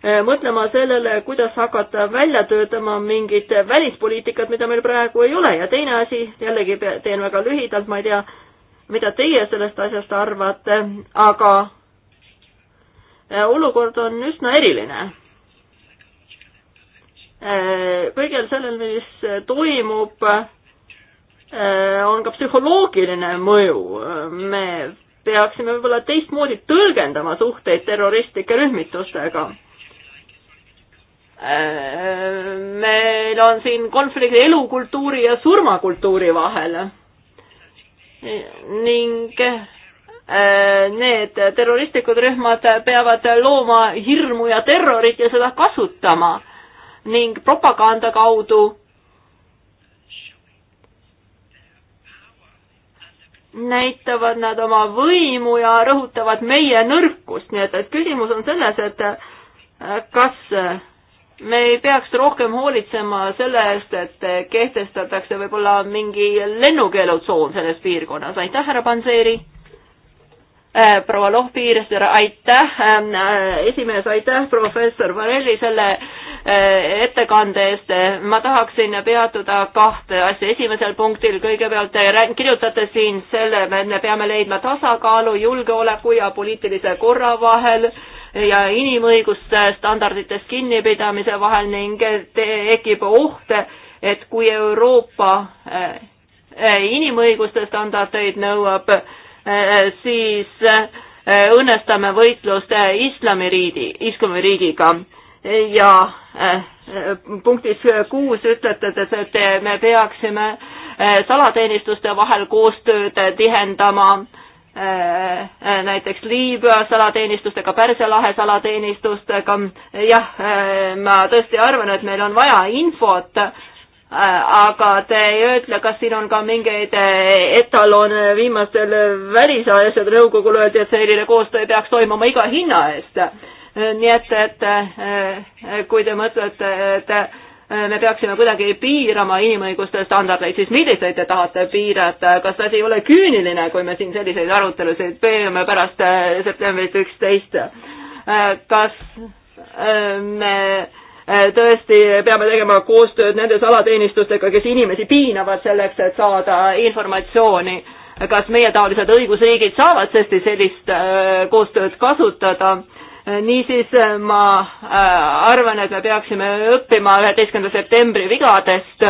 äh, mõtlema sellele, kuidas hakata välja töötama mingit välispoliitikat, mida meil praegu ei ole ja teine asi, jällegi teen väga lühidalt, ma ei tea, mida teie sellest asjast arvate, aga äh, olukord on üsna eriline. Äh, kõigel sellel, mis toimub, äh, on ka psühholoogiline mõju. me peaksime võib-olla teistmoodi tõlgendama suhteid terroristlike rühmitustega meil on siin konflikt elukultuuri ja surmakultuuri vahel ning äh, need terroristlikud rühmad peavad looma hirmu ja terrorit ja seda kasutama ning propaganda kaudu näitavad nad oma võimu ja rõhutavad meie nõrkust, nii et, et küsimus on selles, et äh, kas äh, me ei peaks rohkem hoolitsema selle eest, et kehtestatakse võib-olla mingi lennukeelutsoon selles piirkonnas. aitäh, härra Panseeri! Äh, proua Lohpiirsõra, aitäh, ähm, äh, esimees, aitäh, professor Varelli selle äh, ettekande eest. ma tahaksin peatuda kahte asja. esimesel punktil kõigepealt te kirjutate siin selle, et me peame leidma tasakaalu julgeoleku ja poliitilise korra vahel ja inimõiguste standarditest kinnipidamise vahel ning tekib oht, et kui Euroopa eh, eh, inimõiguste standardeid nõuab, eh, siis õnnestame võitlust islamiriidi, islamiriigiga ja punktis kuus ütlete, et me peaksime salateenistuste vahel koostööd tihendama Äh, äh, näiteks Liibüa salateenistustega, Pärsia lahe salateenistustega, jah, äh, ma tõesti arvan, et meil on vaja infot, aga te ei ütle, kas siin on ka mingeid etalone viimastel välisasjade nõukogul öeldi, et selline koostöö peaks toimuma iga hinna eest. nii et, et kui te mõtlete, et Äh, me peaksime kuidagi piirama inimõiguste standardeid, siis milliseid te tahate piirata, kas asi ei ole küüniline, kui me siin selliseid arutelusid peame pärast äh, septembrit üksteist? Äh, kas me tõesti peame tegema koostööd nende salateenistustega, kes inimesi piinavad selleks, et saada informatsiooni, kas meietaolised õigusriigid saavad tõesti sellist koostööd kasutada äh, Äh, niisiis äh, ma äh, arvan, et me peaksime õppima üheteistkümnenda septembri vigadest,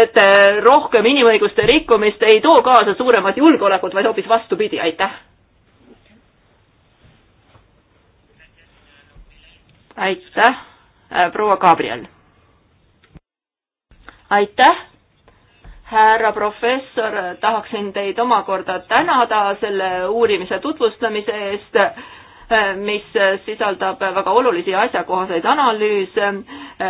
et rohkem inimõiguste rikkumist ei too kaasa suuremat julgeolekut, vaid hoopis vastupidi, aitäh. aitäh, proua Gabriel. aitäh, härra professor, tahaksin teid omakorda tänada selle uurimise tutvustamise eest Äh, mis äh, sisaldab äh, väga olulisi asjakohaseid analüüse.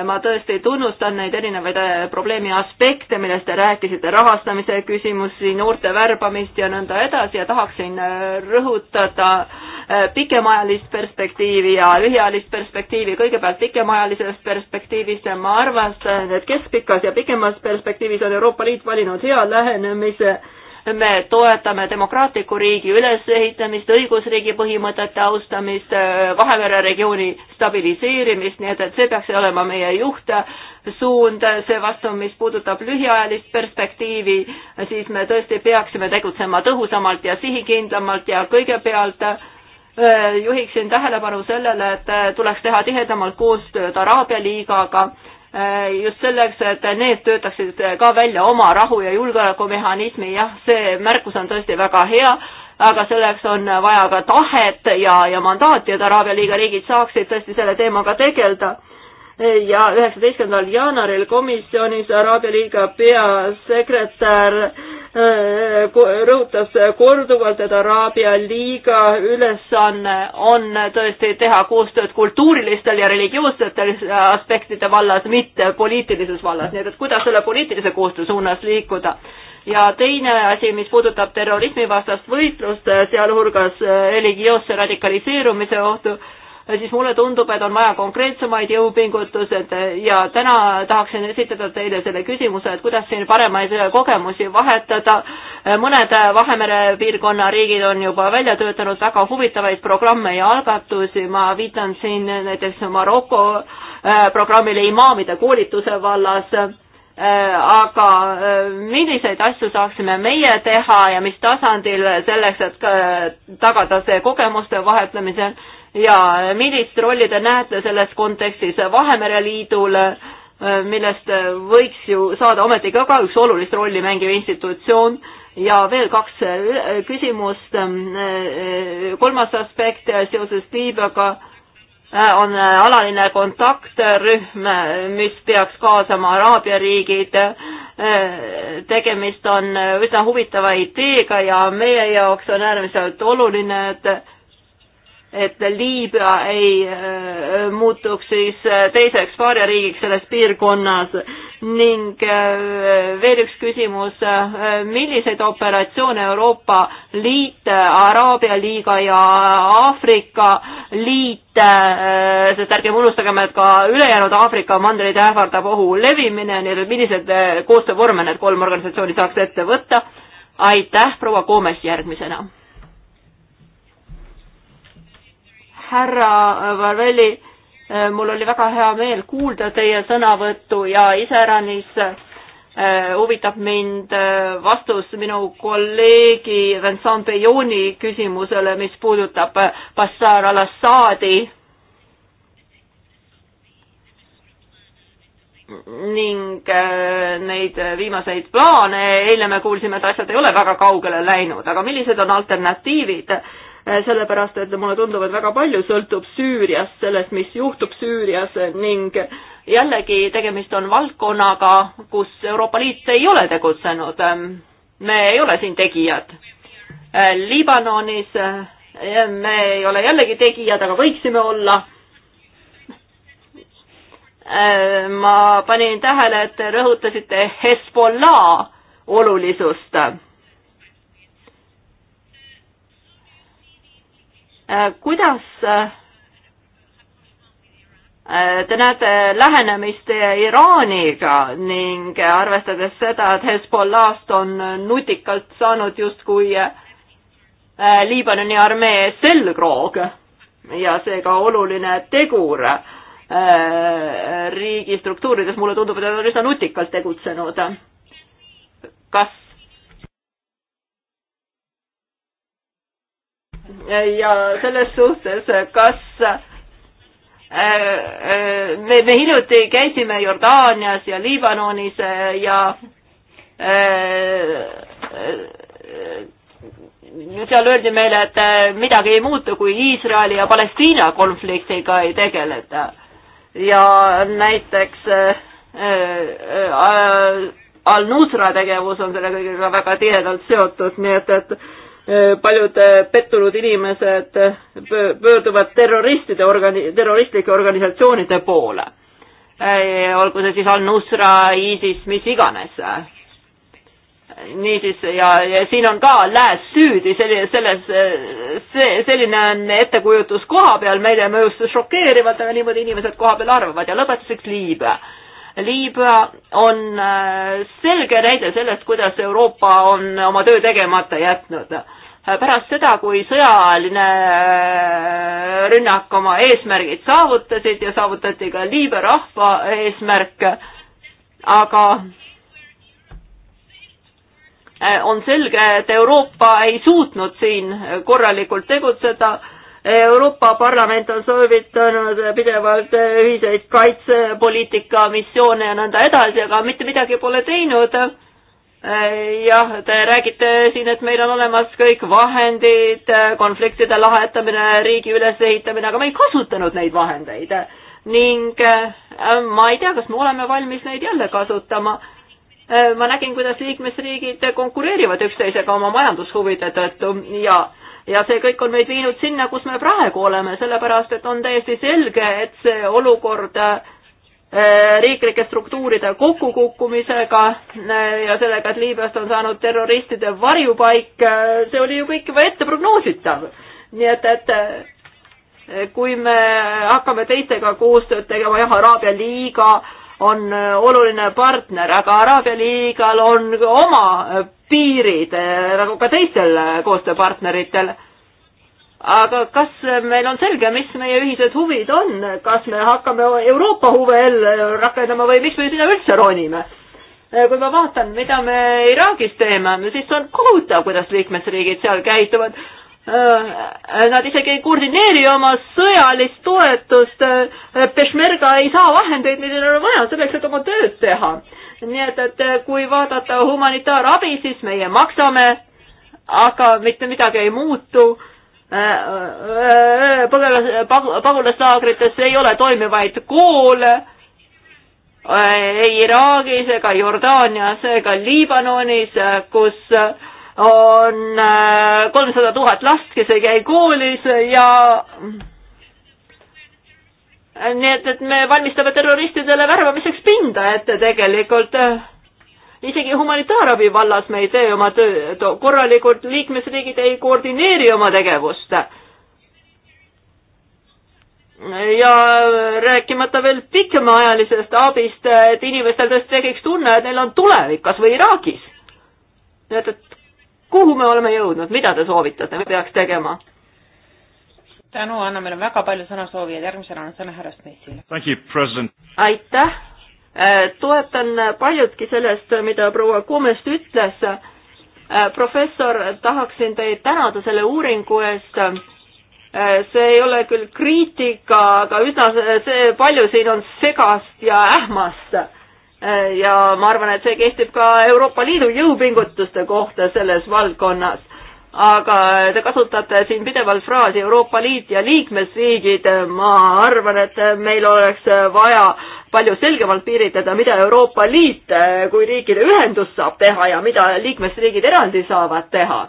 ma tõesti tunnustan neid erinevaid probleemi aspekte, millest te rääkisite, rahastamise küsimusi, noorte värbamist ja nõnda edasi ja tahaksin rõhutada pikemaajalist perspektiivi ja lühiajalist perspektiivi. kõigepealt pikemaajalisest perspektiivist ma arvan, et keskpikas ja pikemas perspektiivis on Euroopa Liit valinud hea lähenemise me toetame demokraatliku riigi ülesehitamist, õigusriigi põhimõtete austamist, äh, Vahemere regiooni stabiliseerimist, nii et, et see peaks olema meie juhtsuund, seevastu, mis puudutab lühiajalist perspektiivi, siis me tõesti peaksime tegutsema tõhusamalt ja sihikindlamalt ja kõigepealt äh, juhiksin tähelepanu sellele, et äh, tuleks teha tihedamalt koostööd Araabia liigaga Äh, just selleks, et need töötaksid ka välja oma rahu- ja julgeolekumehhanismi, jah, see märkus on tõesti väga hea, aga selleks on vaja ka tahet ja, ja mandaati, et Araabia liiga riigid saaksid tõesti selle teemaga tegeleda ja üheksateistkümnendal jaanuaril komisjonis Araabia liiga peasekretär äh, rõhutas korduvalt, et Araabia liiga ülesanne on tõesti teha koostööd kultuurilistel ja religioossetel aspektide vallas, mitte poliitilises vallas, nii et, et kuidas selle poliitilise koostöö suunas liikuda ja teine asi, mis puudutab terrorismivastast võitlust, sealhulgas religioosse radikaliseerumise ohtu, siis mulle tundub, et on vaja konkreetsemaid jõupingutused ja täna tahaksin esitada teile selle küsimuse, et kuidas siin paremaid kogemusi vahetada. mõned Vahemere piirkonna riigid on juba välja töötanud väga huvitavaid programme ja algatusi, ma viitan siin näiteks Maroko äh, programmile imaamide koolituse vallas äh, aga äh, milliseid asju saaksime meie teha ja mis tasandil selleks, et tagada see kogemuste vahetlemise ja millist rolli te näete selles kontekstis Vahemere Liidul, millest võiks ju saada ometigi ka üks olulist rolli mängiv institutsioon ja veel kaks äh, küsimust. Äh, äh, kolmas aspekt seoses Liibüaga on alaline kontaktrühm, mis peaks kaasama Araabia riigid. tegemist on üsna huvitava ideega ja meie jaoks on äärmiselt oluline, et et Liibüa ei äh, muutuks siis äh, teiseks paariariigiks selles piirkonnas ning äh, veel üks küsimus, milliseid operatsioone Euroopa Liit, Araabia Liiga ja Aafrika Liit, sest ärgem unustagem, et ka ülejäänud Aafrika mandrid ähvardab ohu levimine, nii et millised koostöövorme need kolm organisatsiooni saaks ette võtta? aitäh, proua Koomes järgmisena härra Varveli, eh, mul oli väga hea meel kuulda teie sõnavõttu ja iseäranis eh, huvitab mind eh, vastus minu kolleegi Vincent Pejoni küsimusele, mis puudutab Bashar al-Assadi ning neid viimaseid plaane, eile me kuulsime, et asjad ei ole väga kaugele läinud, aga millised on alternatiivid Äh, sellepärast et mulle tundub, et väga palju sõltub Süüriast, sellest, mis juhtub Süürias ning jällegi tegemist on valdkonnaga, kus Euroopa Liit ei ole tegutsenud. me ei ole siin tegijad. Äh, Liibanonis äh, me ei ole jällegi tegijad, aga võiksime olla ma panin tähele, et te rõhutasite Hezbollah olulisust. Äh, kuidas äh, äh, te näete lähenemist Iraaniga ning arvestades seda, et Hezbollahst on nutikalt saanud justkui Liibanoni armee selgroog ja seega oluline tegur riigistruktuurides, mulle tundub, et nad on üsna nutikalt tegutsenud. kas ja selles suhtes, kas äh, äh, me, me hiljuti käisime Jordaanias ja Liibanonis äh, ja seal öeldi meile, et midagi ei muutu, kui Iisraeli ja Palestiina konfliktiga ei tegeleta. ja näiteks äh, äh, Al-Nusra tegevus on selle kõigega väga tihedalt seotud, nii et, et Äh, paljud äh, pettunud inimesed äh, pöörduvad terroristide organi-, terroristlike organisatsioonide poole. olgu see siis Al-Nusra, ISIS, mis iganes. niisiis, ja, ja siin on ka lääs süüdi, selline, selles, see, selline on ettekujutus koha peal, meile mõjus šokeerivalt, aga niimoodi inimesed koha peal arvavad ja lõpetuseks Liibüa Liibüa on äh, selge näide sellest, kuidas Euroopa on oma töö tegemata jätnud. Äh, pärast seda, kui sõjaline äh, rünnak oma eesmärgid saavutasid ja saavutati ka Liibüa rahva eesmärk, aga on selge, et Euroopa ei suutnud siin korralikult tegutseda Euroopa Parlament on soovitanud pidevalt ühiseid kaitsepoliitika missioone ja nõnda edasi, aga mitte midagi pole teinud. jah, te räägite siin, et meil on olemas kõik vahendid, konfliktide lahetamine, riigi ülesehitamine, aga me ei kasutanud neid vahendeid. ning äh, ma ei tea, kas me oleme valmis neid jälle kasutama äh, ma nägin, kuidas liikmesriigid konkureerivad üksteisega oma majandushuvide tõttu ja ja see kõik on meid viinud sinna, kus me praegu oleme, sellepärast et on täiesti selge, et see olukord äh, riiklike struktuuride kokkukukkumisega äh, ja sellega, et Liibüast on saanud terroristide varjupaik, äh, see oli ju kõik juba ette prognoositav. nii et, et kui me hakkame teistega koostööd tegema, jah, Araabia liiga äh,, on äh, oluline partner, aga Araabia liigal on oma äh, piirid äh, nagu ka teistel koostööpartneritel. aga kas meil on selge, mis meie ühised huvid on, kas me hakkame Euroopa huve ellu rakendama või miks me sinna üldse ronime? kui ma vaatan, mida me Iraagis teeme, siis on kohutav, kuidas liikmesriigid seal käituvad. Äh, nad isegi ei koordineeri oma sõjalist toetust, äh, Peshmerga ei saa vahendeid, mida neil on vaja selleks, et oma tööd teha. nii et, et äh, kui vaadata humanitaarabi, siis meie maksame, aga mitte midagi ei muutu põgenes, pagulaslaagrites ei ole toimivaid koole ei Iraagis ega Jordaanias ega Liibanonis, kus on äh, kolmsada tuhat last, kes ei käi koolis ja nii et, et me valmistame terroristidele värbamiseks pinda ette tegelikult. Äh, isegi humanitaarabi vallas me ei tee oma tööd korralikult, liikmesriigid ei koordineeri oma tegevust. ja rääkimata veel pikemaajalisest abist, et inimestel tõesti tekiks tunne, et neil on tulevik kas või Iraagis. nii et, et kuhu me oleme jõudnud, mida te soovitate, mida peaks tegema? tänu, Anna, meil on väga palju sõnasoovijaid, järgmisena on sõna härra Smithile. aitäh, äh, toetan paljutki sellest, mida proua Kumest ütles. Äh, professor, tahaksin teid tänada selle uuringu eest. Äh, see ei ole küll kriitika, aga üsna see palju siin on segast ja ähmast Äh, ja ma arvan, et see kehtib ka Euroopa Liidu jõupingutuste kohta selles valdkonnas. aga te kasutate siin pidevalt fraasi Euroopa Liit ja liikmesriigid, ma arvan, et meil oleks vaja palju selgemalt piiritleda, mida Euroopa Liit kui riikide ühendus saab teha ja mida liikmesriigid eraldi saavad teha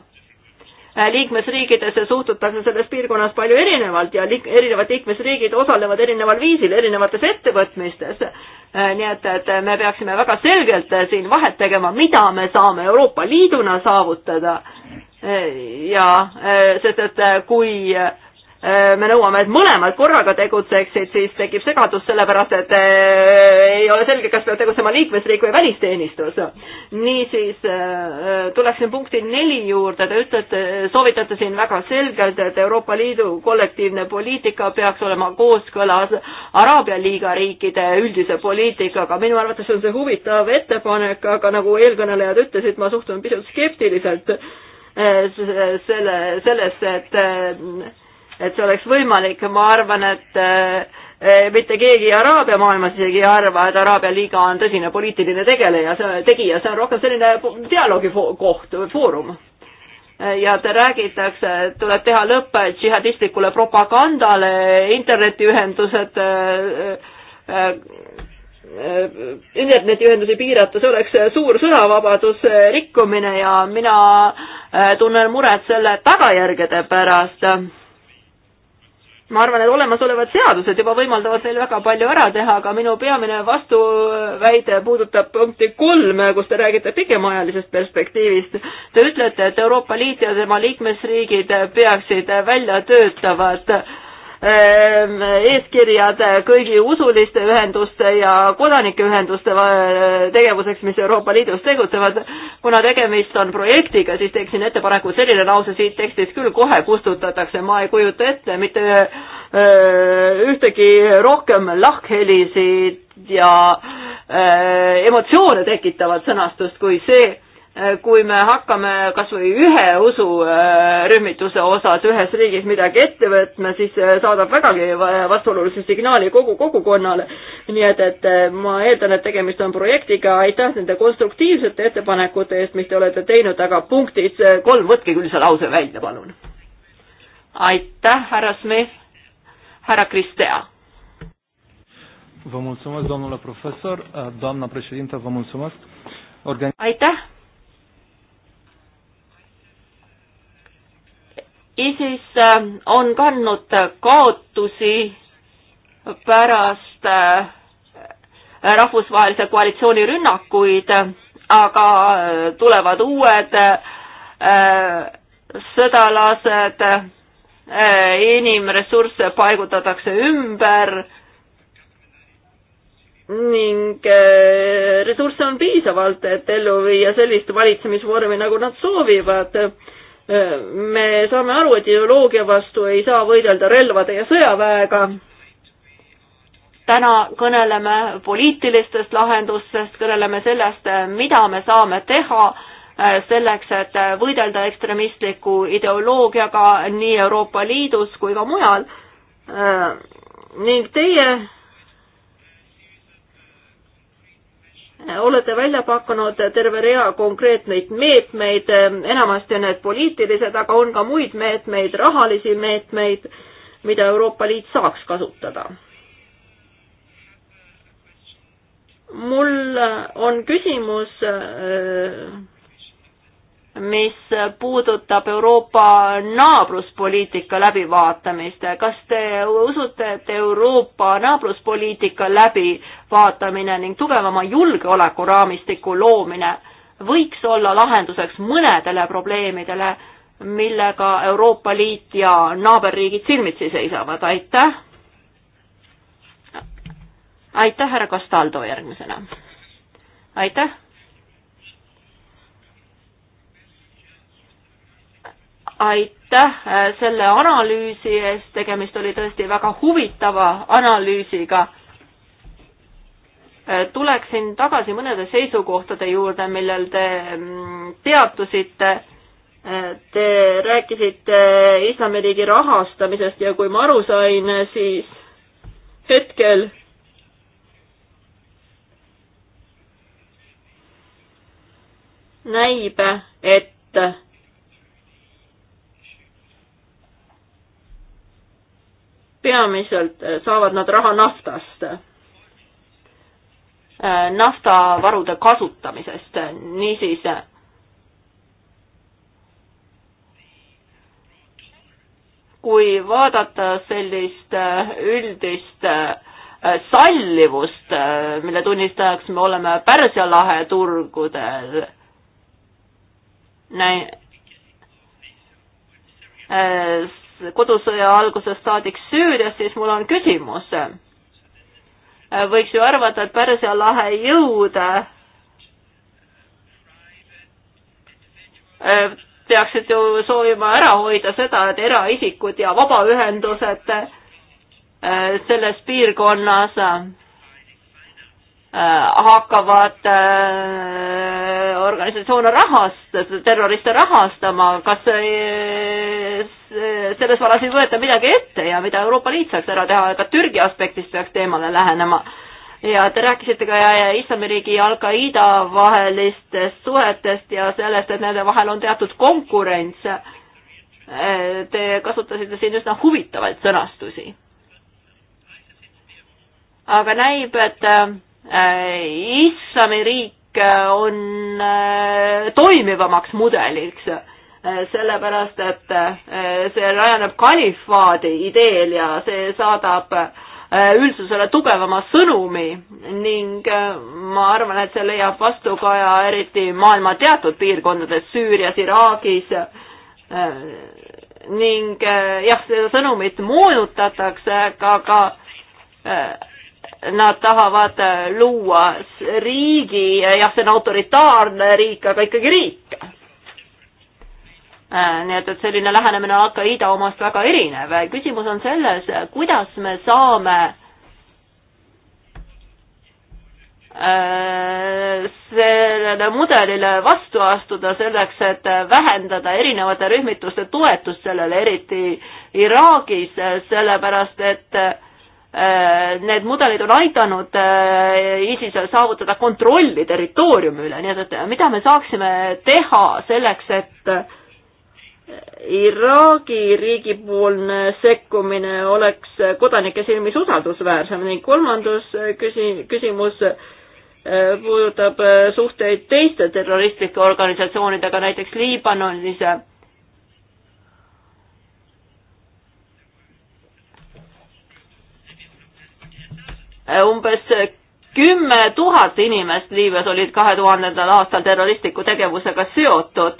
Äh, liikmesriikides suhtutakse selles piirkonnas palju erinevalt ja liik-, erinevad liikmesriigid osalevad erineval viisil erinevates ettevõtmistes. Äh, nii et, et me peaksime väga selgelt äh, siin vahet tegema, mida me saame Euroopa Liiduna saavutada ja sest, et kui Äh, me nõuame, et mõlemad korraga tegutseksid, siis tekib segadus, sellepärast et äh, ei ole selge, kas peab tegutsema liikmesriik või välisteenistus. niisiis äh, tuleks siin punkti neli juurde, te ütlete, soovitate siin väga selgelt, et Euroopa Liidu kollektiivne poliitika peaks olema kooskõlas Araabia liiga riikide üldise poliitikaga. minu arvates on see huvitav ettepanek, aga nagu eelkõnelejad ütlesid, ma suhtun pisut skeptiliselt selle, sellesse, et et see oleks võimalik, ma arvan, et eh, mitte keegi Araabia maailmas isegi ei arva, et Araabia liiga on tõsine poliitiline tegeleja, tegija, see on rohkem selline dialoogi koht, foorum ja te räägitakse, et tuleb teha lõpp džihadistlikule propagandale, internetiühendused, eh, eh, internetiühendusi piirata, see oleks suur sõnavabaduse rikkumine ja mina tunnen muret selle tagajärgede pärast ma arvan, et olemasolevad seadused juba võimaldavad meil väga palju ära teha, aga minu peamine vastuväide puudutab punkti kolm, kus te räägite pikemaajalisest perspektiivist. Te ütlete, et Euroopa Liit ja tema liikmesriigid peaksid välja töötavad äh, Ähm, eeskirjad kõigi usuliste ühenduste ja kodanikeühenduste tegevuseks, mis Euroopa Liidus tegutsevad. kuna tegemist on projektiga, siis teeksin ettepaneku, selline lause siit tekstist küll kohe kustutatakse, ma ei kujuta ette mitte äh, ühtegi rohkem lahkhelisid ja äh, emotsioone tekitavat sõnastust kui see Äh, kui me hakkame kas või ühe usurühmituse osas ühes riigis midagi ette võtma, siis äh, saadab vägagi vastuolulise signaali kogu kogukonnale. nii et, et äh, ma eeldan, et tegemist on projektiga, aitäh nende konstruktiivsete ettepanekute eest, mis te olete teinud, aga punktis kolm, võtke küll see lause välja, palun. aitäh, härra Smith, härra Kristea. Vă mulțumesc, domnule profesor, doamna președintă, vă mulțumesc. Organi- aitäh ISIS äh, on kandnud äh, kaotusi pärast äh, rahvusvahelise koalitsiooni rünnakuid, aga tulevad uued sõdalased, inimressursse paigutatakse ümber ning ressursse on piisavalt, et ellu viia sellist valitsemisvormi, nagu nad soovivad me saame aru, et ideoloogia vastu ei saa võidelda relvade ja sõjaväega. täna kõneleme poliitilistest lahendustest, kõneleme sellest, mida me saame teha äh, selleks, et võidelda ekstremistliku ideoloogiaga nii Euroopa Liidus kui ka mujal. Äh, ning teie olete välja pakkunud terve rea konkreetneid meetmeid, enamasti on need poliitilised, aga on ka muid meetmeid, rahalisi meetmeid, mida Euroopa Liit saaks kasutada. mul on küsimus äh, mis puudutab Euroopa naabruspoliitika läbivaatamist. kas te usute, et Euroopa naabruspoliitika läbivaatamine ning tugevama julgeolekuraamistiku loomine võiks olla lahenduseks mõnedele probleemidele, millega Euroopa Liit ja naaberriigid silmitsi seisavad, aitäh! aitäh, härra Castaldo järgmisena! aitäh! aitäh äh, selle analüüsi eest, tegemist oli tõesti väga huvitava analüüsiga. Äh, tuleksin tagasi mõnede seisukohtade juurde, millel te mm, peatusite. Äh, te rääkisite Islamiriigi rahastamisest ja kui ma aru sain, siis hetkel näib, et peamiselt eh, saavad nad raha naftast, eh, naftavarude kasutamisest, niisiis eh, kui vaadata sellist üldist sallivust, mille tunnistajaks me oleme Pärsia lahe turgudel, kodusõja algusest saadik Süürias, siis mul on küsimus. võiks ju arvata, et Pärsia lahe jõud e, peaksid ju soovima ära hoida seda, et eraisikud ja vabaühendused e, selles piirkonnas e, hakkavad organisatsioone rahast-, terroriste rahastama, kas Äh, selles vallas ei võeta midagi ette ja mida Euroopa Liit saaks ära teha, ka Türgi aspektist peaks teemale lähenema. ja te rääkisite ka äh, Islamiriigi ja Al-Qaeda vahelistest suhetest ja sellest, et nende vahel on teatud konkurents. Äh, te kasutasite siin üsna huvitavaid sõnastusi. aga näib, et Islamiriik on toimivamaks mudeliks Eh, sellepärast et eh, see rajaneb kalifaadi ideel ja see saadab eh, üldsusele tugevama sõnumi ning ma arvan, et see leiab vastukaja eriti maailma teatud piirkondades, Süürias, Iraagis ning jah, seda sõnumit moonutatakse, aga nad tahavad luua riigi, jah, see on autoritaarne riik, aga ikkagi riik Äh, nii et, et selline lähenemine on Al-Qaeda omast väga erinev. küsimus on selles, kuidas me saame äh, sellele mudelile vastu astuda selleks, et vähendada erinevate rühmituste toetust sellele, eriti Iraagis, sellepärast et äh, need mudelid on aidanud ISISel saavutada kontrolli territooriumi üle, nii et, et mida me saaksime teha selleks, et Iraagi riigipoolne sekkumine oleks kodanike silmis usaldusväärsem ning kolmandus küsi-, küsimus eh, puudutab eh, suhteid teiste terroristlike organisatsioonidega, näiteks Liibanonis. Eh, umbes kümme tuhat inimest Liibüas olid kahe tuhandendal aastal terroristliku tegevusega seotud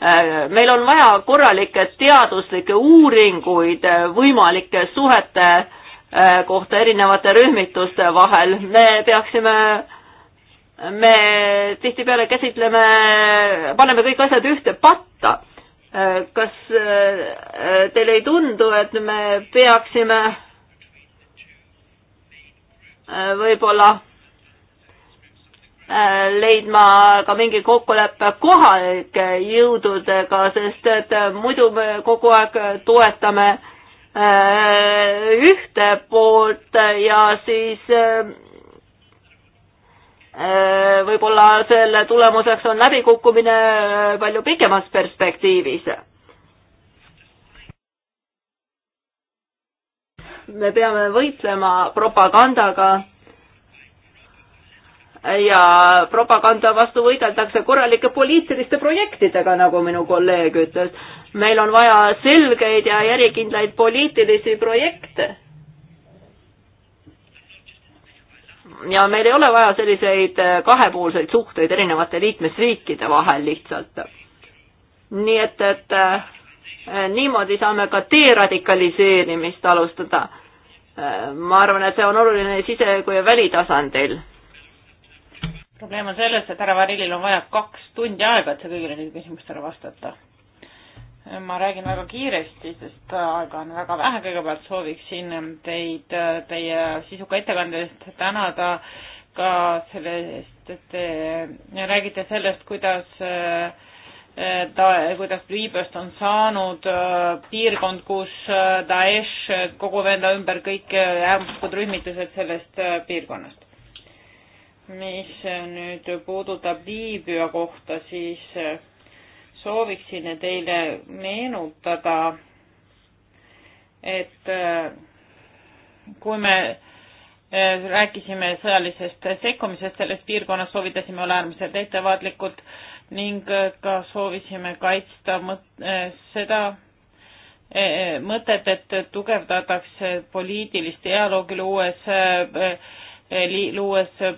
Äh, meil on vaja korralikke teaduslikke uuringuid äh, võimalike suhete äh, kohta erinevate rühmituste vahel. me peaksime, me tihtipeale käsitleme, paneme kõik asjad ühte patta. kas teile ei tundu, et me peaksime võib-olla Äh, leidma ka mingi kokkuleppe kohalike jõududega, sest et muidu me kogu aeg toetame äh, ühte poolt ja siis äh, võib-olla selle tulemuseks on läbikukkumine palju pikemas perspektiivis me peame võitlema propagandaga, ja propaganda vastu võideldakse korralike poliitiliste projektidega, nagu minu kolleeg ütles. meil on vaja selgeid ja järjekindlaid poliitilisi projekte. ja meil ei ole vaja selliseid kahepoolseid suhteid erinevate liikmesriikide vahel lihtsalt. nii et, et eh, niimoodi saame ka deradikaliseerimist alustada. Eh, ma arvan, et see on oluline sise- kui välitasandil probleem on selles, et härra Varilil on vaja kaks tundi aega, et kõigile neile küsimustele vastata. ma räägin väga kiiresti, sest aega on väga vähe, kõigepealt sooviksin teid teie sisuka ettekande eest tänada ka selle eest, et te räägite sellest, kuidas ta, kuidas Liibüast on saanud äh, piirkond, kus äh, Daesh kogub enda ümber kõik äh, äärmuslikud rühmitused sellest piirkonnast mis äh, nüüd puudutab Liibüa kohta, siis äh, sooviksin teile meenutada, et äh, kui me rääkisime sõjalisest sekkumisest selles piirkonnas, soovitasime olla äärmiselt ettevaatlikud ning ka soovisime kaitsta mõt-, seda mõtet, et tugevdatakse poliitilist dialoogi luues luues äh,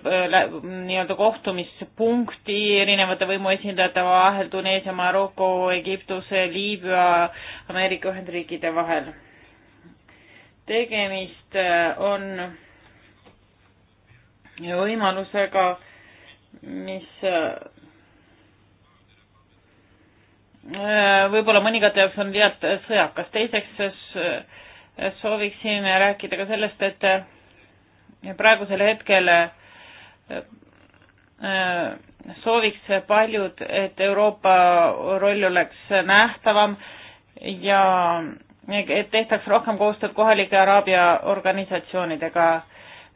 nii-öelda kohtumispunkti erinevate võimuesindajate vahel Tuneesia, Maroko, Egiptuse, Liibüa, Ameerika Ühendriikide vahel. tegemist äh, on võimalusega, mis äh, võib-olla mõningate jaoks on tead sõjakas, teiseks sooviksime rääkida ka sellest, et praegusel hetkel äh, äh, sooviks paljud, et Euroopa roll oleks nähtavam ja et tehtaks rohkem koostööd kohalike araabia organisatsioonidega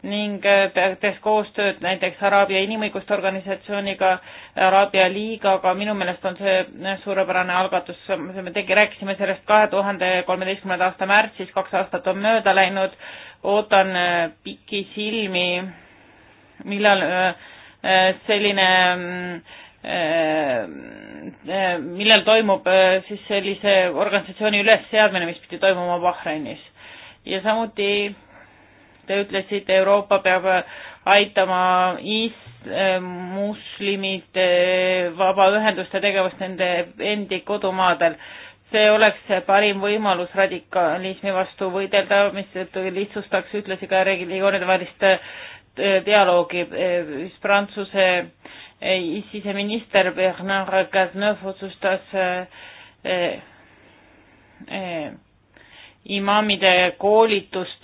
ning äh, tehes koostööd näiteks Araabia Inimõiguste Organisatsiooniga, Araabia Liigaga, minu meelest on see suurepärane algatus, me tegi, rääkisime sellest kahe tuhande kolmeteistkümnenda aasta märtsis, kaks aastat on mööda läinud, ootan äh, pikisilmi, millal äh, äh, selline, mm, millal toimub siis sellise organisatsiooni ülesseadmine, mis pidi toimuma Bahreinis. ja samuti te ütlesite, Euroopa peab aitama is-, muslimid, vabaühenduste tegevust nende endi kodumaadel see oleks parim võimalus radikalismi vastu võidelda, mis lihtsustaks ühtlasi ka regioonide vahelist äh, dialoogi. Äh, Prantsuse äh, siseminister Bernard Cazeneuve otsustas imaamide koolitust,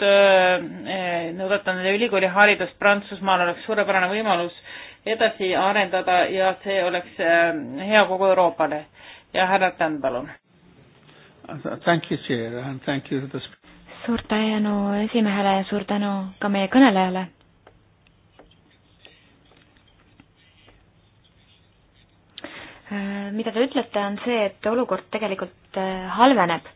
nõudata nende ülikooliharidust Prantsusmaal oleks suurepärane võimalus edasi arendada ja see oleks hea kogu Euroopale. ja härra Tänn, palun Thank you, Chair, and thank you to the suur tänu esimehele ja suur tänu ka meie kõnelejale. Äh, mida te ütlete, on see, et olukord tegelikult äh, halveneb,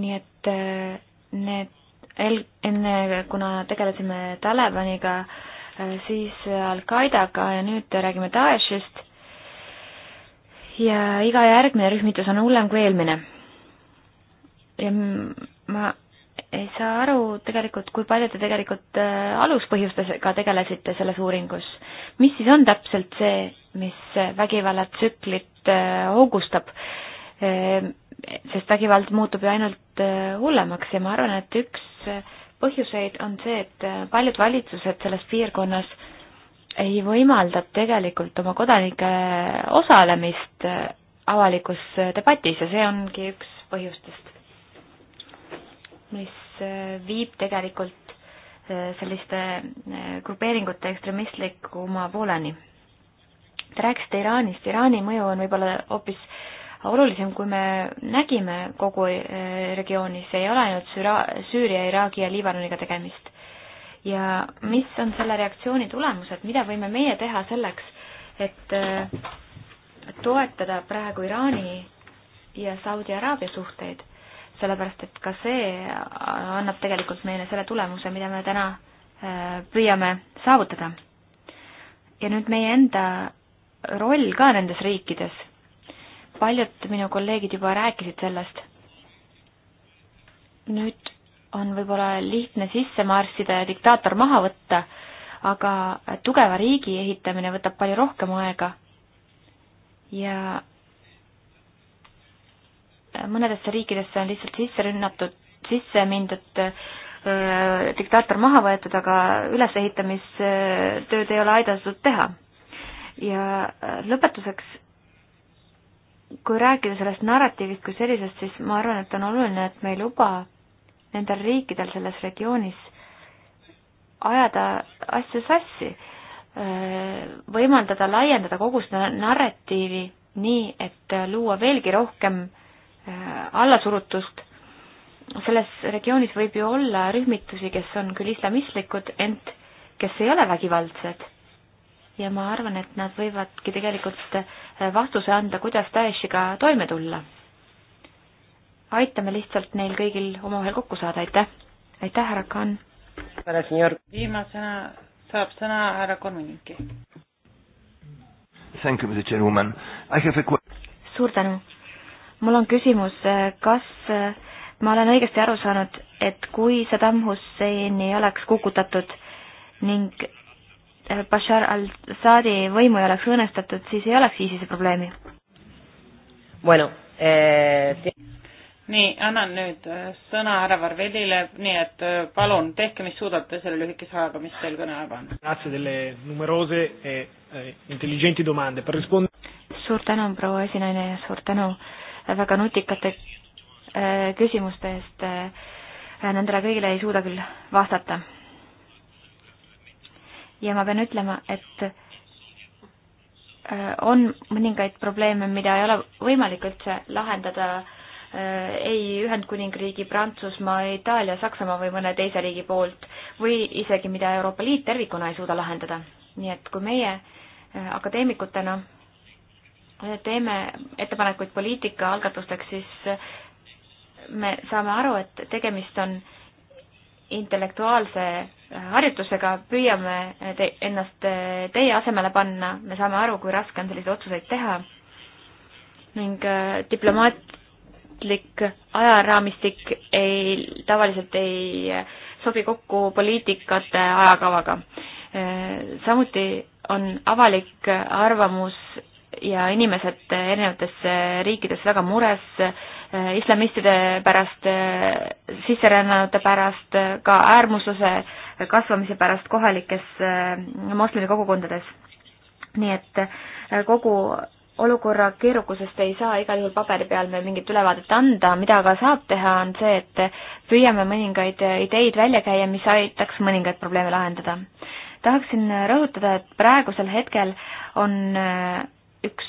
nii et äh, need el-, enne, kuna tegelesime Talibaniga, siis Al-Qaedaga ja nüüd räägime Daeshist ja iga järgmine rühmitus on hullem kui eelmine ja ma ei saa aru tegelikult, kui palju te tegelikult äh, aluspõhjustega tegelesite selles uuringus. mis siis on täpselt see, mis vägivallatsüklit äh, hoogustab? Äh, sest vägivald muutub ju ainult hullemaks ja ma arvan, et üks põhjuseid on see, et paljud valitsused selles piirkonnas ei võimalda tegelikult oma kodanike osalemist avalikus debatis ja see ongi üks põhjustest mis äh, viib tegelikult äh, selliste äh, grupeeringute ekstremistlikuma pooleni. Te rääkisite Iraanist, Iraani mõju on võib-olla hoopis olulisem, kui me nägime kogu regioonis, ei ole ainult Süra-, Süüria, Iraagi ja Liibanoniga tegemist. ja mis on selle reaktsiooni tulemused, mida võime meie teha selleks, et toetada praegu Iraani ja Saudi Araabia suhteid sellepärast et ka see annab tegelikult meile selle tulemuse, mida me täna äh, püüame saavutada. ja nüüd meie enda roll ka nendes riikides. paljud minu kolleegid juba rääkisid sellest. nüüd on võib-olla lihtne sisse marssida ja diktaator maha võtta, aga tugeva riigi ehitamine võtab palju rohkem aega. ja mõnedesse riikidesse on lihtsalt sisse rünnatud, sisse mindud, diktaator maha võetud, aga ülesehitamistööd ei ole aidatud teha. ja lõpetuseks, kui rääkida sellest narratiivist kui sellisest, siis ma arvan, et on oluline, et me ei luba nendel riikidel selles regioonis ajada asju sassi, võimaldada laiendada kogu seda narratiivi nii, et luua veelgi rohkem äh, Äh, allasurutust. selles regioonis võib ju olla rühmitusi, kes on küll islamistlikud, ent kes ei ole vägivaldsed. ja ma arvan, et nad võivadki tegelikult äh, vastuse anda, kuidas Daeshiga toime tulla. aitame lihtsalt neil kõigil omavahel kokku saada, aitäh! aitäh, härra Khan! viimasena saab sõna härra Korminiki. Thank you, Mr Chairwoman. I have a suur tänu mul on küsimus, kas äh, ma olen õigesti aru saanud, et kui Saddam Husseini ei oleks kukutatud ning äh, Bashar al-Assadi võimu ei oleks õõnestatud, siis ei oleks ISISe probleemi bueno, eh,? nii, annan nüüd äh, sõna härra Varvelile, nii et palun, tehke, mis suudate selle lühikese ajaga, mis teil kõne aega on. E, e, suur tänu, proua esinaine ja suur tänu väga nutikate äh, küsimuste eest. Äh, nendele kõigile ei suuda küll vastata. ja ma pean ütlema, et äh, on mõningaid probleeme, mida ei ole võimalik üldse lahendada ei Ühendkuningriigi, Prantsusmaa, Itaalia, Saksamaa või mõne teise riigi poolt või isegi mida Euroopa Liit tervikuna ei suuda lahendada. nii et kui meie akadeemikutena teeme ettepanekuid poliitika algatusteks, siis me saame aru, et tegemist on intellektuaalse harjutusega, püüame te, ennast teie asemele panna, me saame aru, kui raske on selliseid otsuseid teha ning äh, diplomaatlik ajaraamistik ei, tavaliselt ei äh, sobi kokku poliitikate ajakavaga. Äh, samuti on avalik arvamus ja inimesed erinevates riikides väga mures eh, islamistide pärast, eh, sisserännanute pärast, eh, ka äärmusluse kasvamise pärast kohalikes moslemi kogukondades. nii et kogu olukorra keerukusest ei saa igal juhul paberi peal meil mingit ülevaadet anda, mida aga saab teha, on see, et püüame mõningaid ideid välja käia, mis aitaks mõningaid probleeme lahendada. tahaksin rõhutada, et praegusel hetkel on üks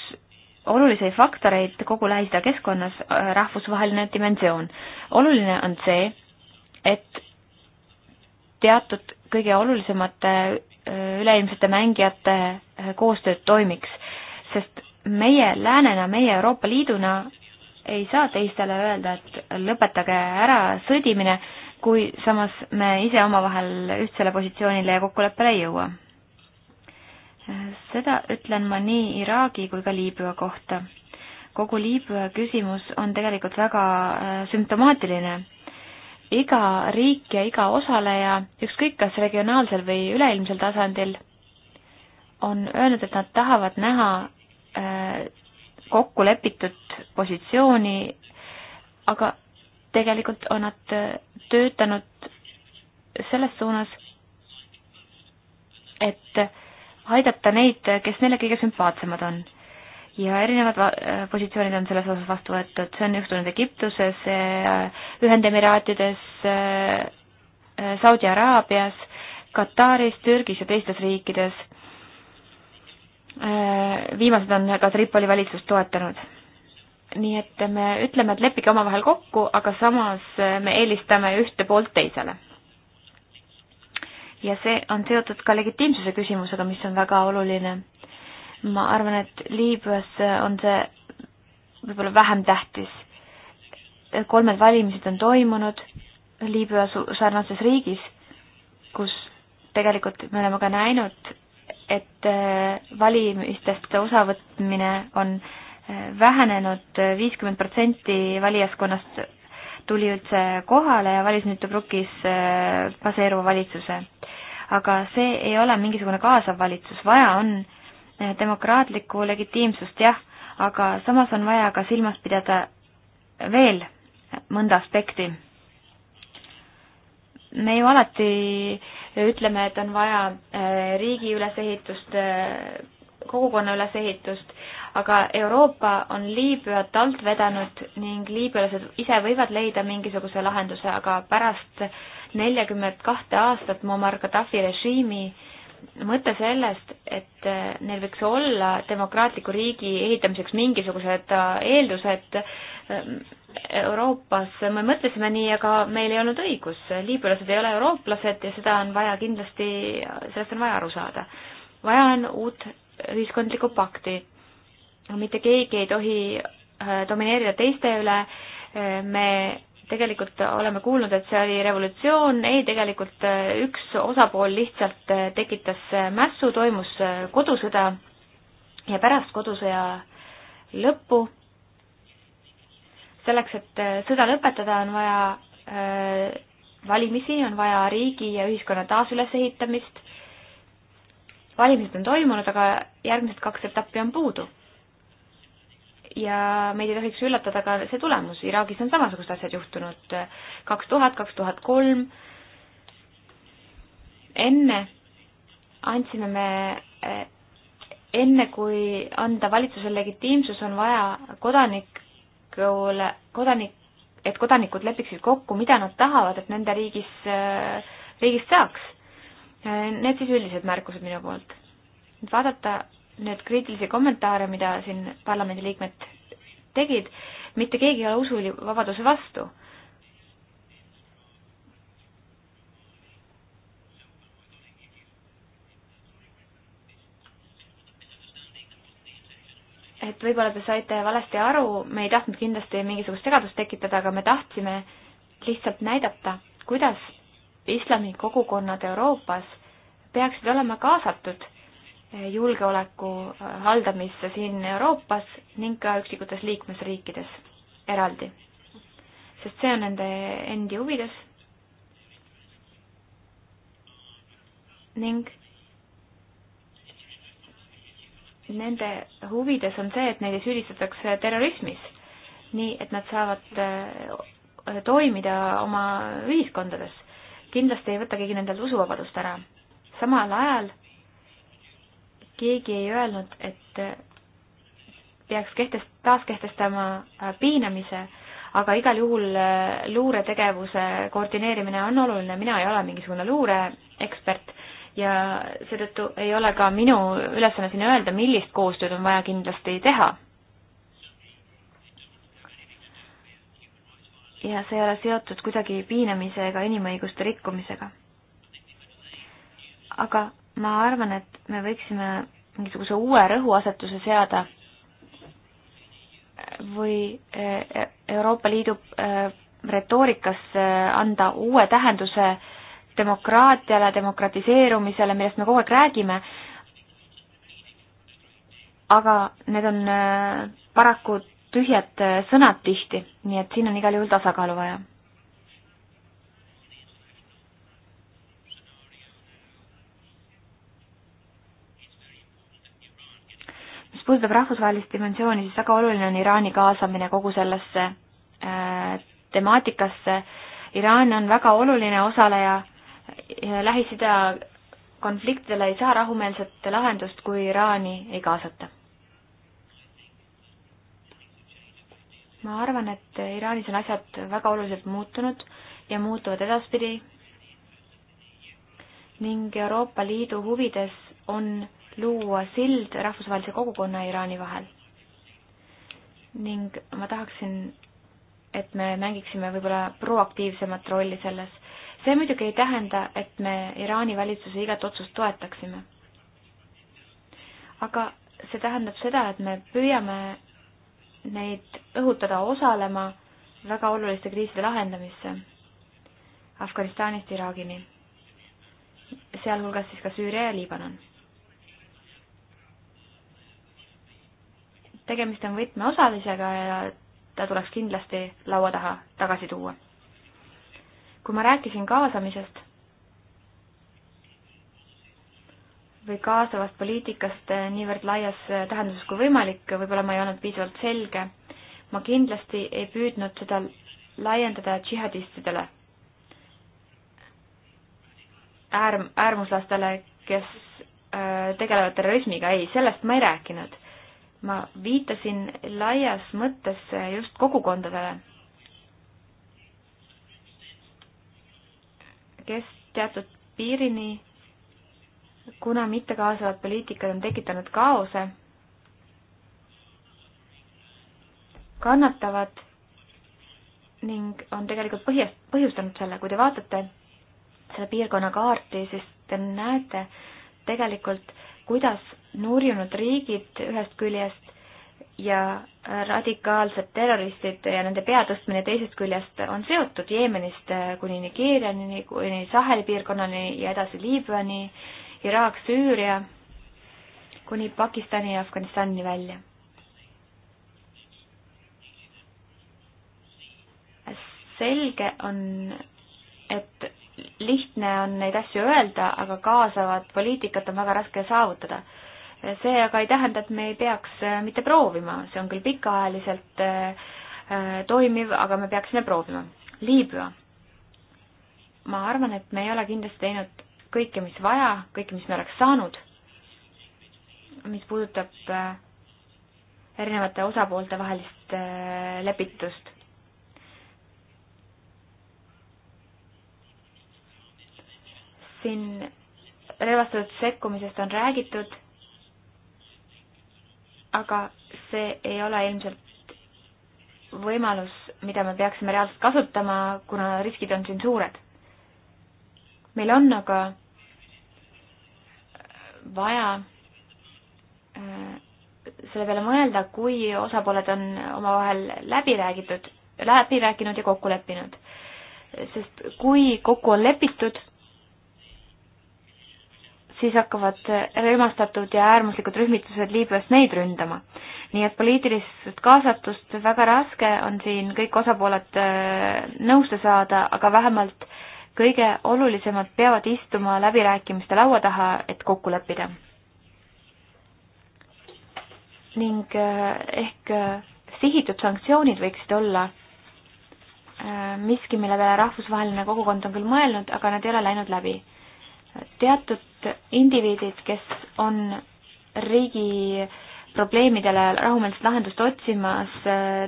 olulisi faktoreid kogu Lähis-Ida keskkonnas äh, rahvusvaheline dimensioon. oluline on see, et teatud kõige olulisemate äh, üleilmsete mängijate äh, koostööd toimiks, sest meie läänena, meie Euroopa Liiduna ei saa teistele öelda, et lõpetage ära sõdimine, kui samas me ise omavahel ühtsele positsioonile ja kokkuleppele ei jõua seda ütlen ma nii Iraagi kui ka Liibüa kohta. kogu Liibüa küsimus on tegelikult väga äh, sümptomaatiline. iga riik ja iga osaleja, ükskõik kas regionaalsel või üleilmsel tasandil, on öelnud, et nad tahavad näha äh, kokku lepitud positsiooni, aga tegelikult on nad äh, töötanud selles suunas, et äh, aidata neid, kes neile kõige sümpaatsemad on. ja erinevad äh, positsioonid on selles osas vastu võetud, see on juhtunud Egiptuses, äh, Ühendemiraatides, äh, Saudi Araabias, Kataris, Türgis ja teistes riikides. Viimased on ka Tripoli valitsust toetanud nii et me ütleme, et leppige omavahel kokku, aga samas me eelistame ühte poolt teisele ja see on seotud ka legitiimsuse küsimusega, mis on väga oluline. ma arvan, et Liibüas on see võib-olla vähem tähtis. kolmed valimised on toimunud Liibüa sarnases riigis, kus tegelikult me oleme ka näinud, et äh, valimistest osavõtmine on äh, vähenenud, viiskümmend protsenti valijaskonnast tuli üldse kohale ja valis nüüd Tobrukis äh, baseeruva valitsuse aga see ei ole mingisugune kaasav valitsus, vaja on eh, demokraatlikku legitiimsust, jah, aga samas on vaja ka silmas pidada veel mõnda aspekti. me ju alati ütleme, et on vaja eh, riigi ülesehitust, eh, kogukonna ülesehitust, aga Euroopa on Liibüat alt vedanud ning liibüalased ise võivad leida mingisuguse lahenduse, aga pärast neljakümmet kahte aastat Muammar Gaddafi režiimi mõte sellest, et eh, neil võiks olla demokraatliku riigi ehitamiseks mingisugused eh, eeldused, eh, Euroopas me mõtlesime nii, aga meil ei olnud õigus, liibüalased ei ole eurooplased ja seda on vaja kindlasti, sellest on vaja aru saada. vaja on uut ühiskondlikku pakti. mitte keegi ei tohi domineerida teiste üle, me tegelikult oleme kuulnud, et see oli revolutsioon, ei, tegelikult äh, üks osapool lihtsalt äh, tekitas äh, mässu, toimus kodusõda ja pärast kodusõja lõppu, selleks, et sõda lõpetada, on vaja valimisi, on vaja riigi ja ühiskonna taasülesehitamist, valimised on toimunud, aga järgmised kaks etappi on puudu ja meid ei tohiks üllatada ka see tulemus, Iraagis on samasugused asjad juhtunud kaks tuhat, kaks tuhat kolm. enne andsime me, enne kui anda valitsusel legitiimsus, on vaja kodanikule, kodanik, et kodanikud lepiksid kokku, mida nad tahavad, et nende riigis, riigist saaks. Need siis üldised märkused minu poolt. nüüd vaadata nüüd kriitilisi kommentaare, mida siin parlamendiliikmed tegid, mitte keegi ei ole usuvabaduse vastu. et võib-olla te saite valesti aru, me ei tahtnud kindlasti mingisugust segadust tekitada, aga me tahtsime lihtsalt näidata, kuidas islami kogukonnad Euroopas peaksid olema kaasatud julgeoleku äh, haldamisse siin Euroopas ning ka üksikutes liikmesriikides eraldi. sest see on nende endi huvides ning nende huvides on see, et neid süüdistatakse terrorismis, nii et nad saavad äh, toimida oma ühiskondades. kindlasti ei võta keegi nendelt usuvabadust ära. samal ajal keegi ei öelnud, et peaks kehtest-, taaskehtestama äh, piinamise, aga igal juhul äh, luuretegevuse koordineerimine on oluline, mina ei ole mingisugune luureekspert ja seetõttu ei ole ka minu ülesanne siin öelda, millist koostööd on vaja kindlasti teha. ja see ei ole seotud kuidagi piinamise ega inimõiguste rikkumisega. aga ma arvan, et me võiksime mingisuguse uue rõhuasetuse seada või eh, Euroopa Liidu eh, retoorikas anda uue tähenduse demokraatiale, demokratiseerumisele, millest me kogu aeg räägime, aga need on eh, paraku tühjad sõnad tihti, nii et siin on igal juhul tasakaalu vaja puudutab rahvusvahelist dimensiooni, siis väga oluline on Iraani kaasamine kogu sellesse äh, temaatikasse. Iraan on väga oluline osaleja Lähis-Ida konfliktidele ei saa rahumeelset lahendust, kui Iraani ei kaasata. ma arvan, et Iraanis on asjad väga oluliselt muutunud ja muutuvad edaspidi ning Euroopa Liidu huvides on luua sild rahvusvahelise kogukonna Iraani vahel. ning ma tahaksin, et me mängiksime võib-olla proaktiivsemat rolli selles. see muidugi ei tähenda, et me Iraani valitsuse igat otsust toetaksime. aga see tähendab seda, et me püüame neid õhutada osalema väga oluliste kriiside lahendamisse Afganistanist Iraagini, sealhulgas siis ka Süüria ja Liibanon tegemist on võtmeosalisega ja ta tuleks kindlasti laua taha tagasi tuua. kui ma rääkisin kaasamisest või kaasavast poliitikast niivõrd laias tähenduses kui võimalik, võib-olla ma ei olnud piisavalt selge, ma kindlasti ei püüdnud seda laiendada džihadistidele, äärm-, äärmuslastele, kes äh, tegelevad terrorismiga, ei, sellest ma ei rääkinud ma viitasin laias mõttes just kogukondadele, kes teatud piirini, kuna mittekaasavad poliitikad on tekitanud kaose, kannatavad ning on tegelikult põhjast, põhjustanud selle, kui te vaatate selle piirkonna kaarti, siis te näete tegelikult, kuidas nurjunud riigid ühest küljest ja radikaalsed terroristid ja nende peatõstmine teisest küljest on seotud Jeemenist kuni Nigeeriani, kuni Saheli piirkonnani ja edasi Liibüani, Iraak, Süüria, kuni Pakistani ja Afganistani välja. selge on, et lihtne on neid asju öelda, aga kaasavat poliitikat on väga raske saavutada see aga ei tähenda, et me ei peaks äh, mitte proovima, see on küll pikaajaliselt äh, äh, toimiv, aga me peaksime proovima. Liibüa. ma arvan, et me ei ole kindlasti teinud kõike, mis vaja, kõike, mis me oleks saanud, mis puudutab erinevate osapoolte vahelist lepitust. siin relvastatud sekkumisest on räägitud aga see ei ole ilmselt võimalus, mida me peaksime reaalselt kasutama, kuna riskid on siin suured. meil on aga vaja äh, selle peale mõelda, kui osapooled on omavahel läbi räägitud, läbi rääkinud ja kokku leppinud. sest kui kokku on lepitud siis hakkavad relvastatud ja äärmuslikud rühmitused Liibüas neid ründama. nii et poliitilist kaasatust väga raske on siin kõik osapooled äh, nõusse saada, aga vähemalt kõige olulisemad peavad istuma läbirääkimiste laua taha, et kokku leppida. ning äh, ehk äh, sihitud sanktsioonid võiksid olla miski, mille peale rahvusvaheline kogukond on küll mõelnud, aga nad ei ole läinud läbi teatud indiviidid, kes on riigi probleemidele rahumeelset lahendust otsimas,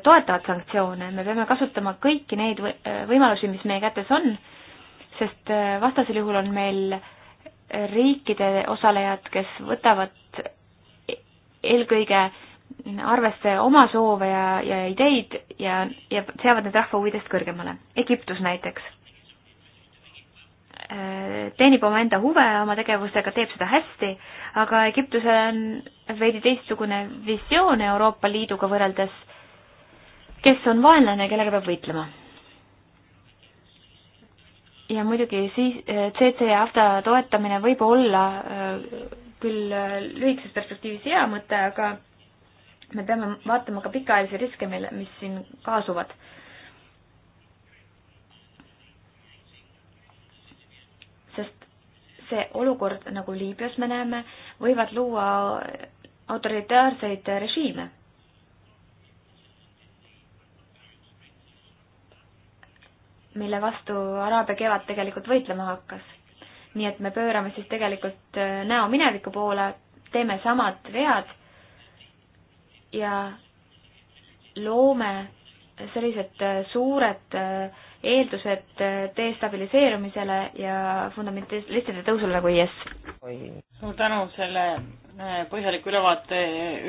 toetavad sanktsioone, me peame kasutama kõiki neid võimalusi, mis meie kätes on, sest äh, vastasel juhul on meil riikide osalejad, kes võtavad e-, eelkõige arvesse oma soove ja, ja ideid ja, ja seavad need rahva huvidest kõrgemale. Egiptus näiteks Äh, teenib omaenda huve oma tegevusega, teeb seda hästi, aga Egiptusel on veidi teistsugune visioon Euroopa Liiduga võrreldes, kes on vaenlane ja kellega peab võitlema. ja muidugi siis CC äh, ja AFTA toetamine võib olla äh, küll lühikeses perspektiivis hea mõte, aga me peame vaatama ka pikaajalisi riske, mille, mis siin kaasuvad see olukord, nagu Liibüas me näeme, võivad luua autoritaarseid režiime. mille vastu Araabia kevad tegelikult võitlema hakkas. nii et me pöörame siis tegelikult äh, näo mineviku poole, teeme samad vead ja loome sellised äh, suured äh, eeldused äh, destabiliseerumisele ja fundamentalistide tõusule nagu IS. suur tänu selle äh, põhjaliku ülevaate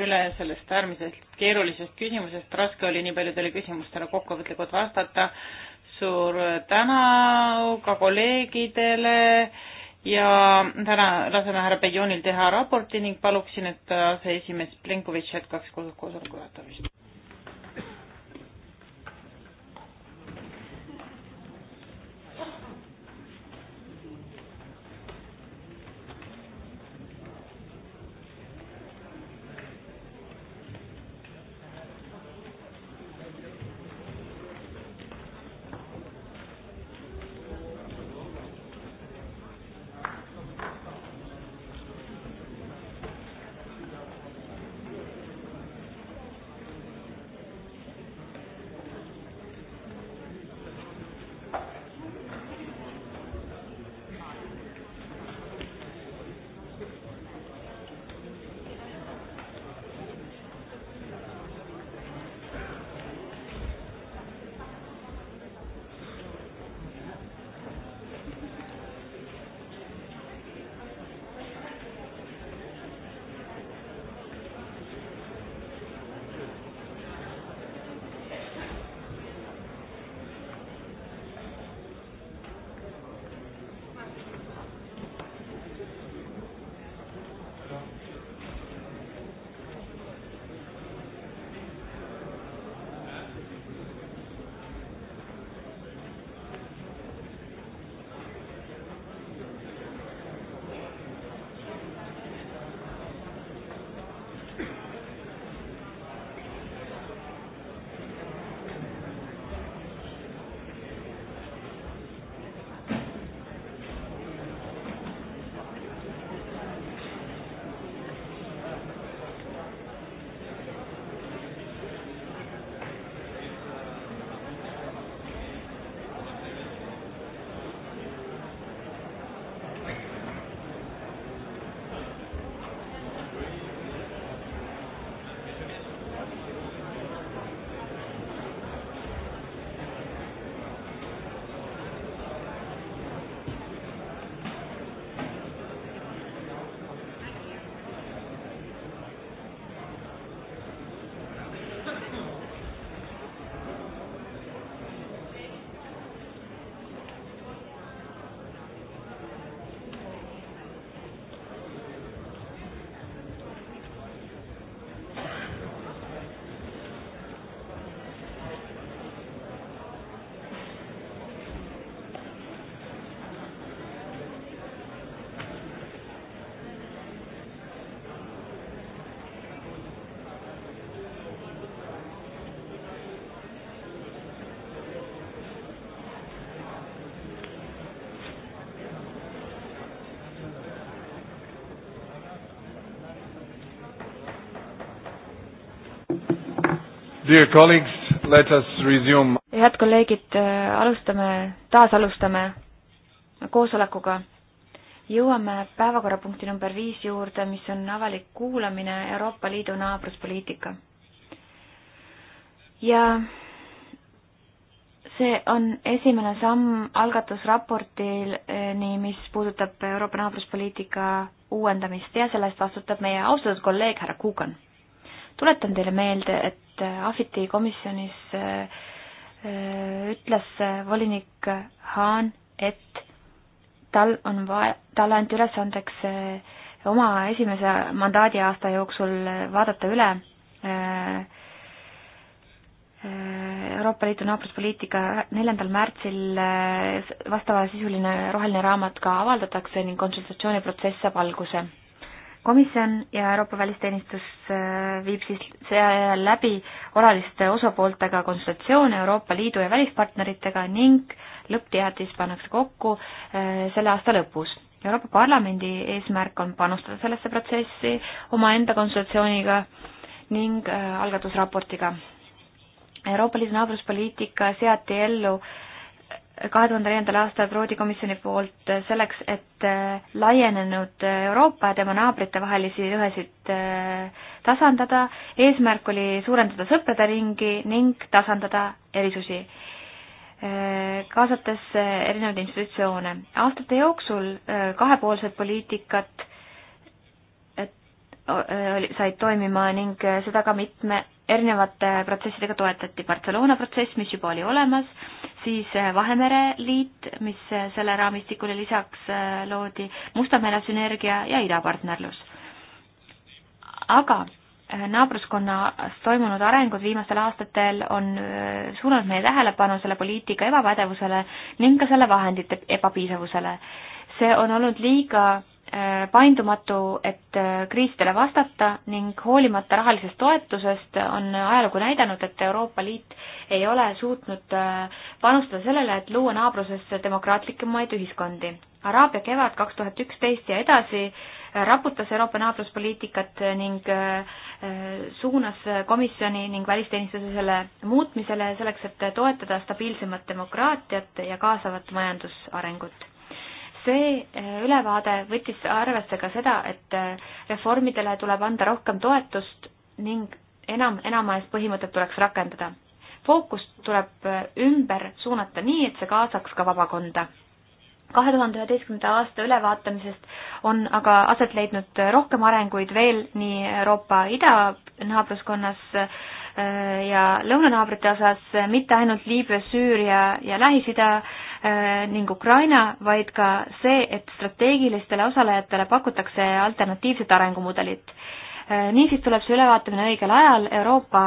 üle sellest äärmiselt keerulisest küsimusest, raske oli nii paljudele küsimustele kokkuvõtlikult vastata. suur tänu ka kolleegidele ja täna laseme härra Bejonil teha raporti ning paluksin, et aseesimees Plenkovitš jätkaks koosoleku juhatamist. Dear colleagues, let us resume. head kolleegid, äh, alustame, taas alustame koosolekuga. jõuame päevakorrapunkti number viis juurde, mis on avalik kuulamine Euroopa Liidu naabruspoliitika. ja see on esimene samm algatusraportini, äh, mis puudutab Euroopa naabruspoliitika uuendamist ja selle eest vastutab meie austatud kolleeg härra Kuukan tuletan teile meelde, et äh, Ahviti komisjonis äh, äh, ütles volinik Haan, et tal on vaja, talle anti ülesandeks oma esimese mandaadi aasta jooksul vaadata üle Euroopa Liidu naabruspoliitika neljandal märtsil vastavasisuline roheline raamat ka avaldatakse ning konsultatsiooniprotsess saab alguse komisjon ja Euroopa Välisteenistus äh, viib siis äh, läbi alaliste osapooltega konsultatsioone Euroopa Liidu ja välispartneritega ning lõppteatis pannakse kokku äh, selle aasta lõpus. Euroopa Parlamendi eesmärk on panustada sellesse protsessi omaenda konsultatsiooniga ning algatusraportiga. Euroopa Liidu naabruspoliitika seati ellu äh, kahe tuhande neljandal aastal Broadi komisjoni poolt selleks, et äh, laienenud äh, Euroopa ja tema naabrite vahelisi lõhesid äh, tasandada. eesmärk oli suurendada sõprade ringi ning tasandada erisusi, kaasates erinevaid institutsioone. aastate jooksul kahepoolsed poliitikad said toimima ning äh, seda ka mitme erinevate protsessidega toetati. Barcelona protsess, mis juba oli olemas, siis äh, Vahemere liit, mis äh, selle raamistikule lisaks loodi, Musta mere sünergia ja idapartnerlus. aga naabruskonnas toimunud arengud viimastel aastatel on suunanud meie tähelepanu selle poliitika ebapädevusele ning ka selle vahendite ebapiisavusele. see on olnud liiga Äh, paindumatu, et äh, kriisidele vastata ning hoolimata rahalisest toetusest on ajalugu näidanud, et Euroopa Liit ei ole suutnud äh, panustada sellele, et luua naabruses demokraatlikumaid ühiskondi. Araabia kevad kaks tuhat üksteist ja edasi raputas Euroopa naabruspoliitikat ning suunas komisjoni ning välisteenistuse selle muutmisele selleks, et toetada stabiilsemat demokraatiat ja kaasavat majandusarengut see äh, ülevaade võttis arvesse ka seda, et äh, reformidele tuleb anda rohkem toetust ning enam, enama eest põhimõtet tuleks rakendada. fookus tuleb äh, ümber suunata nii, et see kaasaks ka vabakonda. kahe tuhande üheteistkümnenda aasta ülevaatamisest on aga aset leidnud rohkem arenguid veel nii Euroopa idanaabruskonnas, Äh, ja lõunanaabrite osas äh, mitte ainult Liibüa, Süüria ja Lähis-Ida äh, ning Ukraina, vaid ka see, et strateegilistele osalejatele pakutakse alternatiivset arengumudelit. niisiis tuleb see ülevaatamine õigel ajal, Euroopa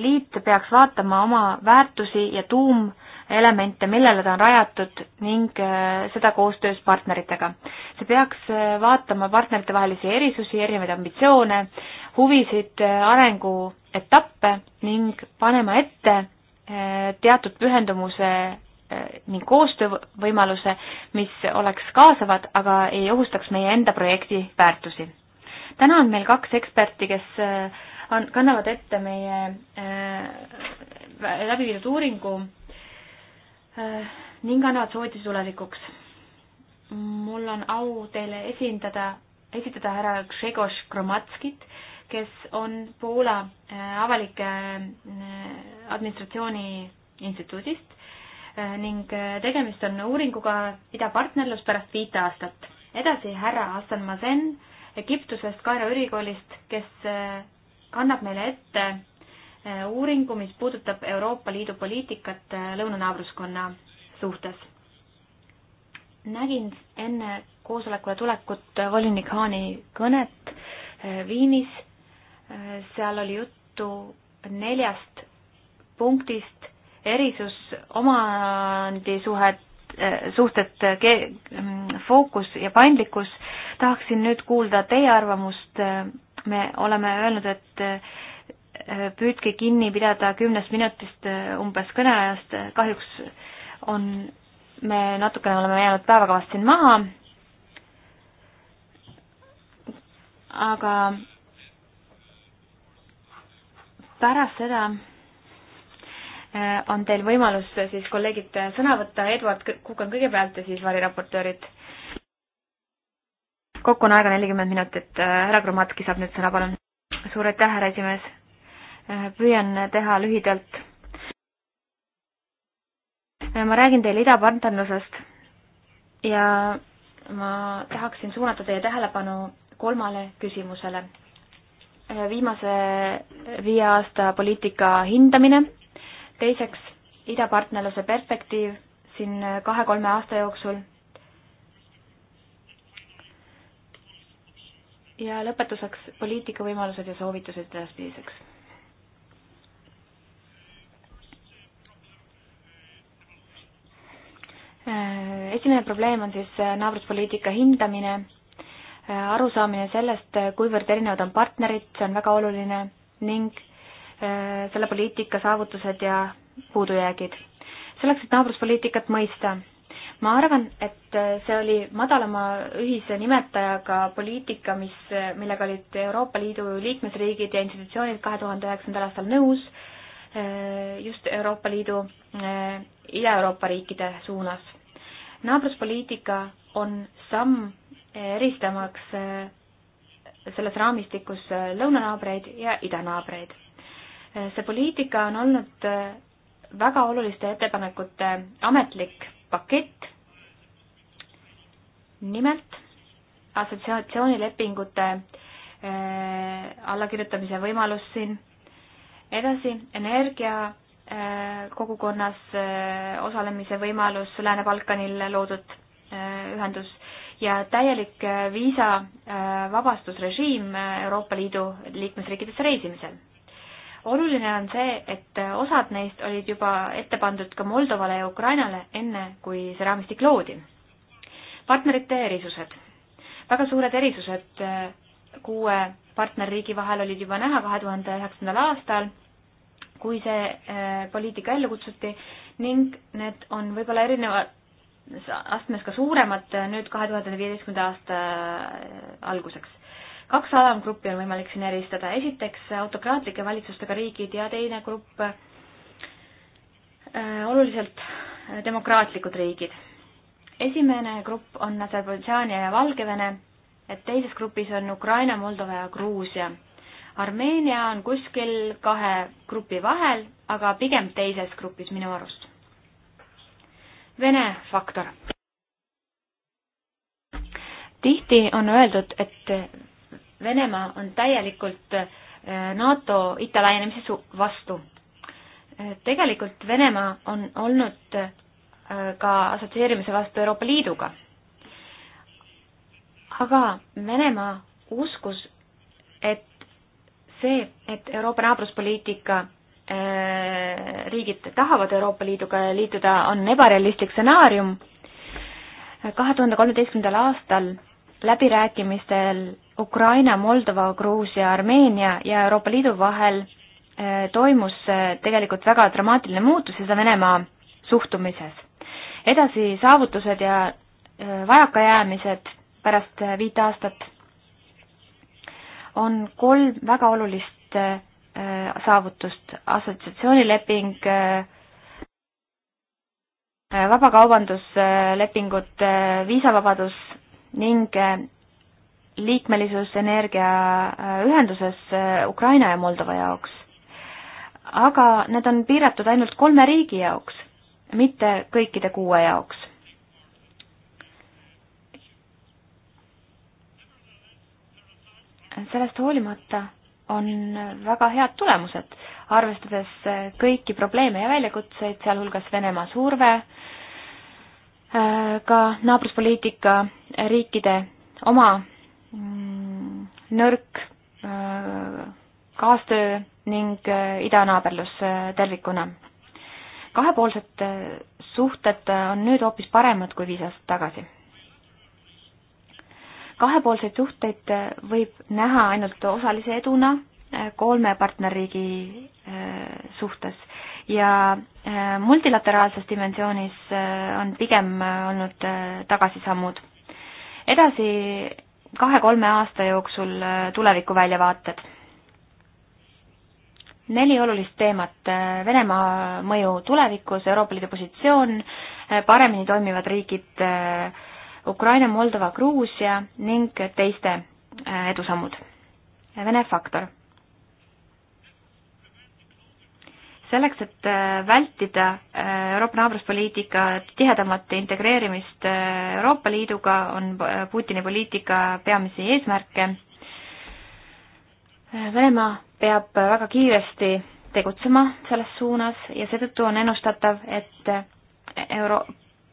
Liit peaks vaatama oma väärtusi ja tuum- elemente, millele ta on rajatud ning äh, seda koostöös partneritega. see peaks äh, vaatama partneritevahelisi erisusi, erinevaid ambitsioone, huvisid, äh, arenguetappe ning panema ette teatud pühendumuse ning koostöövõimaluse, mis oleks kaasavad, aga ei ohustaks meie enda projekti väärtusi. täna on meil kaks eksperti, kes on, kannavad ette meie läbi viidud uuringu Äh, ning annavad soodi tulevikuks. mul on au teile esindada, esitada härra Grzegorz Gromatskit, kes on Poola äh, avalike äh, administratsiooni instituudist ning tegemist on uuringuga idapartnerlus pärast viite aastat. edasi härra Hassan Mazen Egiptusest Kaira ülikoolist, kes kannab meile ette Äh, uuringu, mis puudutab Euroopa Liidu poliitikat äh, lõunanaabruskonna suhtes. nägin enne koosolekule tulekut äh, volinik Haani kõnet Viinis, seal oli juttu neljast punktist, erisus omandisuhet, suhted, mm, fookus ja paindlikkus, tahaksin nüüd kuulda teie arvamust, me oleme öelnud, et Äh, püüdke kinni pidada kümnest minutist äh, umbes kõneajast, kahjuks on, me natukene oleme jäänud päevakavast siin maha, aga pärast seda äh, on teil võimalus siis kolleegid sõna võtta, Eduard Kukk on kõigepealt ja siis variraportöörid. kokku on aega nelikümmend minutit, härra Gromatki saab nüüd sõna, palun. suur aitäh, härra esimees Äh, püüan teha lühidalt. Äh, ma räägin teile idapartnerlusest ja ma tahaksin suunata teie tähelepanu kolmale küsimusele. Äh, viimase viie aasta poliitika hindamine, teiseks idapartnerluse perspektiiv siin kahe-kolme aasta jooksul ja lõpetuseks poliitikavõimalused ja soovitused edaspidiseks Äh, esimene probleem on siis äh, naabruspoliitika hindamine, äh, arusaamine sellest, kuivõrd erinevad on partnerid, see on väga oluline, ning selle poliitika saavutused ja puudujäägid. selleks, et naabruspoliitikat mõista, ma arvan, et see oli madalama ühise nimetajaga poliitika, mis, millega olid Euroopa Liidu liikmesriigid ja institutsioonid kahe tuhande üheksandal aastal nõus, just Euroopa Liidu Ida-Euroopa riikide suunas naabruspoliitika on samm eristamaks eh, selles raamistikus eh, lõunanaabreid ja idanaabreid. Eh, see poliitika on olnud väga oluliste ettepanekute ametlik pakett, nimelt assotsiatsioonilepingute allakirjutamise võimalus siin, edasi energia Äh, kogukonnas äh, osalemise võimalus Lääne-Balkanil loodud äh, ühendus ja täielik viisavabastusrežiim Euroopa Liidu liikmesriikidesse reisimisel. oluline on see, et osad neist olid juba ette pandud ka Moldovale ja Ukrainale, enne kui see raamistik loodi. partnerite erisused. väga suured erisused kuue partnerriigi vahel olid juba näha kahe tuhande üheksandal aastal kui see äh, poliitika ellu kutsuti ning need on võib-olla erinevas astmes ka suuremad äh, nüüd kahe tuhande viieteistkümnenda aasta äh, alguseks. kaks alamgruppi on võimalik siin eristada, esiteks autokraatlike valitsustega riigid ja teine grupp oluliselt demokraatlikud riigid. esimene grupp on Aserbaidžaan ja Valgevene, et teises grupis on Ukraina, Moldova ja Gruusia Armeenia on kuskil kahe grupi vahel, aga pigem teises grupis minu arust. Vene faktor. tihti on öeldud, et Venemaa on täielikult äh, NATO ita laienemise vastu. Äh, tegelikult Venemaa on olnud äh, ka assotsieerimise vastu Euroopa Liiduga. aga Venemaa uskus, et see, et Euroopa naabruspoliitika äh, riigid tahavad Euroopa Liiduga liituda, on ebarealistlik stsenaarium. kahe tuhande kolmeteistkümnendal aastal läbirääkimistel Ukraina, Moldova, Gruusia, Armeenia ja Euroopa Liidu vahel äh, toimus äh, tegelikult väga dramaatiline muutus ja see Venemaa suhtumises. edasi saavutused ja vajakajäämised pärast viit aastat on kolm väga olulist äh, saavutust, assotsiatsioonileping, äh, äh, vabakaubanduslepingud, viisavabadus ning liikmelisus energiaühenduses Ukraina ja Moldova jaoks. aga need on piiratud ainult kolme riigi jaoks, mitte kõikide kuue jaoks sellest hoolimata on väga head tulemused, arvestades kõiki probleeme ja väljakutseid, sealhulgas Venemaa surve, äh, ka naabruspoliitika riikide oma mm, nõrk äh, kaastöö ning äh, idanaaberlus tervikuna. kahepoolsed suhted on nüüd hoopis paremad kui viis aastat tagasi kahepoolseid suhteid võib näha ainult osalise eduna äh, kolme partnerriigi äh, suhtes ja äh, multilateraalses dimensioonis on pigem olnud tagasisammud. edasi kahe-kolme aasta jooksul tulevikuväljavaated. neli olulist teemat, Venemaa mõju tulevikus, Euroopa Liidu positsioon, paremini toimivad riigid, Ukraina, Moldova, Gruusia ning teiste äh, edusammud. Vene faktor. selleks, et äh, vältida äh, Euroopa naabruspoliitika tihedamat integreerimist Euroopa Liiduga, on Putini poliitika peamisi eesmärke. Venemaa peab väga kiiresti tegutsema selles suunas ja seetõttu on ennustatav, et Euro-,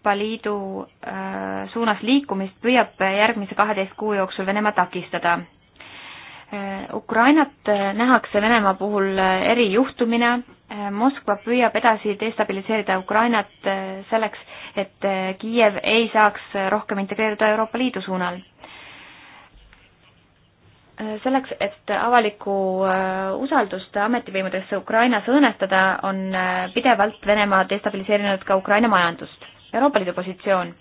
Euroopa Liidu äh, suunas liikumist püüab järgmise kaheteist kuu jooksul Venemaa takistada. Äh, Ukrainat äh, nähakse Venemaa puhul erijuhtumina, Moskva püüab edasi destabiliseerida Ukrainat selleks, et Kiiev ei saaks rohkem integreeruda Euroopa Liidu suunal. selleks, et avalikku usaldust ametivõimudesse Ukrainas õõnestada, on pidevalt Venemaa destabiliseerinud ka Ukraina majandust Euroopa Liidu positsioon.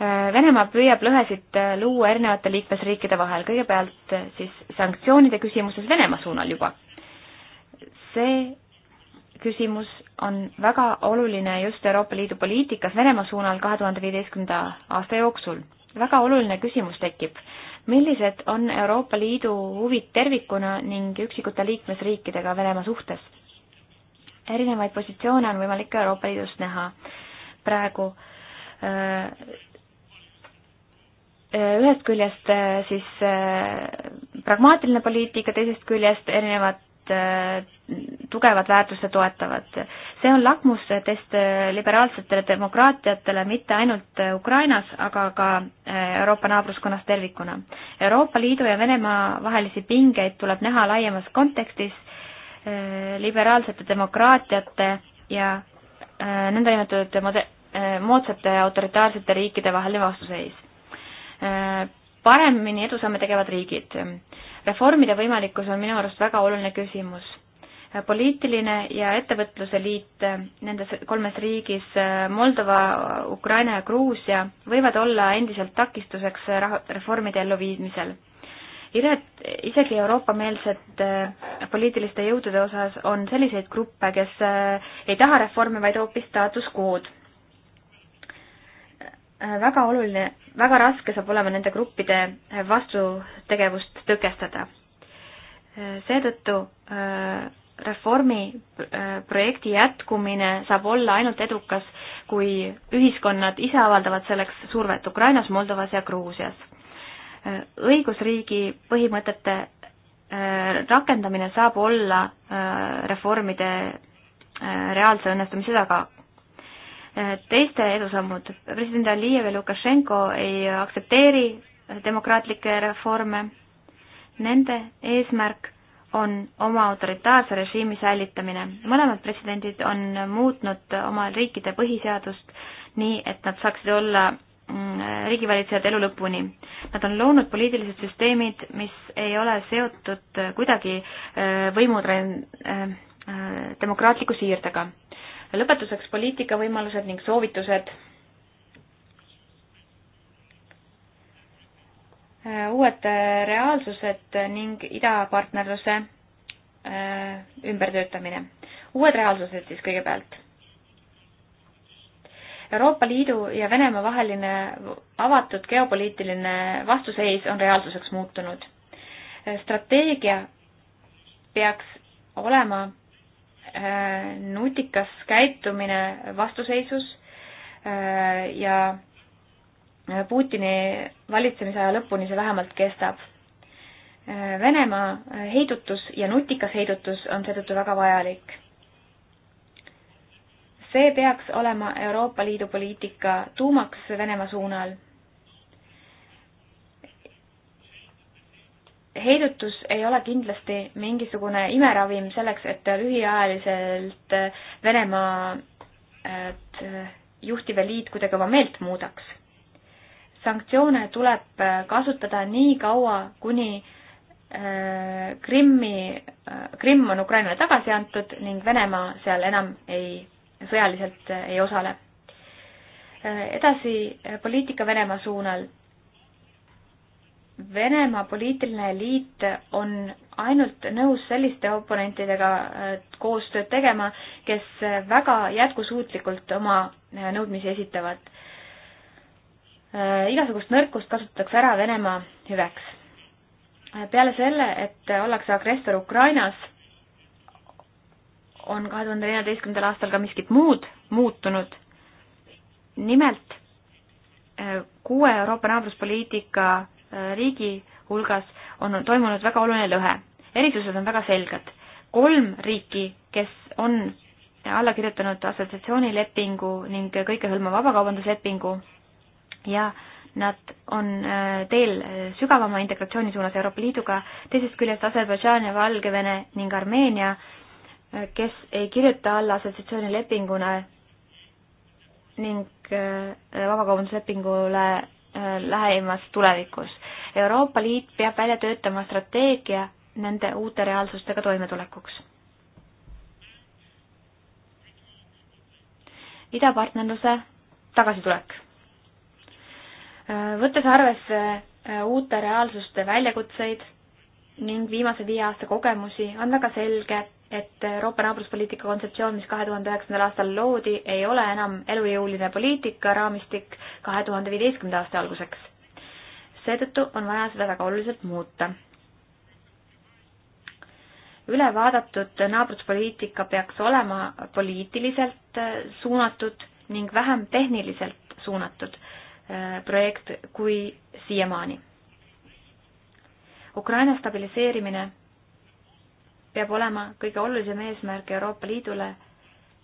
Äh, Venemaa püüab lõhesid äh, luua erinevate liikmesriikide vahel, kõigepealt äh, siis sanktsioonide küsimuses Venemaa suunal juba. see küsimus on väga oluline just Euroopa Liidu poliitikas Venemaa suunal kahe tuhande viieteistkümnenda aasta jooksul. väga oluline küsimus tekib, millised on Euroopa Liidu huvid tervikuna ning üksikute liikmesriikidega Venemaa suhtes? erinevaid positsioone on võimalik ka Euroopa Liidus näha praegu äh, äh, ühest küljest äh, siis pragmaatiline poliitika, teisest küljest erinevad tugevad väärtuste toetavad. see on lakmustest liberaalsetele demokraatiatele mitte ainult Ukrainas, aga ka Euroopa naabruskonnas tervikuna. Euroopa Liidu ja Venemaa vahelisi pingeid tuleb näha laiemas kontekstis liberaalsete demokraatiate ja nõndanimetatud mode-, Äh, moodsate autoritaarsete riikide vaheline vastuseis. Äh, paremini edusamme tegevad riigid. reformide võimalikkus on minu arust väga oluline küsimus. Äh, poliitiline ja ettevõtluse liit nendes kolmes riigis, Moldova, Ukraina ja Gruusia, võivad olla endiselt takistuseks reformide elluviimisel Iret, isegi Euroopa-meelsed poliitiliste jõudude osas on selliseid gruppe, kes ei taha reforme, vaid hoopis status quo'd. Äh, väga oluline, väga raske saab olema nende gruppide äh, vastutegevust tõkestada. Äh, seetõttu reformi projekti jätkumine saab olla ainult edukas, kui ühiskonnad ise avaldavad selleks survet Ukrainas, Moldovas ja Gruusias. õigusriigi põhimõtete rakendamine saab olla reformide reaalse õnnestumise taga teiste edusammud. president Alijev ja Lukašenko ei aktsepteeri demokraatlikke reforme. Nende eesmärk on oma autoritaarse režiimi säilitamine. mõlemad presidendid on muutnud oma riikide põhiseadust nii, et nad saaksid olla mm, riigivalitsejad elu lõpuni. Nad on loonud poliitilised süsteemid, mis ei ole seotud kuidagi äh, võimu äh, äh, demokraatliku siirdega lõpetuseks poliitikavõimalused ning soovitused. Äh, uued äh, reaalsused ning idapartnerluse äh, ümbertöötamine. uued reaalsused siis kõigepealt Euroopa Liidu ja Venemaa vaheline avatud geopoliitiline vastuseis on reaalsuseks muutunud. strateegia peaks olema Äh, nutikas käitumine vastuseisus äh, ja äh, Putini valitsemisaja lõpuni see vähemalt kestab. Venemaa heidutus ja nutikas heidutus on seetõttu väga vajalik. see peaks olema Euroopa Liidu poliitika tuumaks Venemaa suunal heidutus ei ole kindlasti mingisugune imeravim selleks, et lühiajaliselt äh, Venemaad äh, juhtiv eliit kuidagi oma meelt muudaks. sanktsioone tuleb äh, kasutada nii kaua, kuni Krimmi, Krimm on Ukrainale tagasi antud ning Venemaa seal enam ei, sõjaliselt ei osale. edasi poliitika Venemaa suunal Venemaa poliitiline eliit on ainult nõus selliste oponentidega äh, koostööd tegema, kes väga jätkusuutlikult oma äh, nõudmisi esitavad. Äh, igasugust nõrkust kasutatakse ära Venemaa hüveks. peale selle, et ollakse agressor Ukrainas, on kahe tuhande neljateistkümnendal aastal ka miskit muud muutunud. nimelt kuue Euroopa naabruspoliitika riigi hulgas on toimunud väga oluline lõhe. erisused on väga selged. kolm riiki, kes on alla kirjutanud assotsiatsioonilepingu ning kõikehõlma vabakaubanduslepingu ja nad on äh, teel äh, sügavama integratsiooni suunas Euroopa Liiduga, teisest küljest Aserbaidžaan ja Valgevene ning Armeenia, äh, kes ei kirjuta alla assotsiatsioonilepingule ning vabakaubanduslepingule lähimas tulevikus. Euroopa Liit peab välja töötama strateegia nende uute reaalsustega toimetulekuks. idapartnerluse tagasitulek. võttes arvesse äh, uute reaalsuste väljakutseid ning viimase viie aasta kogemusi, on väga selge, et Euroopa naabruspoliitika kontseptsioon, mis kahe tuhande üheksandal aastal loodi, ei ole enam elujõuline poliitika raamistik kahe tuhande viieteistkümnenda aasta alguseks. seetõttu on vaja seda väga oluliselt muuta. üle vaadatud naabruspoliitika peaks olema poliitiliselt äh, suunatud ning vähem tehniliselt suunatud äh, projekt kui siiamaani. Ukraina stabiliseerimine peab olema kõige olulisem eesmärk Euroopa Liidule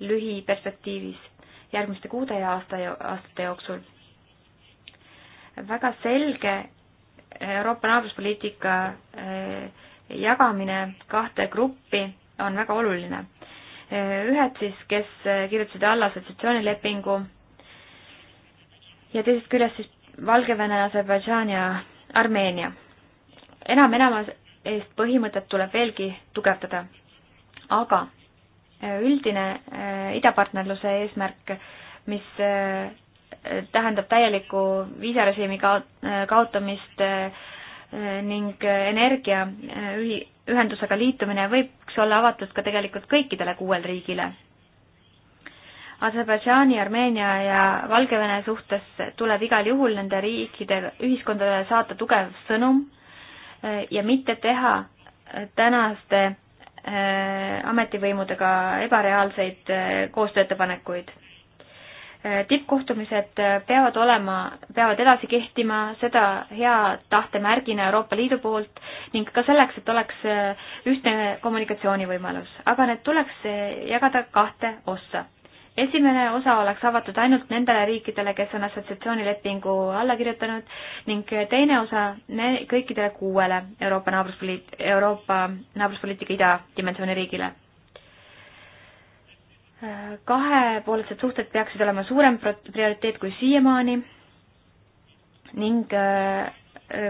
lühiperspektiivis järgmiste kuude ja aasta, aastate jooksul. väga selge Euroopa naabruspoliitika eh, jagamine kahte gruppi on väga oluline. Eh, ühed siis, kes kirjutasid alla assotsiatsioonilepingu ja teisest küljest siis Valgevene, Aserbaidžaan ja Armeenia. enam, enam eest põhimõtet tuleb veelgi tugevdada. aga äh, üldine äh, idapartnerluse eesmärk, mis äh, tähendab täielikku viisarežiimi kaotamist ning energia ühendusega liitumine võiks olla avatud ka tegelikult kõikidele kuuel riigile. Aserbaidžaani, Armeenia ja Valgevene suhtes tuleb igal juhul nende riikide ühiskondadele saata tugev sõnum äh, Äh, ja mitte teha äh, tänaste äh, ametivõimudega ebareaalseid koostööettepanekuid. tippkohtumised peavad olema, peavad edasi kehtima, seda hea tahte märgina Euroopa Liidu poolt ning ka selleks, et oleks ühtne kommunikatsioonivõimalus, aga need tuleks jagada kahte ossa esimene osa oleks avatud ainult nendele riikidele, kes on assotsiatsioonilepingu alla kirjutanud ning teine osa ne-, kõikidele kuuele Euroopa naabruspoliit-, Euroopa naabruspoliitika idadimensiooni riigile. kahepoolsed suhted peaksid olema suurem prioriteet kui siiamaani ning äh,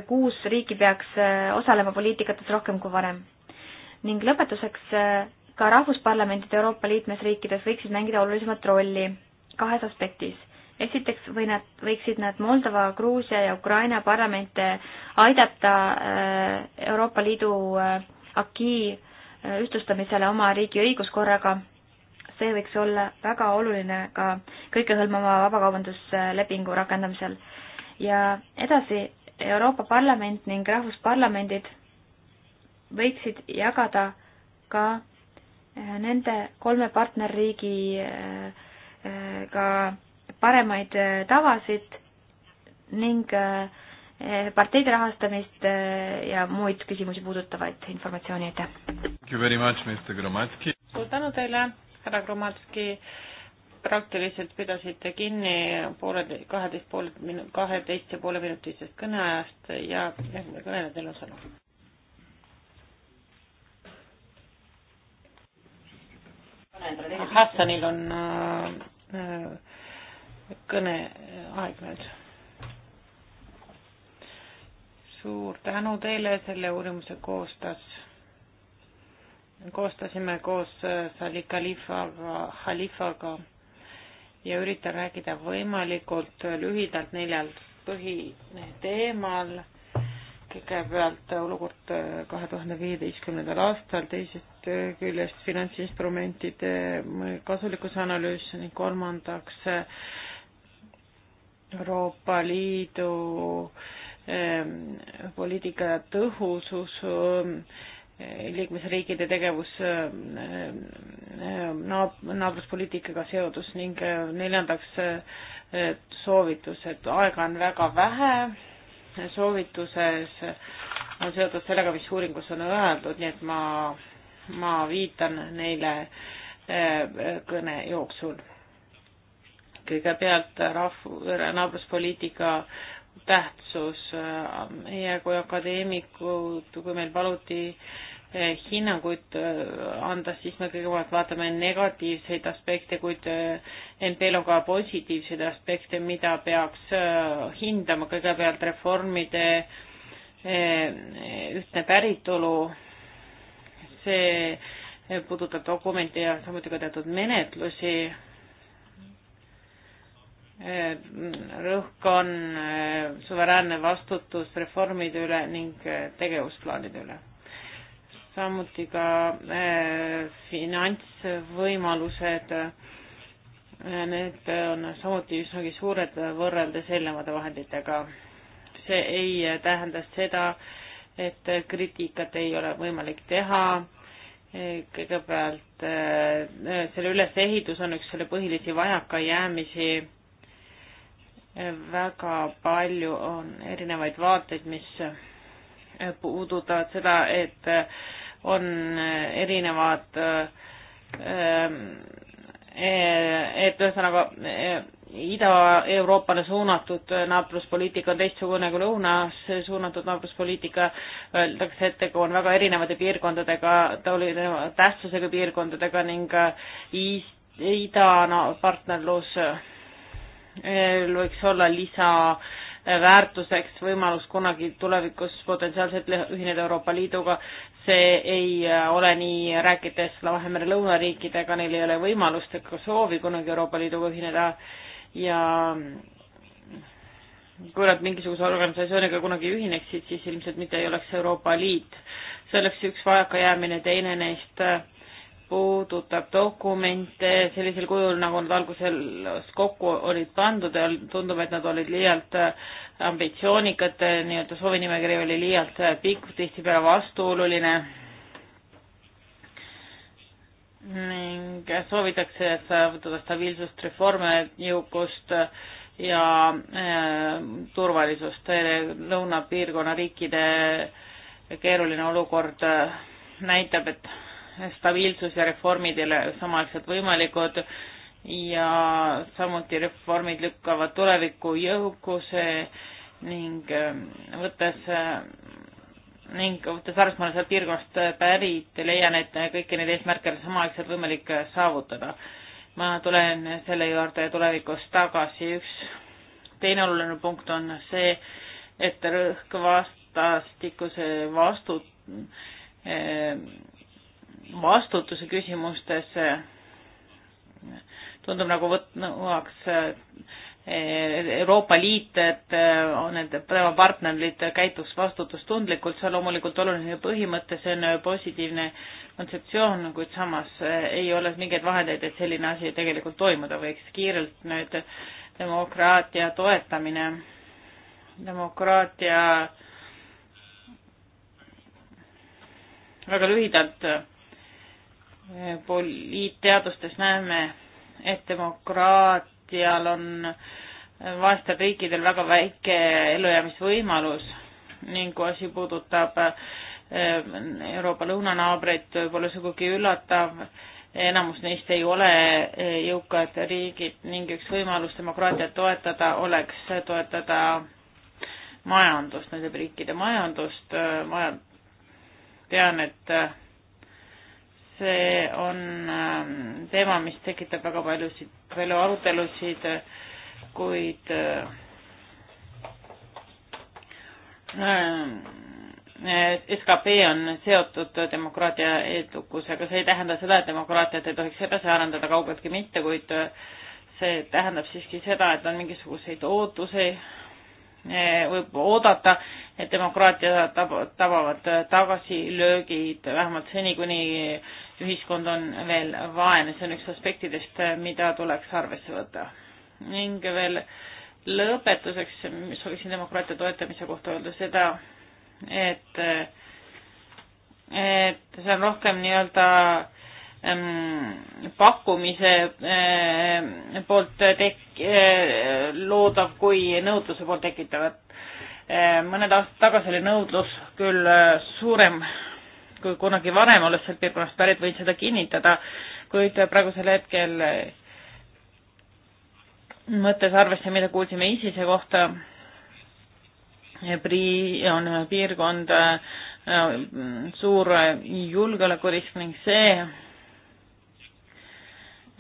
kuus riiki peaks äh, osalema poliitikates rohkem kui varem. ning lõpetuseks äh, ka rahvusparlamendid Euroopa liikmesriikides võiksid mängida olulisemat rolli kahes aspektis. esiteks või nad, võiksid nad Moldova, Gruusia ja Ukraina parlamente aidata äh, Euroopa Liidu äh, aki äh, ühtlustamisele oma riigi õiguskorraga. see võiks olla väga oluline ka kõikehõlmava vabakaubanduslepingu rakendamisel. ja edasi, Euroopa Parlament ning rahvusparlamendid võiksid jagada ka nende kolme partnerriigiga eh, paremaid eh, tavasid ning eh, parteide rahastamist ja muid küsimusi puudutavaid informatsiooni, aitäh! suur tänu teile, härra Gromatski, praktiliselt pidasite kinni poole, kaheteist pool, kaheteist ja poole minutisest kõneajast ja kõnelejatel on sõna. Hassanil on äh, äh, kõneaeg nüüd. suur tänu teile, selle uurimuse koostas, koostasime koos äh, Sali Khalifaga, Khalifaga ja üritan rääkida võimalikult lühidalt neljal põhiteemal kõigepealt äh, olukord äh, kahe tuhande viieteistkümnendal aastal, teisest äh, küljest finantsinstrumentide kasulikkuse analüüs ning kolmandaks Euroopa Liidu ähm, poliitika ja tõhusus, ähm, liikmesriikide tegevus ähm, naab-, naabruspoliitikaga seotus ning neljandaks soovitused, aega on väga vähe soovituses on seotud sellega, mis uuringus on öeldud, nii et ma, ma viitan neile eh, kõne jooksul. kõigepealt rahv-, naabruspoliitika tähtsus meie kui akadeemikud, kui meil paluti äh, Eh, hinnanguid eh, anda, siis me kõigepealt vaatame negatiivseid aspekte, kuid eh, MTL on ka positiivseid aspekte, mida peaks hindama kõigepealt reformide ühtne päritolu, see puudutab dokumente ja samuti ka teatud menetlusi, rõhk on suveräänne vastutus reformide üle ning tegevusplaanide üle samuti ka äh, finantsvõimalused äh,. Need on samuti üsnagi suured võrreldes eelnevate vahenditega. see ei tähenda seda, et kriitikat ei ole võimalik teha. Äh, kõigepealt äh, selle ülesehitus on üks selle põhilisi vajakajäämisi äh, väga palju on erinevaid vaateid, mis puudutavad seda, et äh, on äh, erinevad, äh, äh, et ühesõnaga Ida-Euroopale suunatud naabruspoliitika on teistsugune kui lõunas suunatud naabruspoliitika, öeldakse, et tegu on väga erinevate piirkondadega, ta oli tähtsusega piirkondadega ning idapartnerlus võiks olla lisaväärtuseks võimalus kunagi tulevikus potentsiaalselt ühineda Euroopa Liiduga see ei äh, ole nii, rääkides Vahemere lõunariikidega, neil ei ole võimalust ega soovi kunagi Euroopa Liiduga ühineda ja kui nad mingisuguse organisatsiooniga kunagi ühineksid, siis ilmselt mitte ei oleks Euroopa Liit. see oleks üks vajakajäämine, teine neist äh, puudutab dokumente sellisel kujul, nagu nad alguses kokku olid pandud ja tundub, et nad olid liialt äh, ambitsioonikad, äh, nii-öelda soovinimekiri oli liialt äh, pikk, tihtipeale vastuoluline ning soovitakse saavutada stabiilsust, reforme, jõukust ja äh, turvalisust. lõunapiirkonna riikide keeruline olukord näitab, et stabiilsus ja reformid ei ole samaaegselt võimalikud ja samuti reformid lükkavad tulevikku jõukuse ning ähm, võttes ähm, ning võttes arvesse, ma olen sealt piirkonnast pärit, leian, et kõiki neid eesmärke on samaaegselt võimalik saavutada. ma tulen selle juurde tulevikus tagasi, üks teine oluline punkt on see, et rõhk vastastikuse vastu, ähm, vastutuse küsimustes tundub nagu võtnuaks eh, Euroopa Liit, et eh, need tema partnerid käituks vastutustundlikult, see on loomulikult oluline põhimõte, see on positiivne kontseptsioon, kuid samas eh, ei ole mingeid vahendeid, et selline asi tegelikult toimuda võiks. kiirelt nüüd demokraatia toetamine, demokraatia väga lühidalt poliitteadustes näeme, et demokraatial on vaestel riikidel väga väike ellujäämisvõimalus ning kui asi puudutab eh, Euroopa lõunanaabreid, pole sugugi üllatav, enamus neist ei ole eh, jõukad riigid ning üks võimalus demokraatiat toetada oleks toetada majandust, nende riikide majandust, eh, ma tean, et see on ähm, teema, mis tekitab väga paljusid, palju arutelusid, kuid äh, äh, SKP on seotud demokraatia edukusega, see ei tähenda seda, et demokraatiat ei tohiks edasi arendada, kaugeltki mitte, kuid äh, see tähendab siiski seda, et on mingisuguseid ootusi, võib oodata, et demokraatia tab-, tabavad tagasilöögid vähemalt seni, kuni ühiskond on veel vaene, see on üks aspektidest, mida tuleks arvesse võtta. ning veel lõpetuseks sooviksin demokraatia toetamise kohta öelda seda, et, et see on rohkem nii-öelda pakkumise poolt tek-, eh, loodav kui nõudluse poolt tekitav, et eh, mõned aastad tagasi oli nõudlus küll eh, suurem kui kunagi varem, olles sealt piirkonnast pärit, võin seda kinnitada, kuid praegusel hetkel mõttes arvesse, mida kuulsime ISISe kohta, Prii on piirkond äh, suur julgeolekurisk ning see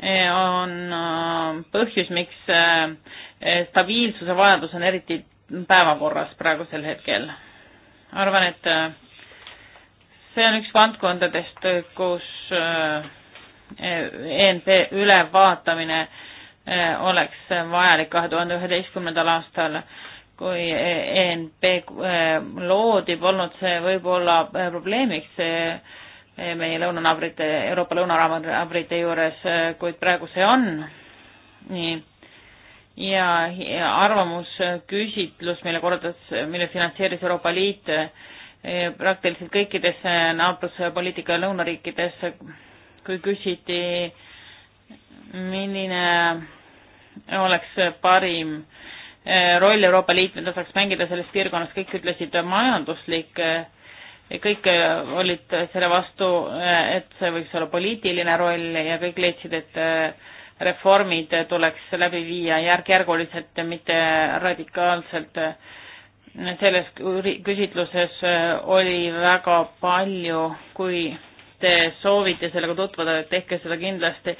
äh, on äh, põhjus, miks stabiilsuse vajadus on eriti päevakorras praegusel hetkel. arvan, et see on üks valdkondadest, kus äh, ENP ülevaatamine äh, oleks vajalik kahe tuhande üheteistkümnendal aastal. kui äh, ENP loodi, polnud see võib-olla probleemiks meie lõunanaabrite, Euroopa lõunanaabrite juures, kuid praegu see on. nii ja arvamusküsitlus, mille korraldas, mille finantseeris Euroopa Liit, praktiliselt kõikides äh, naabruspoliitika lõunariikides, äh, kui küsiti, milline oleks parim äh, roll Euroopa Liit, mida saaks mängida selles piirkonnas, kõik ütlesid majanduslik, kõik olid selle vastu, et see võiks olla poliitiline roll ja kõik leidsid, et reformid tuleks läbi viia järk-järguliselt, mitte radikaalselt äh, selles küsitluses äh, oli väga palju, kui te soovite sellega tutvuda, tehke seda kindlasti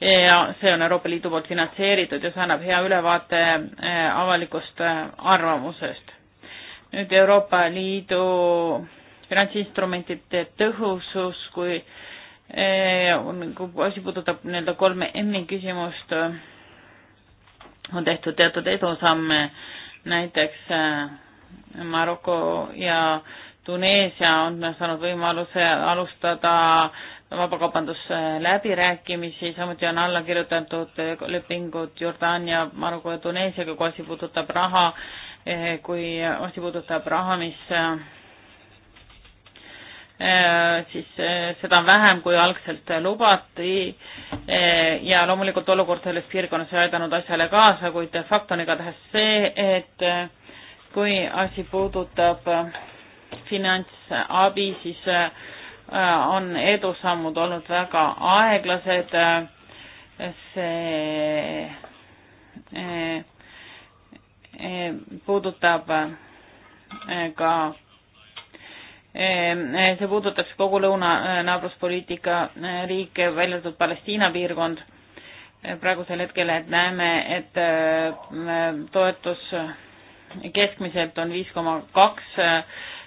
ja see on Euroopa Liidu poolt finantseeritud ja see annab hea ülevaate äh, avalikust äh, arvamusest. nüüd Euroopa Liidu finantsinstrumentide tõhusus, kui kui asi puudutab nii-öelda kolme M-i küsimust, on tehtud teatud edusamme, näiteks Maroko ja Tuneesia on saanud võimaluse alustada vabakaubandusläbirääkimisi, samuti on alla kirjutatud lepingud Jordaania, Maroko ja Tuneesiaga, kui asi puudutab raha, eh, kui asi puudutab raha, mis eh, siis eh, seda on vähem, kui algselt lubati ja loomulikult olukord selles piirkonnas ei aidanud asjale kaasa, kuid de facto on igatahes see, et kui asi puudutab äh, finantsabi, siis äh, äh, on edusammud olnud väga aeglased. see puudutab ka, see puudutab kogu lõunanaabruspoliitika riike, välja arvatud Palestiina piirkond. praegusel hetkel näeme, et toetus keskmiselt on viis koma kaks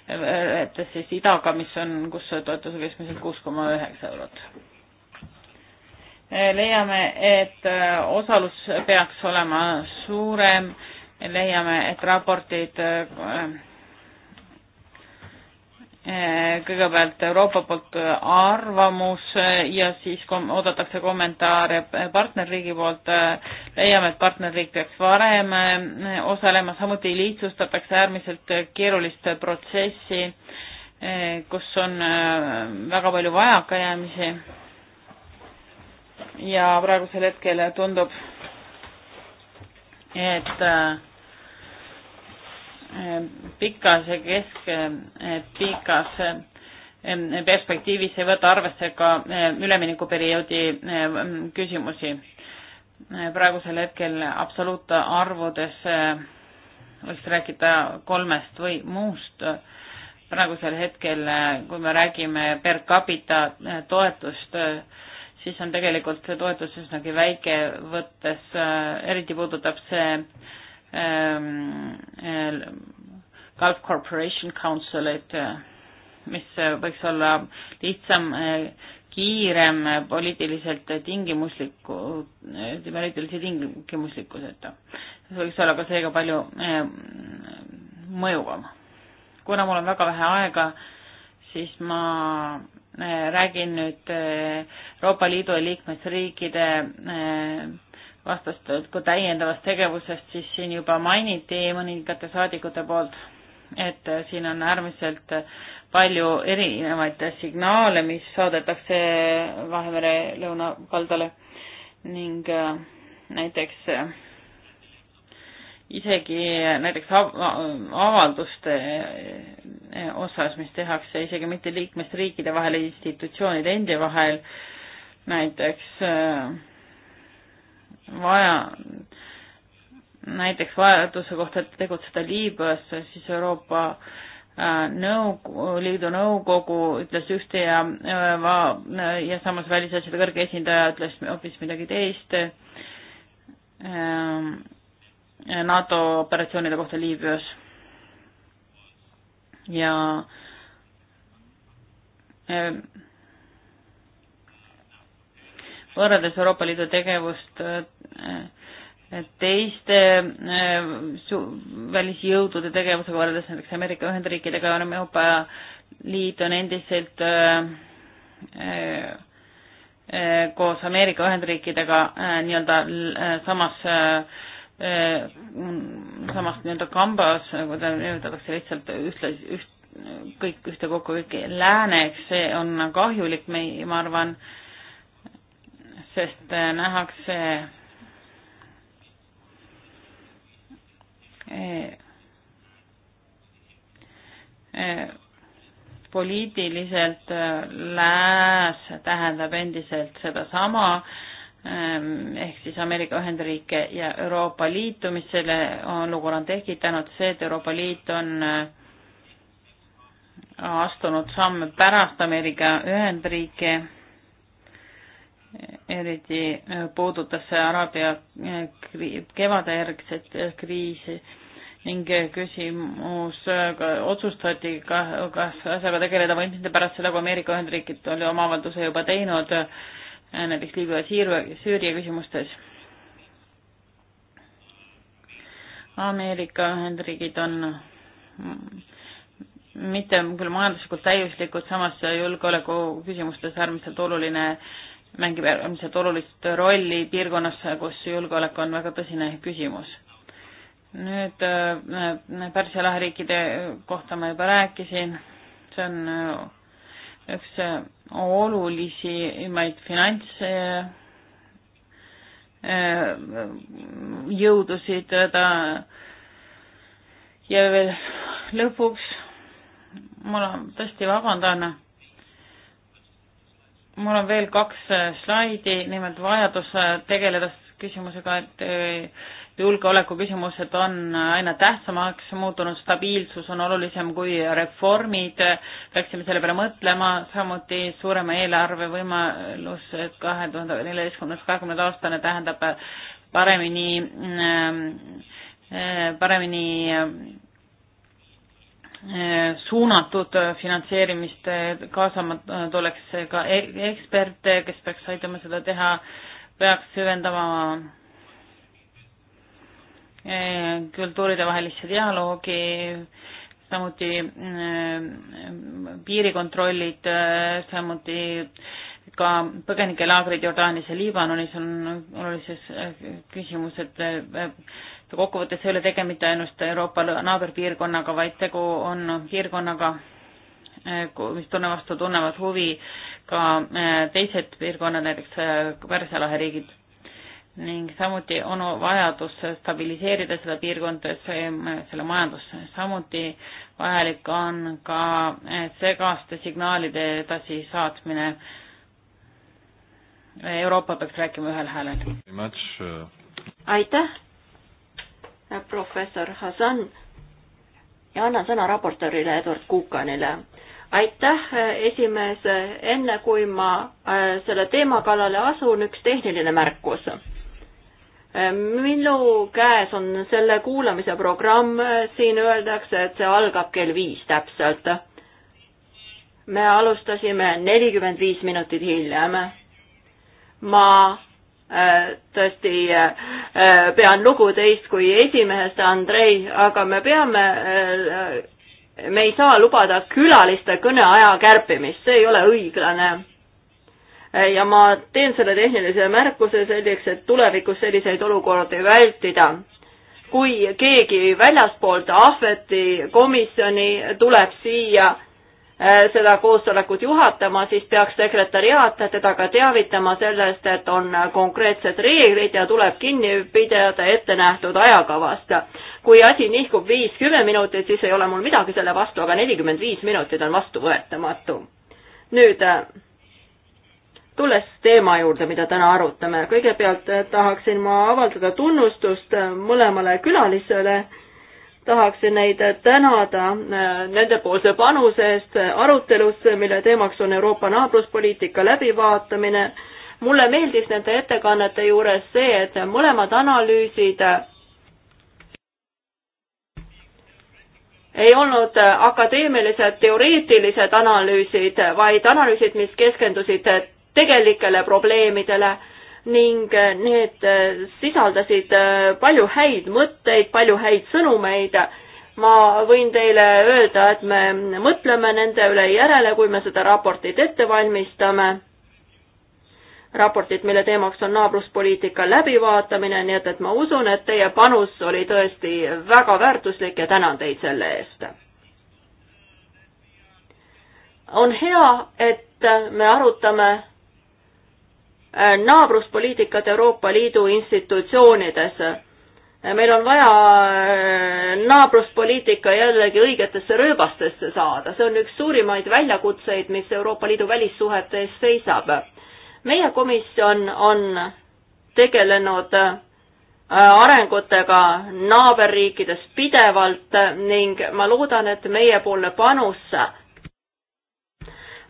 võttes siis idaga, mis on, kus toetus on keskmiselt kuus koma üheksa eurot. leiame, et osalus peaks olema suurem, leiame, et raportid äh, Eh, kõigepealt Euroopa poolt eh, arvamus eh, ja siis kom oodatakse kommentaare partnerriigi poolt. leiame, et partnerriik peaks varem osalema, samuti lihtsustatakse äärmiselt keerulist protsessi, kus on väga palju vajakajäämisi. ja praegusel hetkel tundub, et äh, Ehm, pikas ja keskpikas ehm, eh, ehm, eh, perspektiivis ei võta arvesse ka eh, üleminekuperioodi küsimusi. praegusel hetkel absoluutarvudes võiks rääkida kolmest või muust. praegusel hetkel, kui me räägime per capita toetust, siis on tegelikult see toetus üsnagi väike, võttes eriti puudutab see Um, uh, Gulf Corporation Council, et uh, mis uh, võiks olla lihtsam, kiirem, poliitiliselt tingimusliku, poliitilise tingimuslikkuseta. see võiks olla ka seega palju um, mõjuvam. kuna mul on väga vähe aega, siis ma räägin nüüd Euroopa Liidu liikmesriikide vastastikku täiendavast tegevusest, siis siin juba mainiti mõningate saadikute poolt, et siin on äärmiselt palju erinevaid signaale, mis saadetakse Vahemere lõunakaldale ning äh, näiteks äh, isegi näiteks avalduste äh, osas, mis tehakse isegi mitte liikmesriikide vahel, institutsioonide endi vahel, näiteks äh, vaja näiteks vajaduse kohta tegutseda Liibüas, siis Euroopa äh, nõu-, liidu nõukogu ütles ühte ja, äh, ja samas välisasjade kõrge esindaja ütles hoopis midagi teist. Ähm, NATO operatsioonide kohta Liibüas. ja ähm, võrreldes Euroopa Liidu tegevust Äh, teiste äh, välisjõudude tegevusega võrreldes näiteks Ameerika Ühendriikidega on Euroopa Liit on endiselt äh, koos Ameerika Ühendriikidega nii-öelda samas samas nii-öelda kambas, kui ta nimetatakse lihtsalt ühtlasi, üht, kõik ühtekokku, kõik lääneks, see on kahjulik, me, ma arvan, sest nähakse Eh, eh, poliitiliselt eh, lääs tähendab endiselt sedasama ehk siis Ameerika Ühendriike ja Euroopa Liitu, mis selle olukorra on tekitanud, see, et Euroopa Liit on astunud samme pärast Ameerika Ühendriike, eriti puudutas see Araabia kevadejärgset kriisi ning küsimus otsustati, kas asjaga tegeleda või mitte pärast seda, kui Ameerika Ühendriigid oli oma avalduse juba teinud eh, näiteks Liibüa ja Süüria küsimustes. Ameerika Ühendriigid on mm, mitte küll majanduslikult täiuslikud, samas julgeoleku küsimustes äärmiselt oluline, mängib äärmiselt olulist rolli piirkonnas, kus julgeolek on väga tõsine küsimus nüüd äh, Pärsia lahe riikide kohta ma juba rääkisin, see on äh, üks äh, olulisimaid finants jõudusid ta ja veel lõpuks mul on, tõesti vabandan, mul on veel kaks slaidi, nimelt vajadus tegeleda küsimusega, et julgeolekuküsimused on aina tähtsamaks muutunud, stabiilsus on olulisem kui reformid, peaksime selle peale mõtlema, samuti suurema eelarve võimalus, et kahe tuhande neljateistkümnendast kahekümnenda aastane tähendab paremini, ähm, äh, paremini äh, suunatud finantseerimist, kaasama tuleks ka e-, eksperte, kes peaks aitama seda teha, peaks süvendama Eh, kultuuride vahelisse dialoogi, samuti eh, piirikontrollid, eh, samuti ka põgenikelaagrid Jordaanias ja Liibanonis on olulises küsimus, et kokkuvõttes ei ole tegu mitte ainult Euroopa naaberpiirkonnaga, vaid tegu on piirkonnaga, mis tunne vastu tunnevad huvi ka teised piirkonnad, näiteks Pärsia lahe riigid ning samuti on vajadus stabiliseerida seda piirkonda, selle majandust, samuti vajalik on ka segaste signaalide edasisaatmine. Euroopa peaks rääkima ühel häälel. Uh, aitäh, professor Hassan ja annan sõna raportöörile Eduard Kukanile aitäh, esimees, enne kui ma äh, selle teema kallale asun, üks tehniline märkus minu käes on selle kuulamise programm, siin öeldakse, et see algab kell viis täpselt. me alustasime nelikümmend viis minutit hiljem. ma äh, tõesti äh, pean lugu teist kui esimehest, Andrei, aga me peame, äh, me ei saa lubada külaliste kõneaja kärpimist, see ei ole õiglane Äh, ja ma teen selle tehnilise märkuse selleks, et tulevikus selliseid olukordi vältida. kui keegi väljaspoolt ahveti komisjoni tuleb siia äh, seda koosolekut juhatama, siis peaks sekretäriaat teda ka teavitama sellest, et on konkreetsed reeglid ja tuleb kinni pidada ettenähtud ajakavast. kui asi nihkub viis, kümme minutit, siis ei ole mul midagi selle vastu, aga nelikümmend viis minutit on vastuvõetamatu. nüüd äh, tulles teema juurde, mida täna arutame, kõigepealt eh, tahaksin ma avaldada tunnustust eh, mõlemale külalisele, tahaksin neid tänada eh, nendepoolse panuse eest arutelusse, mille teemaks on Euroopa naabruspoliitika läbivaatamine. mulle meeldis nende ettekannete juures see, et mõlemad analüüsid ei olnud akadeemilised teoreetilised analüüsid, vaid analüüsid, mis keskendusid tegelikele probleemidele ning äh, need äh, sisaldasid äh, palju häid mõtteid, palju häid sõnumeid. ma võin teile öelda, et me mõtleme nende üle järele, kui me seda raportit ette valmistame. raportit, mille teemaks on naabruspoliitika läbivaatamine, nii et, et ma usun, et teie panus oli tõesti väga väärtuslik ja tänan teid selle eest. on hea, et me arutame Äh, naabruspoliitikat Euroopa Liidu institutsioonides. Äh, meil on vaja äh, naabruspoliitika jällegi õigetesse rööbastesse saada, see on üks suurimaid väljakutseid, mis Euroopa Liidu välissuhete ees seisab. meie komisjon on tegelenud arengutega naaberriikides pidevalt ning ma loodan, et meiepoolne panus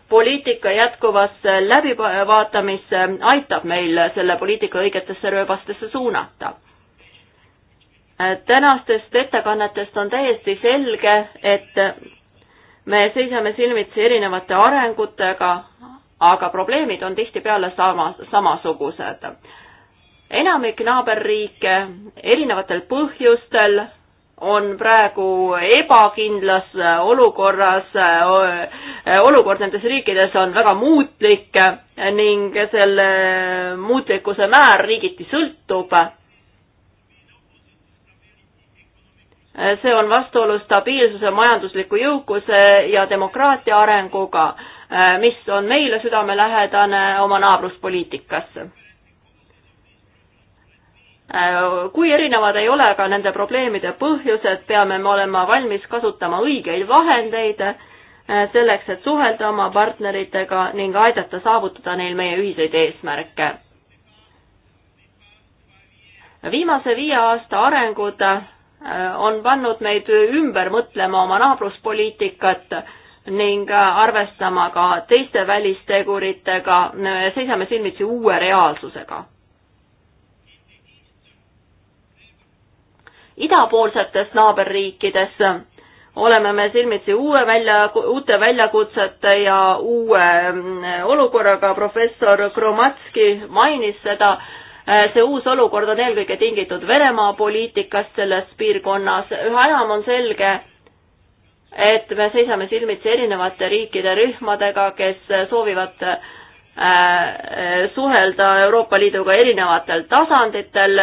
poliitika jätkuvasse läbivaatamisse aitab meil selle poliitika õigetesse rööbastesse suunata tänastest ettekannetest on täiesti selge, et me seisame silmitsi erinevate arengutega, aga probleemid on tihtipeale sama, samasugused. enamik naaberriike erinevatel põhjustel on praegu ebakindlas äh, olukorras, äh, äh, olukord nendes riikides on väga muutlik ning selle muutlikkuse määr riigiti sõltub. see on vastuolus stabiilsuse, majandusliku jõukuse ja demokraatia arenguga, mis on meile südamelähedane oma naabruspoliitikasse Äh, kui erinevad ei ole ka nende probleemide põhjused, peame me olema valmis kasutama õigeid vahendeid äh, selleks, et suhelda oma partneritega ning aidata saavutada neil meie ühiseid eesmärke. viimase viie aasta arengud äh, on pannud meid ümber mõtlema oma naabruspoliitikat ning arvestama ka teiste välisteguritega, seisame silmitsi uue reaalsusega idapoolsetes naaberriikides oleme me silmitsi uue välja, uute väljakutsete ja uue mm, olukorraga, professor Kromatski mainis seda, see uus olukord on eelkõige tingitud Venemaa poliitikast selles piirkonnas, üha enam on selge, et me seisame silmitsi erinevate riikide rühmadega, kes soovivad Äh, suhelda Euroopa Liiduga erinevatel tasanditel,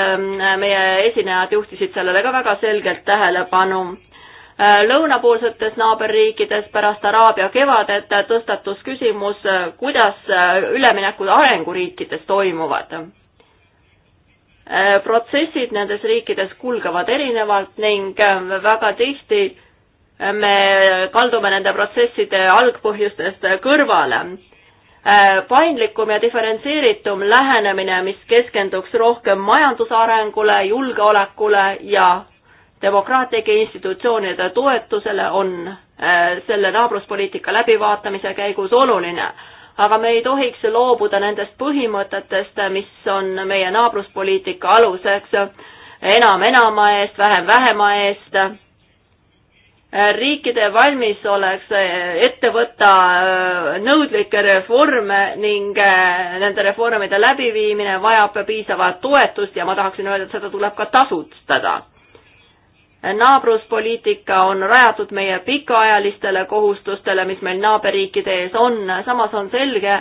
meie esinejad juhtisid sellele ka väga selgelt tähelepanu. Äh, lõunapoolsetes naaberriikides pärast Araabia kevadet tõstatus küsimus, kuidas üleminekud arenguriikides toimuvad äh, protsessid nendes riikides kulgevad erinevalt ning väga tihti me kaldume nende protsesside algpõhjustest kõrvale. Äh, paindlikum ja diferentseeritum lähenemine, mis keskenduks rohkem majandusarengule, julgeolekule ja demokraatlike institutsioonide toetusele, on äh, selle naabruspoliitika läbivaatamise käigus oluline. aga me ei tohiks loobuda nendest põhimõtetest, mis on meie naabruspoliitika aluseks, enam enama eest, vähem vähema eest riikide valmisolek ette võtta äh, nõudlikke reforme ning äh, nende reformide läbiviimine vajab piisavat toetust ja ma tahaksin öelda, et seda tuleb ka tasustada. naabruspoliitika on rajatud meie pikaajalistele kohustustele, mis meil naaberriikide ees on, samas on selge,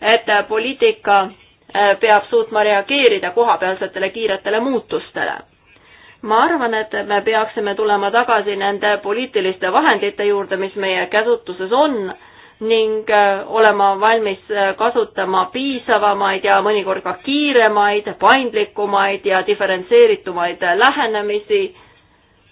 et poliitika äh, peab suutma reageerida kohapealsetele kiiretele muutustele ma arvan, et me peaksime tulema tagasi nende poliitiliste vahendite juurde, mis meie käsutuses on ning äh, olema valmis äh, kasutama piisavamaid ja mõnikord ka kiiremaid, paindlikumaid ja diferentseeritumaid lähenemisi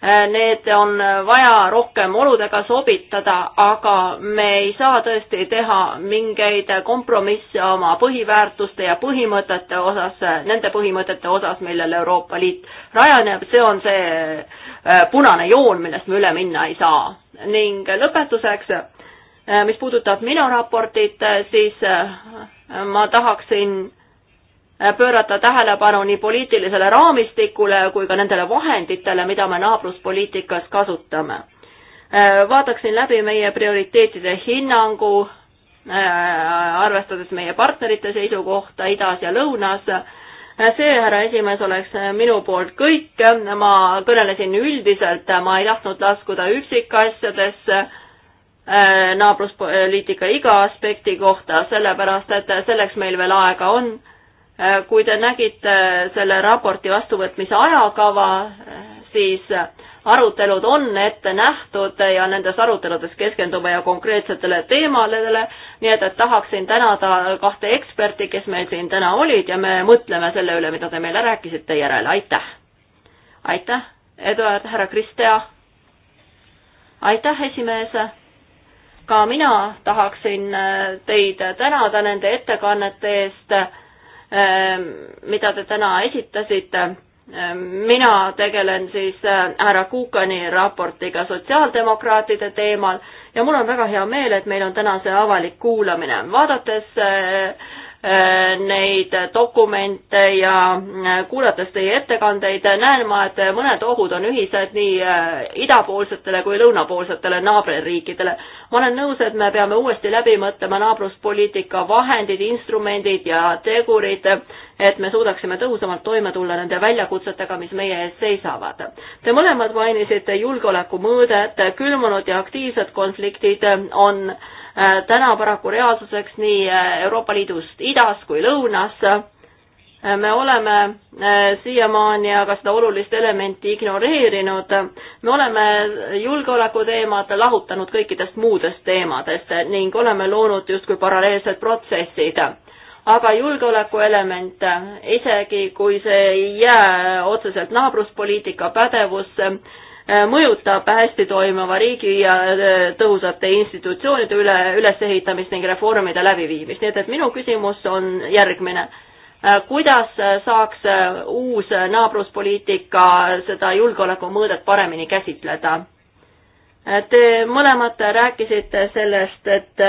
Äh, need on vaja rohkem oludega sobitada, aga me ei saa tõesti teha mingeid kompromisse oma põhiväärtuste ja põhimõtete osas, nende põhimõtete osas, millel Euroopa Liit rajaneb, see on see äh, punane joon, millest me üle minna ei saa. ning lõpetuseks, äh, mis puudutab minu raportit, siis ma tahaksin Äh, pöörata tähelepanu nii poliitilisele raamistikule kui ka nendele vahenditele, mida me naabruspoliitikas kasutame. Äh, vaataksin läbi meie prioriteetide hinnangu, äh, arvestades meie partnerite seisukohta idas ja lõunas. see, härra esimees, oleks minu poolt kõik, ma kõnelesin üldiselt, ma ei tahtnud laskuda üksikasjadesse naabruspoliitika iga aspekti kohta, sellepärast et selleks meil veel aega on Äh, kui te nägite äh, selle raporti vastuvõtmise ajakava, äh, siis arutelud on ette nähtud ja nendes aruteludes keskendume ju konkreetsetele teemadele, nii et, et tahaksin tänada kahte eksperti, kes meil siin täna olid ja me mõtleme selle üle, mida te meile rääkisite järele, aitäh! aitäh, Eduard, härra Kristea! aitäh, esimees! ka mina tahaksin teid tänada nende ettekannete eest Ähm, mida te täna esitasite. Ähm, mina tegelen siis äh, härra Kuukani raportiga sotsiaaldemokraatide teemal ja mul on väga hea meel, et meil on täna see avalik kuulamine. vaadates äh, Äh, neid dokumente ja äh, kuulates teie ettekandeid, näen ma, et mõned ohud on ühised nii äh, idapoolsetele kui lõunapoolsetele naaberriikidele. ma olen nõus, et me peame uuesti läbi mõtlema naabruspoliitika vahendid, instrumendid ja tegurid, et me suudaksime tõhusamalt toime tulla nende väljakutsetega, mis meie ees seisavad. Te mõlemad mainisite julgeolekumõõdet, külmunud ja aktiivsed konfliktid on Äh, täna paraku reaalsuseks nii äh, Euroopa Liidust idas kui lõunas. Äh, me oleme siiamaani aga seda olulist elementi ignoreerinud. me oleme julgeoleku teemad lahutanud kõikidest muudest teemadest ning oleme loonud justkui paralleelsed protsessid aga julgeolekuelement, isegi kui see ei jää otseselt naabruspoliitika pädevusse, Äh, mõjutab hästi toimiva riigi ja äh, tõhusate institutsioonide üle, ülesehitamist ning reformide läbiviimist, nii et, et minu küsimus on järgmine. Äh, kuidas saaks uus naabruspoliitika seda julgeolekumõõdet paremini käsitleda? Te mõlemad rääkisite sellest, et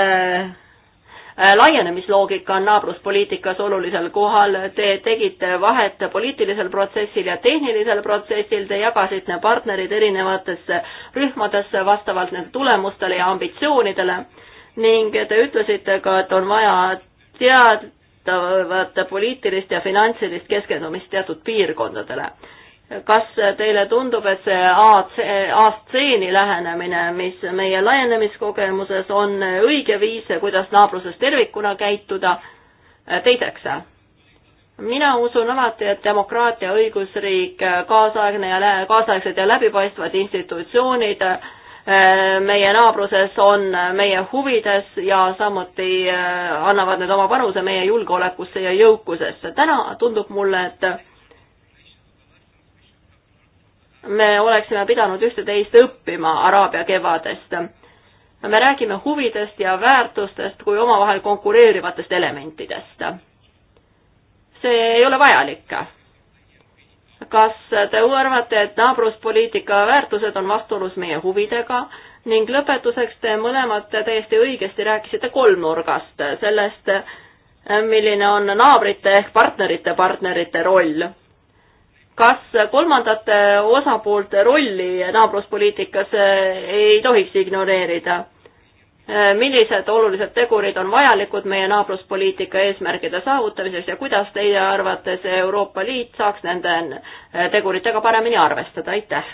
Äh, laienemisloogika on naabruspoliitikas olulisel kohal, te tegite vahet poliitilisel protsessil ja tehnilisel protsessil, te jagasite partnerid erinevatesse rühmadesse vastavalt nende tulemustele ja ambitsioonidele ning te ütlesite ka, et on vaja teadvat poliitilist ja finantsilist keskendumist teatud piirkondadele kas teile tundub, et see A-stseeni lähenemine, mis meie laienemiskogemuses on õige viis, kuidas naabruses tervikuna käituda? teiseks, mina usun alati, et demokraatia, õigusriik, kaasaegne ja kaasaegsed ja läbipaistvad institutsioonid eh, meie naabruses on meie huvides ja samuti eh, annavad need oma panuse meie julgeolekusse ja jõukusesse. täna tundub mulle, et me oleksime pidanud ühte-teist õppima Araabia kevadest. me räägime huvidest ja väärtustest kui omavahel konkureerivatest elementidest. see ei ole vajalik. kas te arvate, et naabruspoliitika väärtused on vastuolus meie huvidega ning lõpetuseks te mõlemad täiesti õigesti rääkisite kolmnurgast, sellest, milline on naabrite ehk partnerite partnerite roll kas kolmandate osapoolte rolli naabruspoliitikas eh, ei tohiks ignoreerida? Eh, millised olulised tegurid on vajalikud meie naabruspoliitika eesmärgide saavutamiseks ja kuidas teie arvates Euroopa Liit saaks nende eh, teguritega paremini arvestada, aitäh!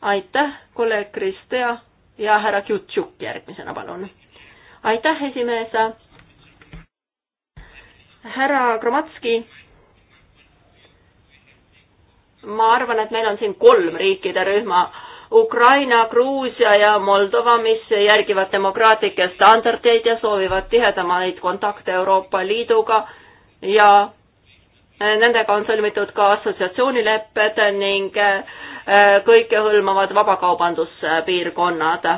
aitäh, kolleeg Kristea ja härra Kjutšuk järgmisena, palun! aitäh, esimees! härra Gromatski ma arvan, et meil on siin kolm riikide rühma. Ukraina, Gruusia ja Moldova, mis järgivad demokraatlikke standardeid ja soovivad tihedamaid kontakte Euroopa Liiduga ja eh, nendega on sõlmitud ka assotsiatsioonilepped ning eh, kõikehõlmavad vabakaubanduspiirkonnad. Eh,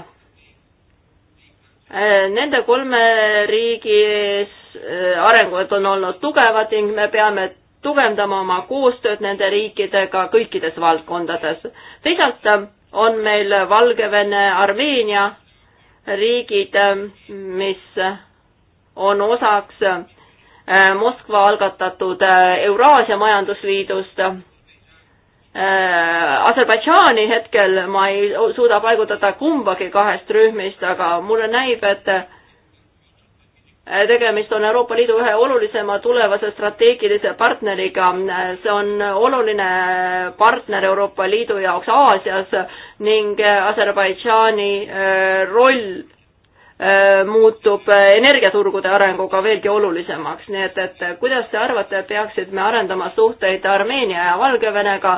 nende kolme riigi arengud on olnud tugevad ning me peame tugevdama oma koostööd nende riikidega kõikides valdkondades. teisalt on meil Valgevene, Armeenia riigid, mis on osaks äh, Moskva algatatud äh, Euraasia majandusliidust. Äh, Aserbaidžaani hetkel ma ei suuda paigutada kumbagi kahest rühmist, aga mulle näib, et Äh, tegemist on Euroopa Liidu ühe olulisema tulevase strateegilise partneriga, äh, see on oluline partner Euroopa Liidu jaoks Aasias ning äh, Aserbaidžaani roll muutub energiaturgude arenguga veelgi olulisemaks, nii et, et kuidas te arvate, peaksid me arendama suhteid Armeenia ja Valgevenega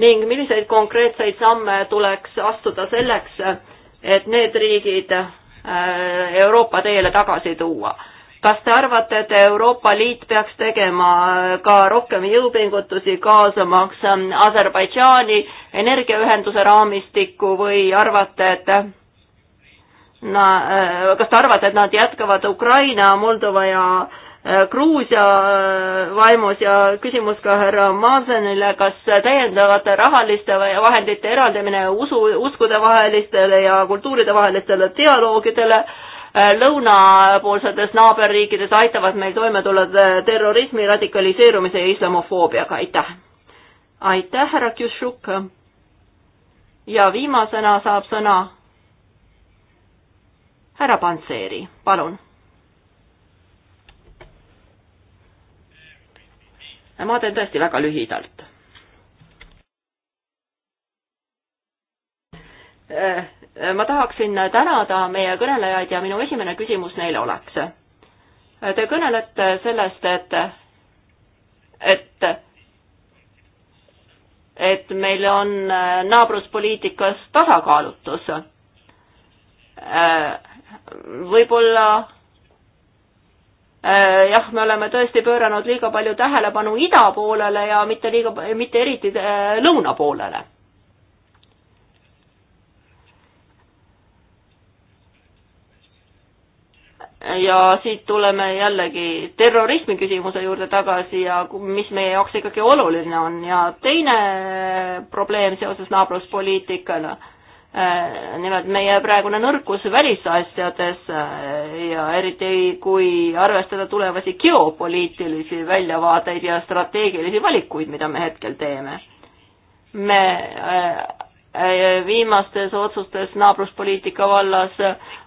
ning milliseid konkreetseid samme tuleks astuda selleks, et need riigid Äh, Euroopa teele tagasi tuua. kas te arvate, et Euroopa Liit peaks tegema äh, ka rohkem jõupingutusi, kaasamaks ähm, Aserbaidžaani energiaühenduse raamistikku või arvate, et na-, äh, kas te arvate, et nad jätkavad Ukraina, Moldova ja Äh, Gruusia äh, vaimus ja küsimus ka härra Maasenile, kas täiendavate rahaliste vahendite eraldamine usu, uskudevahelistele ja kultuuridevahelistele dialoogidele äh, lõunapoolsetes naaberriikides aitavad meil toime tulla terrorismi, radikaliseerumise ja islamofoobiaga, aitäh! aitäh, härra Kjušuk! ja viimasena saab sõna härra Panseri, palun ma teen tõesti väga lühidalt. Äh, äh, ma tahaksin tänada meie kõnelejaid ja minu esimene küsimus neile oleks. Äh, te kõnelete sellest, et, et et meil on naabruspoliitikas tasakaalutus. võib-olla Äh, jah, me oleme tõesti pööranud liiga palju tähelepanu ida poolele ja mitte liiga, mitte eriti äh, lõuna poolele. ja siit tuleme jällegi terrorismi küsimuse juurde tagasi ja mis meie jaoks ikkagi oluline on ja teine probleem seoses naabruspoliitikaga Äh, nimelt meie praegune nõrkus välisasjades äh, ja eriti kui arvestada tulevasi geopoliitilisi väljavaateid ja strateegilisi valikuid, mida me hetkel teeme. me äh, viimastes otsustes naabruspoliitika vallas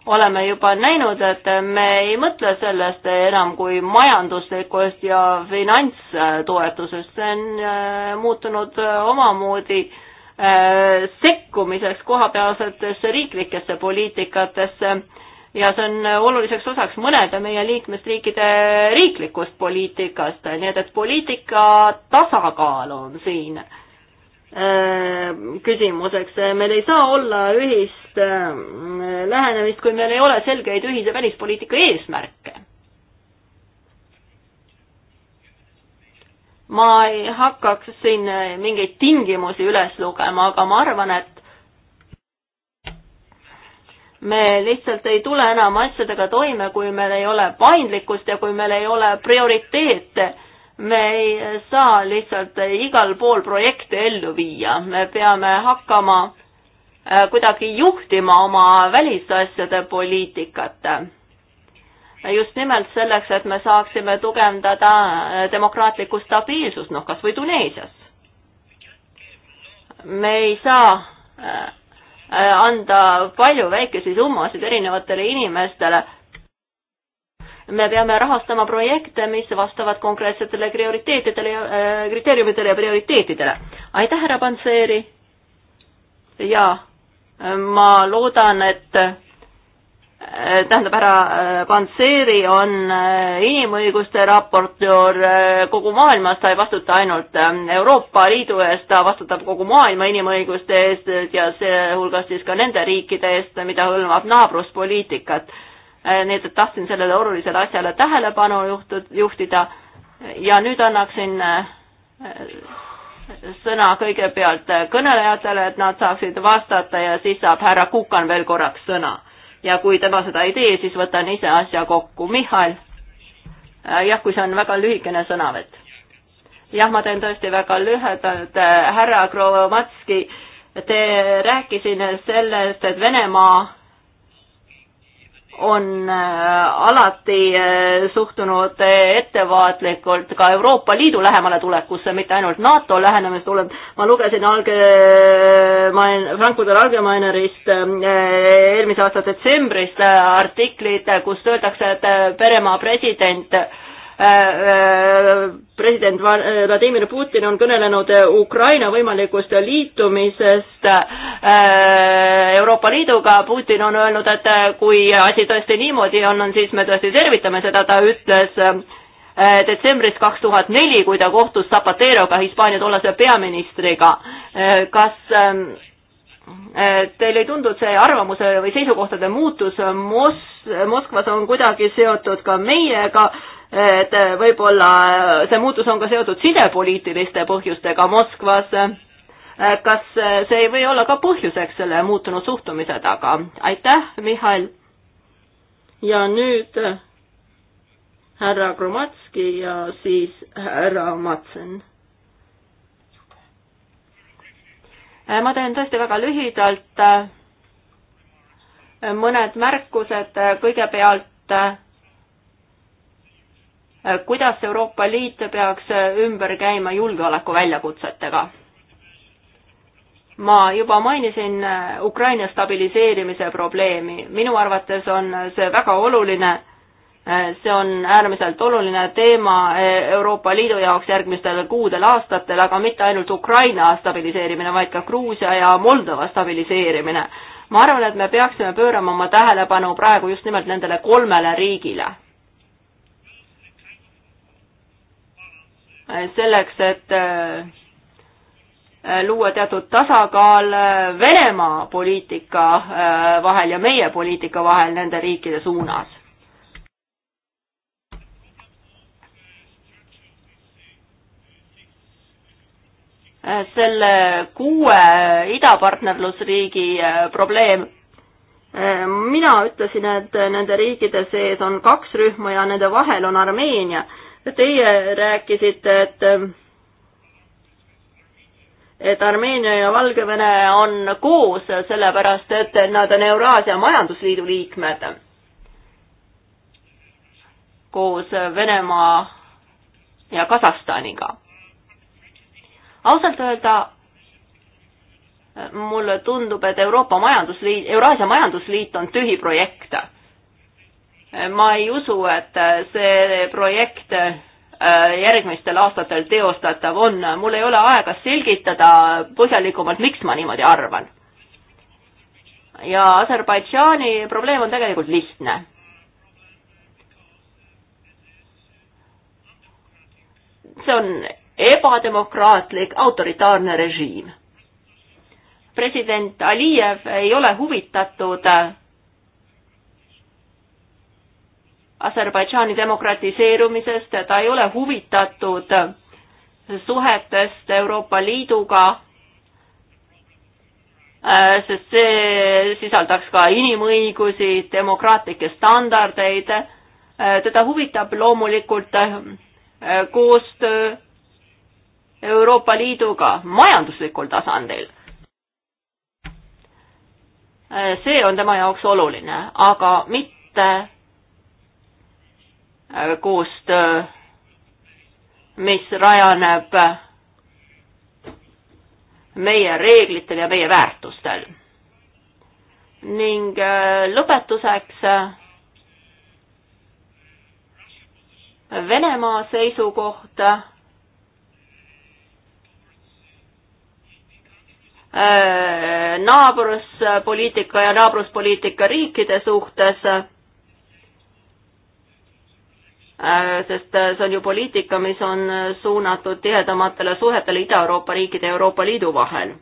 oleme juba näinud, et me ei mõtle sellest enam kui majanduslikust ja finantstoetusest, see on muutunud omamoodi äh, Äh, sekkumiseks kohapealsetesse riiklikesse poliitikatesse ja see on oluliseks osaks mõnede meie liikmesriikide riiklikust poliitikast, nii et, et poliitika tasakaal on siin äh, küsimuseks, meil ei saa olla ühist äh, lähenemist, kui meil ei ole selgeid ühise välispoliitika eesmärke. ma ei hakkaks siin mingeid tingimusi üles lugema, aga ma arvan, et me lihtsalt ei tule enam asjadega toime, kui meil ei ole paindlikkust ja kui meil ei ole prioriteete. me ei saa lihtsalt igal pool projekte ellu viia, me peame hakkama äh, kuidagi juhtima oma välisasjade poliitikat just nimelt selleks, et me saaksime tugevdada äh, demokraatlikku stabiilsust, noh kas või Tuneesias. me ei saa äh, äh, anda palju väikesi summasid erinevatele inimestele. me peame rahastama projekte, mis vastavad konkreetsetele prioriteetidele ja kriteeriumidele ja prioriteetidele. aitäh, härra Panseeri! ja ma loodan, et Äh, tähendab, härra äh, Panseri on äh, inimõiguste raportöör kogu maailmas, ta ei vastuta ainult ähm, Euroopa Liidu eest, ta vastutab kogu maailma inimõiguste eest ja seehulgas siis ka nende riikide eest, mida hõlmab naabruspoliitikat. nii et tahtsin sellele olulisele asjale tähelepanu juhtud, juhtida ja nüüd annaksin sõna kõigepealt kõnelejatele, et nad saaksid vastata ja siis saab härra Kukan veel korraks sõna ja kui tema seda ei tee, siis võtan ise asja kokku. Mihhail, äh, jah, kui see on väga lühikene sõnavõtt. jah, ma teen tõesti väga lühedalt, äh, härra Krovatski, te rääkisite sellest, et Venemaa on äh, alati äh, suhtunud äh, ettevaatlikult ka Euroopa Liidu lähemale tulekusse, mitte ainult NATO lähenemist olen, ma lugesin Alge-, Frankfurter Allgemeinerist eelmise aasta detsembrist artiklit, kus öeldakse, et Venemaa president Äh, äh, president äh, Vladimir Putin on kõnelenud Ukraina võimalikust liitumisest Euroopa Liiduga. Putin on öelnud, et kui asi tõesti niimoodi on, siis me tõesti tervitame seda, ta ütles detsembris kaks tuhat neli, kui ta kohtus Zapateroga, Hispaania tollase peaministriga. kas ähm, Äh, Teile ei tundu, et see arvamuse või seisukohtade muutus Mos-, Moskvas on kuidagi seotud ka meiega, et äh, võib-olla äh, see muutus on ka seotud sidepoliitiliste põhjustega Moskvas. kas see ei või olla ka põhjuseks selle muutunud suhtumise taga? aitäh, Mihhail. ja nüüd härra Gromatski ja siis härra Matsen Äh, ma teen tõesti väga lühidalt äh, mõned märkused äh, kõigepealt, kuidas Euroopa Liit peaks ümber käima julgeoleku väljakutsetega. ma juba mainisin Ukraina stabiliseerimise probleemi, minu arvates on see väga oluline Äh, see on äärmiselt oluline teema äh, Euroopa Liidu jaoks järgmistel kuudel-aastatel, aga mitte ainult Ukraina stabiliseerimine, vaid ka Gruusia ja Moldova stabiliseerimine. ma arvan, et me peaksime pöörama oma tähelepanu praegu just nimelt nendele kolmele riigile. Äh, selleks, et luua teatud tasakaal Venemaa poliitika vahel ja meie poliitika vahel nende riikide suunas selle kuue idapartnerlusriigi äh, probleem. Äh, mina ütlesin, et nende riikide sees on kaks rühma ja nende vahel on Armeenia. Teie rääkisite, et et Armeenia ja Valgevene on koos, sellepärast et nad on Euraasia Majandusliidu liikmed koos Venemaa ja Kasahstaniga ausalt öelda mulle tundub, et Euroopa Majandusliit, Euraasia Majandusliit on tühi projekt. ma ei usu, et see projekt äh, järgmistel aastatel teostatav on, mul ei ole aega selgitada põhjalikumalt, miks ma niimoodi arvan. ja Aserbaidžaani probleem on tegelikult lihtne see on ebademokraatlik autoritaarne režiim. president Alijev ei ole huvitatud äh, Aserbaidžaani demokratiseerumisest, ta ei ole huvitatud äh, suhetest Euroopa Liiduga, äh, sest see sisaldaks ka inimõigusi, demokraatlikke standardeid, teda huvitab loomulikult koostöö Euroopa Liiduga majanduslikul tasandil. see on tema jaoks oluline, aga mitte äh, koostöö, äh, mis rajaneb meie reeglitel ja meie väärtustel. ning äh, lõpetuseks Venemaa seisukoht Äh, naabruspoliitika ja naabruspoliitika riikide suhtes, äh, sest äh, see on ju poliitika, mis on suunatud tihedamatele suhetele Ida-Euroopa riikide ja Euroopa Liidu vahel.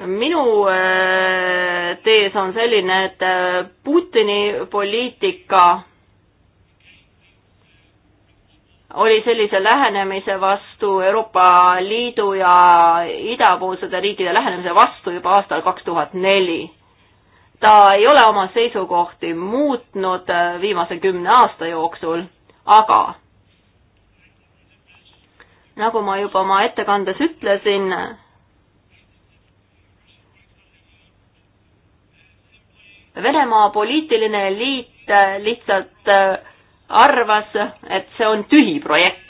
minu tees on selline, et Putini poliitika oli sellise lähenemise vastu, Euroopa Liidu ja idapoolsete riikide lähenemise vastu juba aastal kaks tuhat neli. ta ei ole oma seisukohti muutnud äh, viimase kümne aasta jooksul, aga nagu ma juba oma ettekandes ütlesin, Venemaa poliitiline eliit äh, lihtsalt äh, arvas, et see on tühi projekt.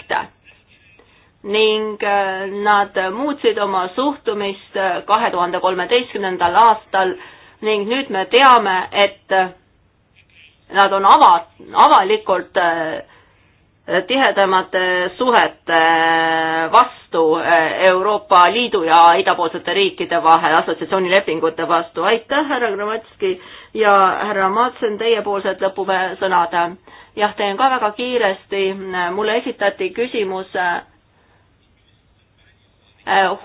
ning äh, nad muutsid oma suhtumist äh, kahe tuhande kolmeteistkümnendal aastal ning nüüd me teame, et äh, nad on ava, avalikult tihedamate suhete vastu Euroopa Liidu ja idapoolsete riikide vahel assotsiatsioonilepingute vastu. aitäh, härra Gravatski ja härra Madsen, teiepoolsed lõpusõnad jah, teen ka väga kiiresti, mulle esitati küsimus äh,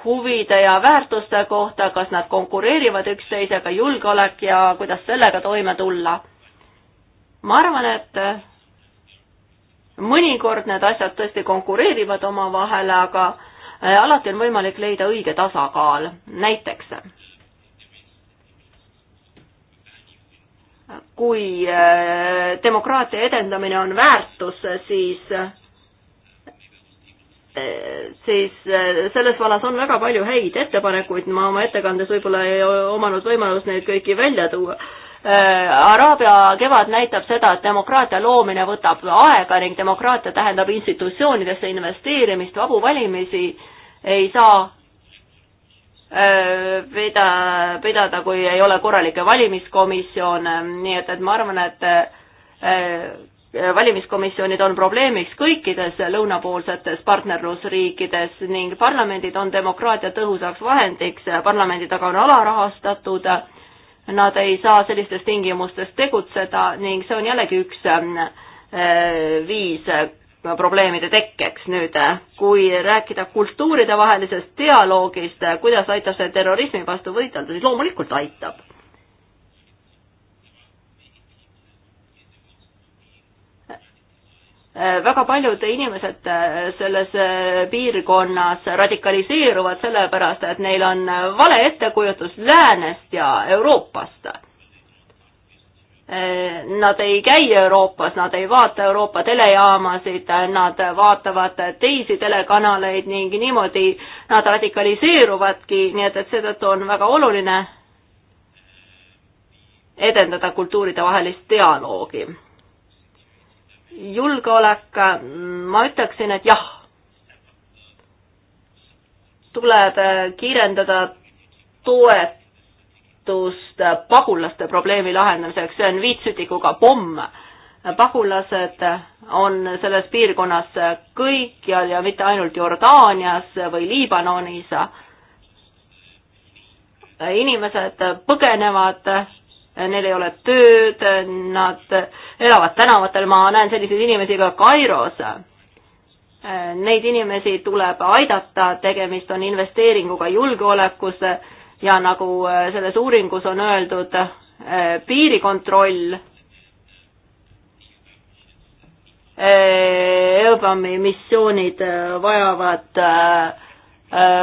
huvide ja väärtuste kohta, kas nad konkureerivad üksteisega, julgeolek ja kuidas sellega toime tulla. ma arvan, et äh, mõnikord need asjad tõesti konkureerivad omavahel, aga äh, alati on võimalik leida õige tasakaal, näiteks kui äh, demokraatia edendamine on väärtus, siis, äh, siis äh, selles vallas on väga palju häid ettepanekuid, ma oma ettekandes võib-olla ei omanud võimalust neid kõiki välja tuua. Araabia kevad näitab seda, et demokraatia loomine võtab aega ning demokraatia tähendab institutsioonidesse investeerimist, vabu valimisi ei saa pida, pidada, kui ei ole korralikke valimiskomisjone, nii et, et ma arvan, et valimiskomisjonid on probleemiks kõikides lõunapoolsetes partnerlusriikides ning parlamendid on demokraatia tõhusaks vahendiks, parlamendid aga on alarahastatud, nad ei saa sellistes tingimustes tegutseda ning see on jällegi üks viis probleemide tekkeks. nüüd, äh, kui rääkida kultuuridevahelisest dialoogist, äh, kuidas aitab see terrorismi vastu võidelda, siis loomulikult aitab. Äh, väga paljud inimesed selles piirkonnas radikaliseeruvad sellepärast, et neil on vale ettekujutus läänest ja Euroopast Nad ei käi Euroopas, nad ei vaata Euroopa telejaamasid, nad vaatavad teisi telekanaleid ning niimoodi nad radikaliseeruvadki, nii et, et seetõttu on väga oluline edendada kultuuridevahelist dialoogi. julgeolek, ma ütleksin, et jah, tuleb kiirendada toet toetust pagulaste probleemi lahendamiseks, see on viitsütikuga pomm. pagulased on selles piirkonnas kõikjal ja mitte ainult Jordaanias või Liibanonis. inimesed põgenevad, neil ei ole tööd, nad elavad tänavatel, ma näen selliseid inimesi ka Kairos neid inimesi tuleb aidata, tegemist on investeeringuga julgeolekusse ja nagu äh, selles uuringus on öeldud, äh, piirikontroll äh, EUBAM-i missioonid vajavad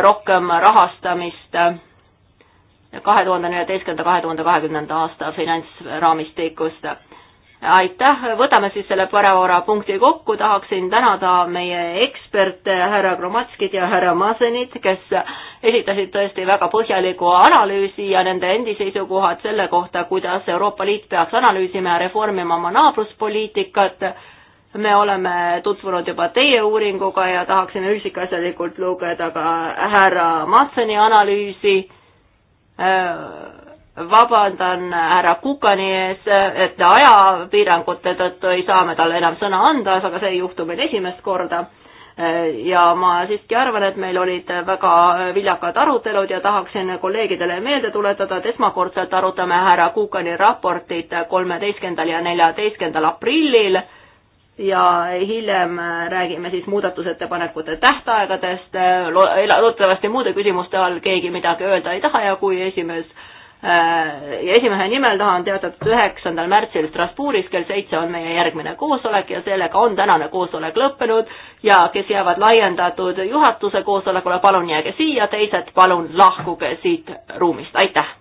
rohkem rahastamist kahe tuhande neljateistkümnenda, kahe tuhande kahekümnenda aasta finantsraamistikust aitäh, võtame siis selle päevakorrapunkti kokku, tahaksin tänada meie eksperte härra Gromatskid ja härra Masenit, kes esitasid tõesti väga põhjaliku analüüsi ja nende endi seisukohad selle kohta, kuidas Euroopa Liit peaks analüüsima ja reformima oma naabruspoliitikat. me oleme tutvunud juba teie uuringuga ja tahaksime üksikasjalikult lugeda ka härra Maseni analüüsi äh, vabandan härra Kukani ees, et ajapiirangute tõttu ei saa me talle enam sõna anda, aga see ei juhtu meil esimest korda. ja ma siiski arvan, et meil olid väga viljakad arutelud ja tahaksin kolleegidele meelde tuletada, et esmakordselt arutame härra Kukani raportit kolmeteistkümnendal ja neljateistkümnendal aprillil ja hiljem räägime siis muudatusettepanekute tähtaegadest, loodetavasti muude küsimuste all keegi midagi öelda ei taha ja kui esimees Äh, ja esimehe nimel tahan teatada, et üheksandal märtsil Strasbourgis kell seitse on meie järgmine koosolek ja sellega on tänane koosolek lõppenud ja kes jäävad laiendatud juhatuse koosolekule, palun jääge siia, teised palun lahkuge siit ruumist, aitäh!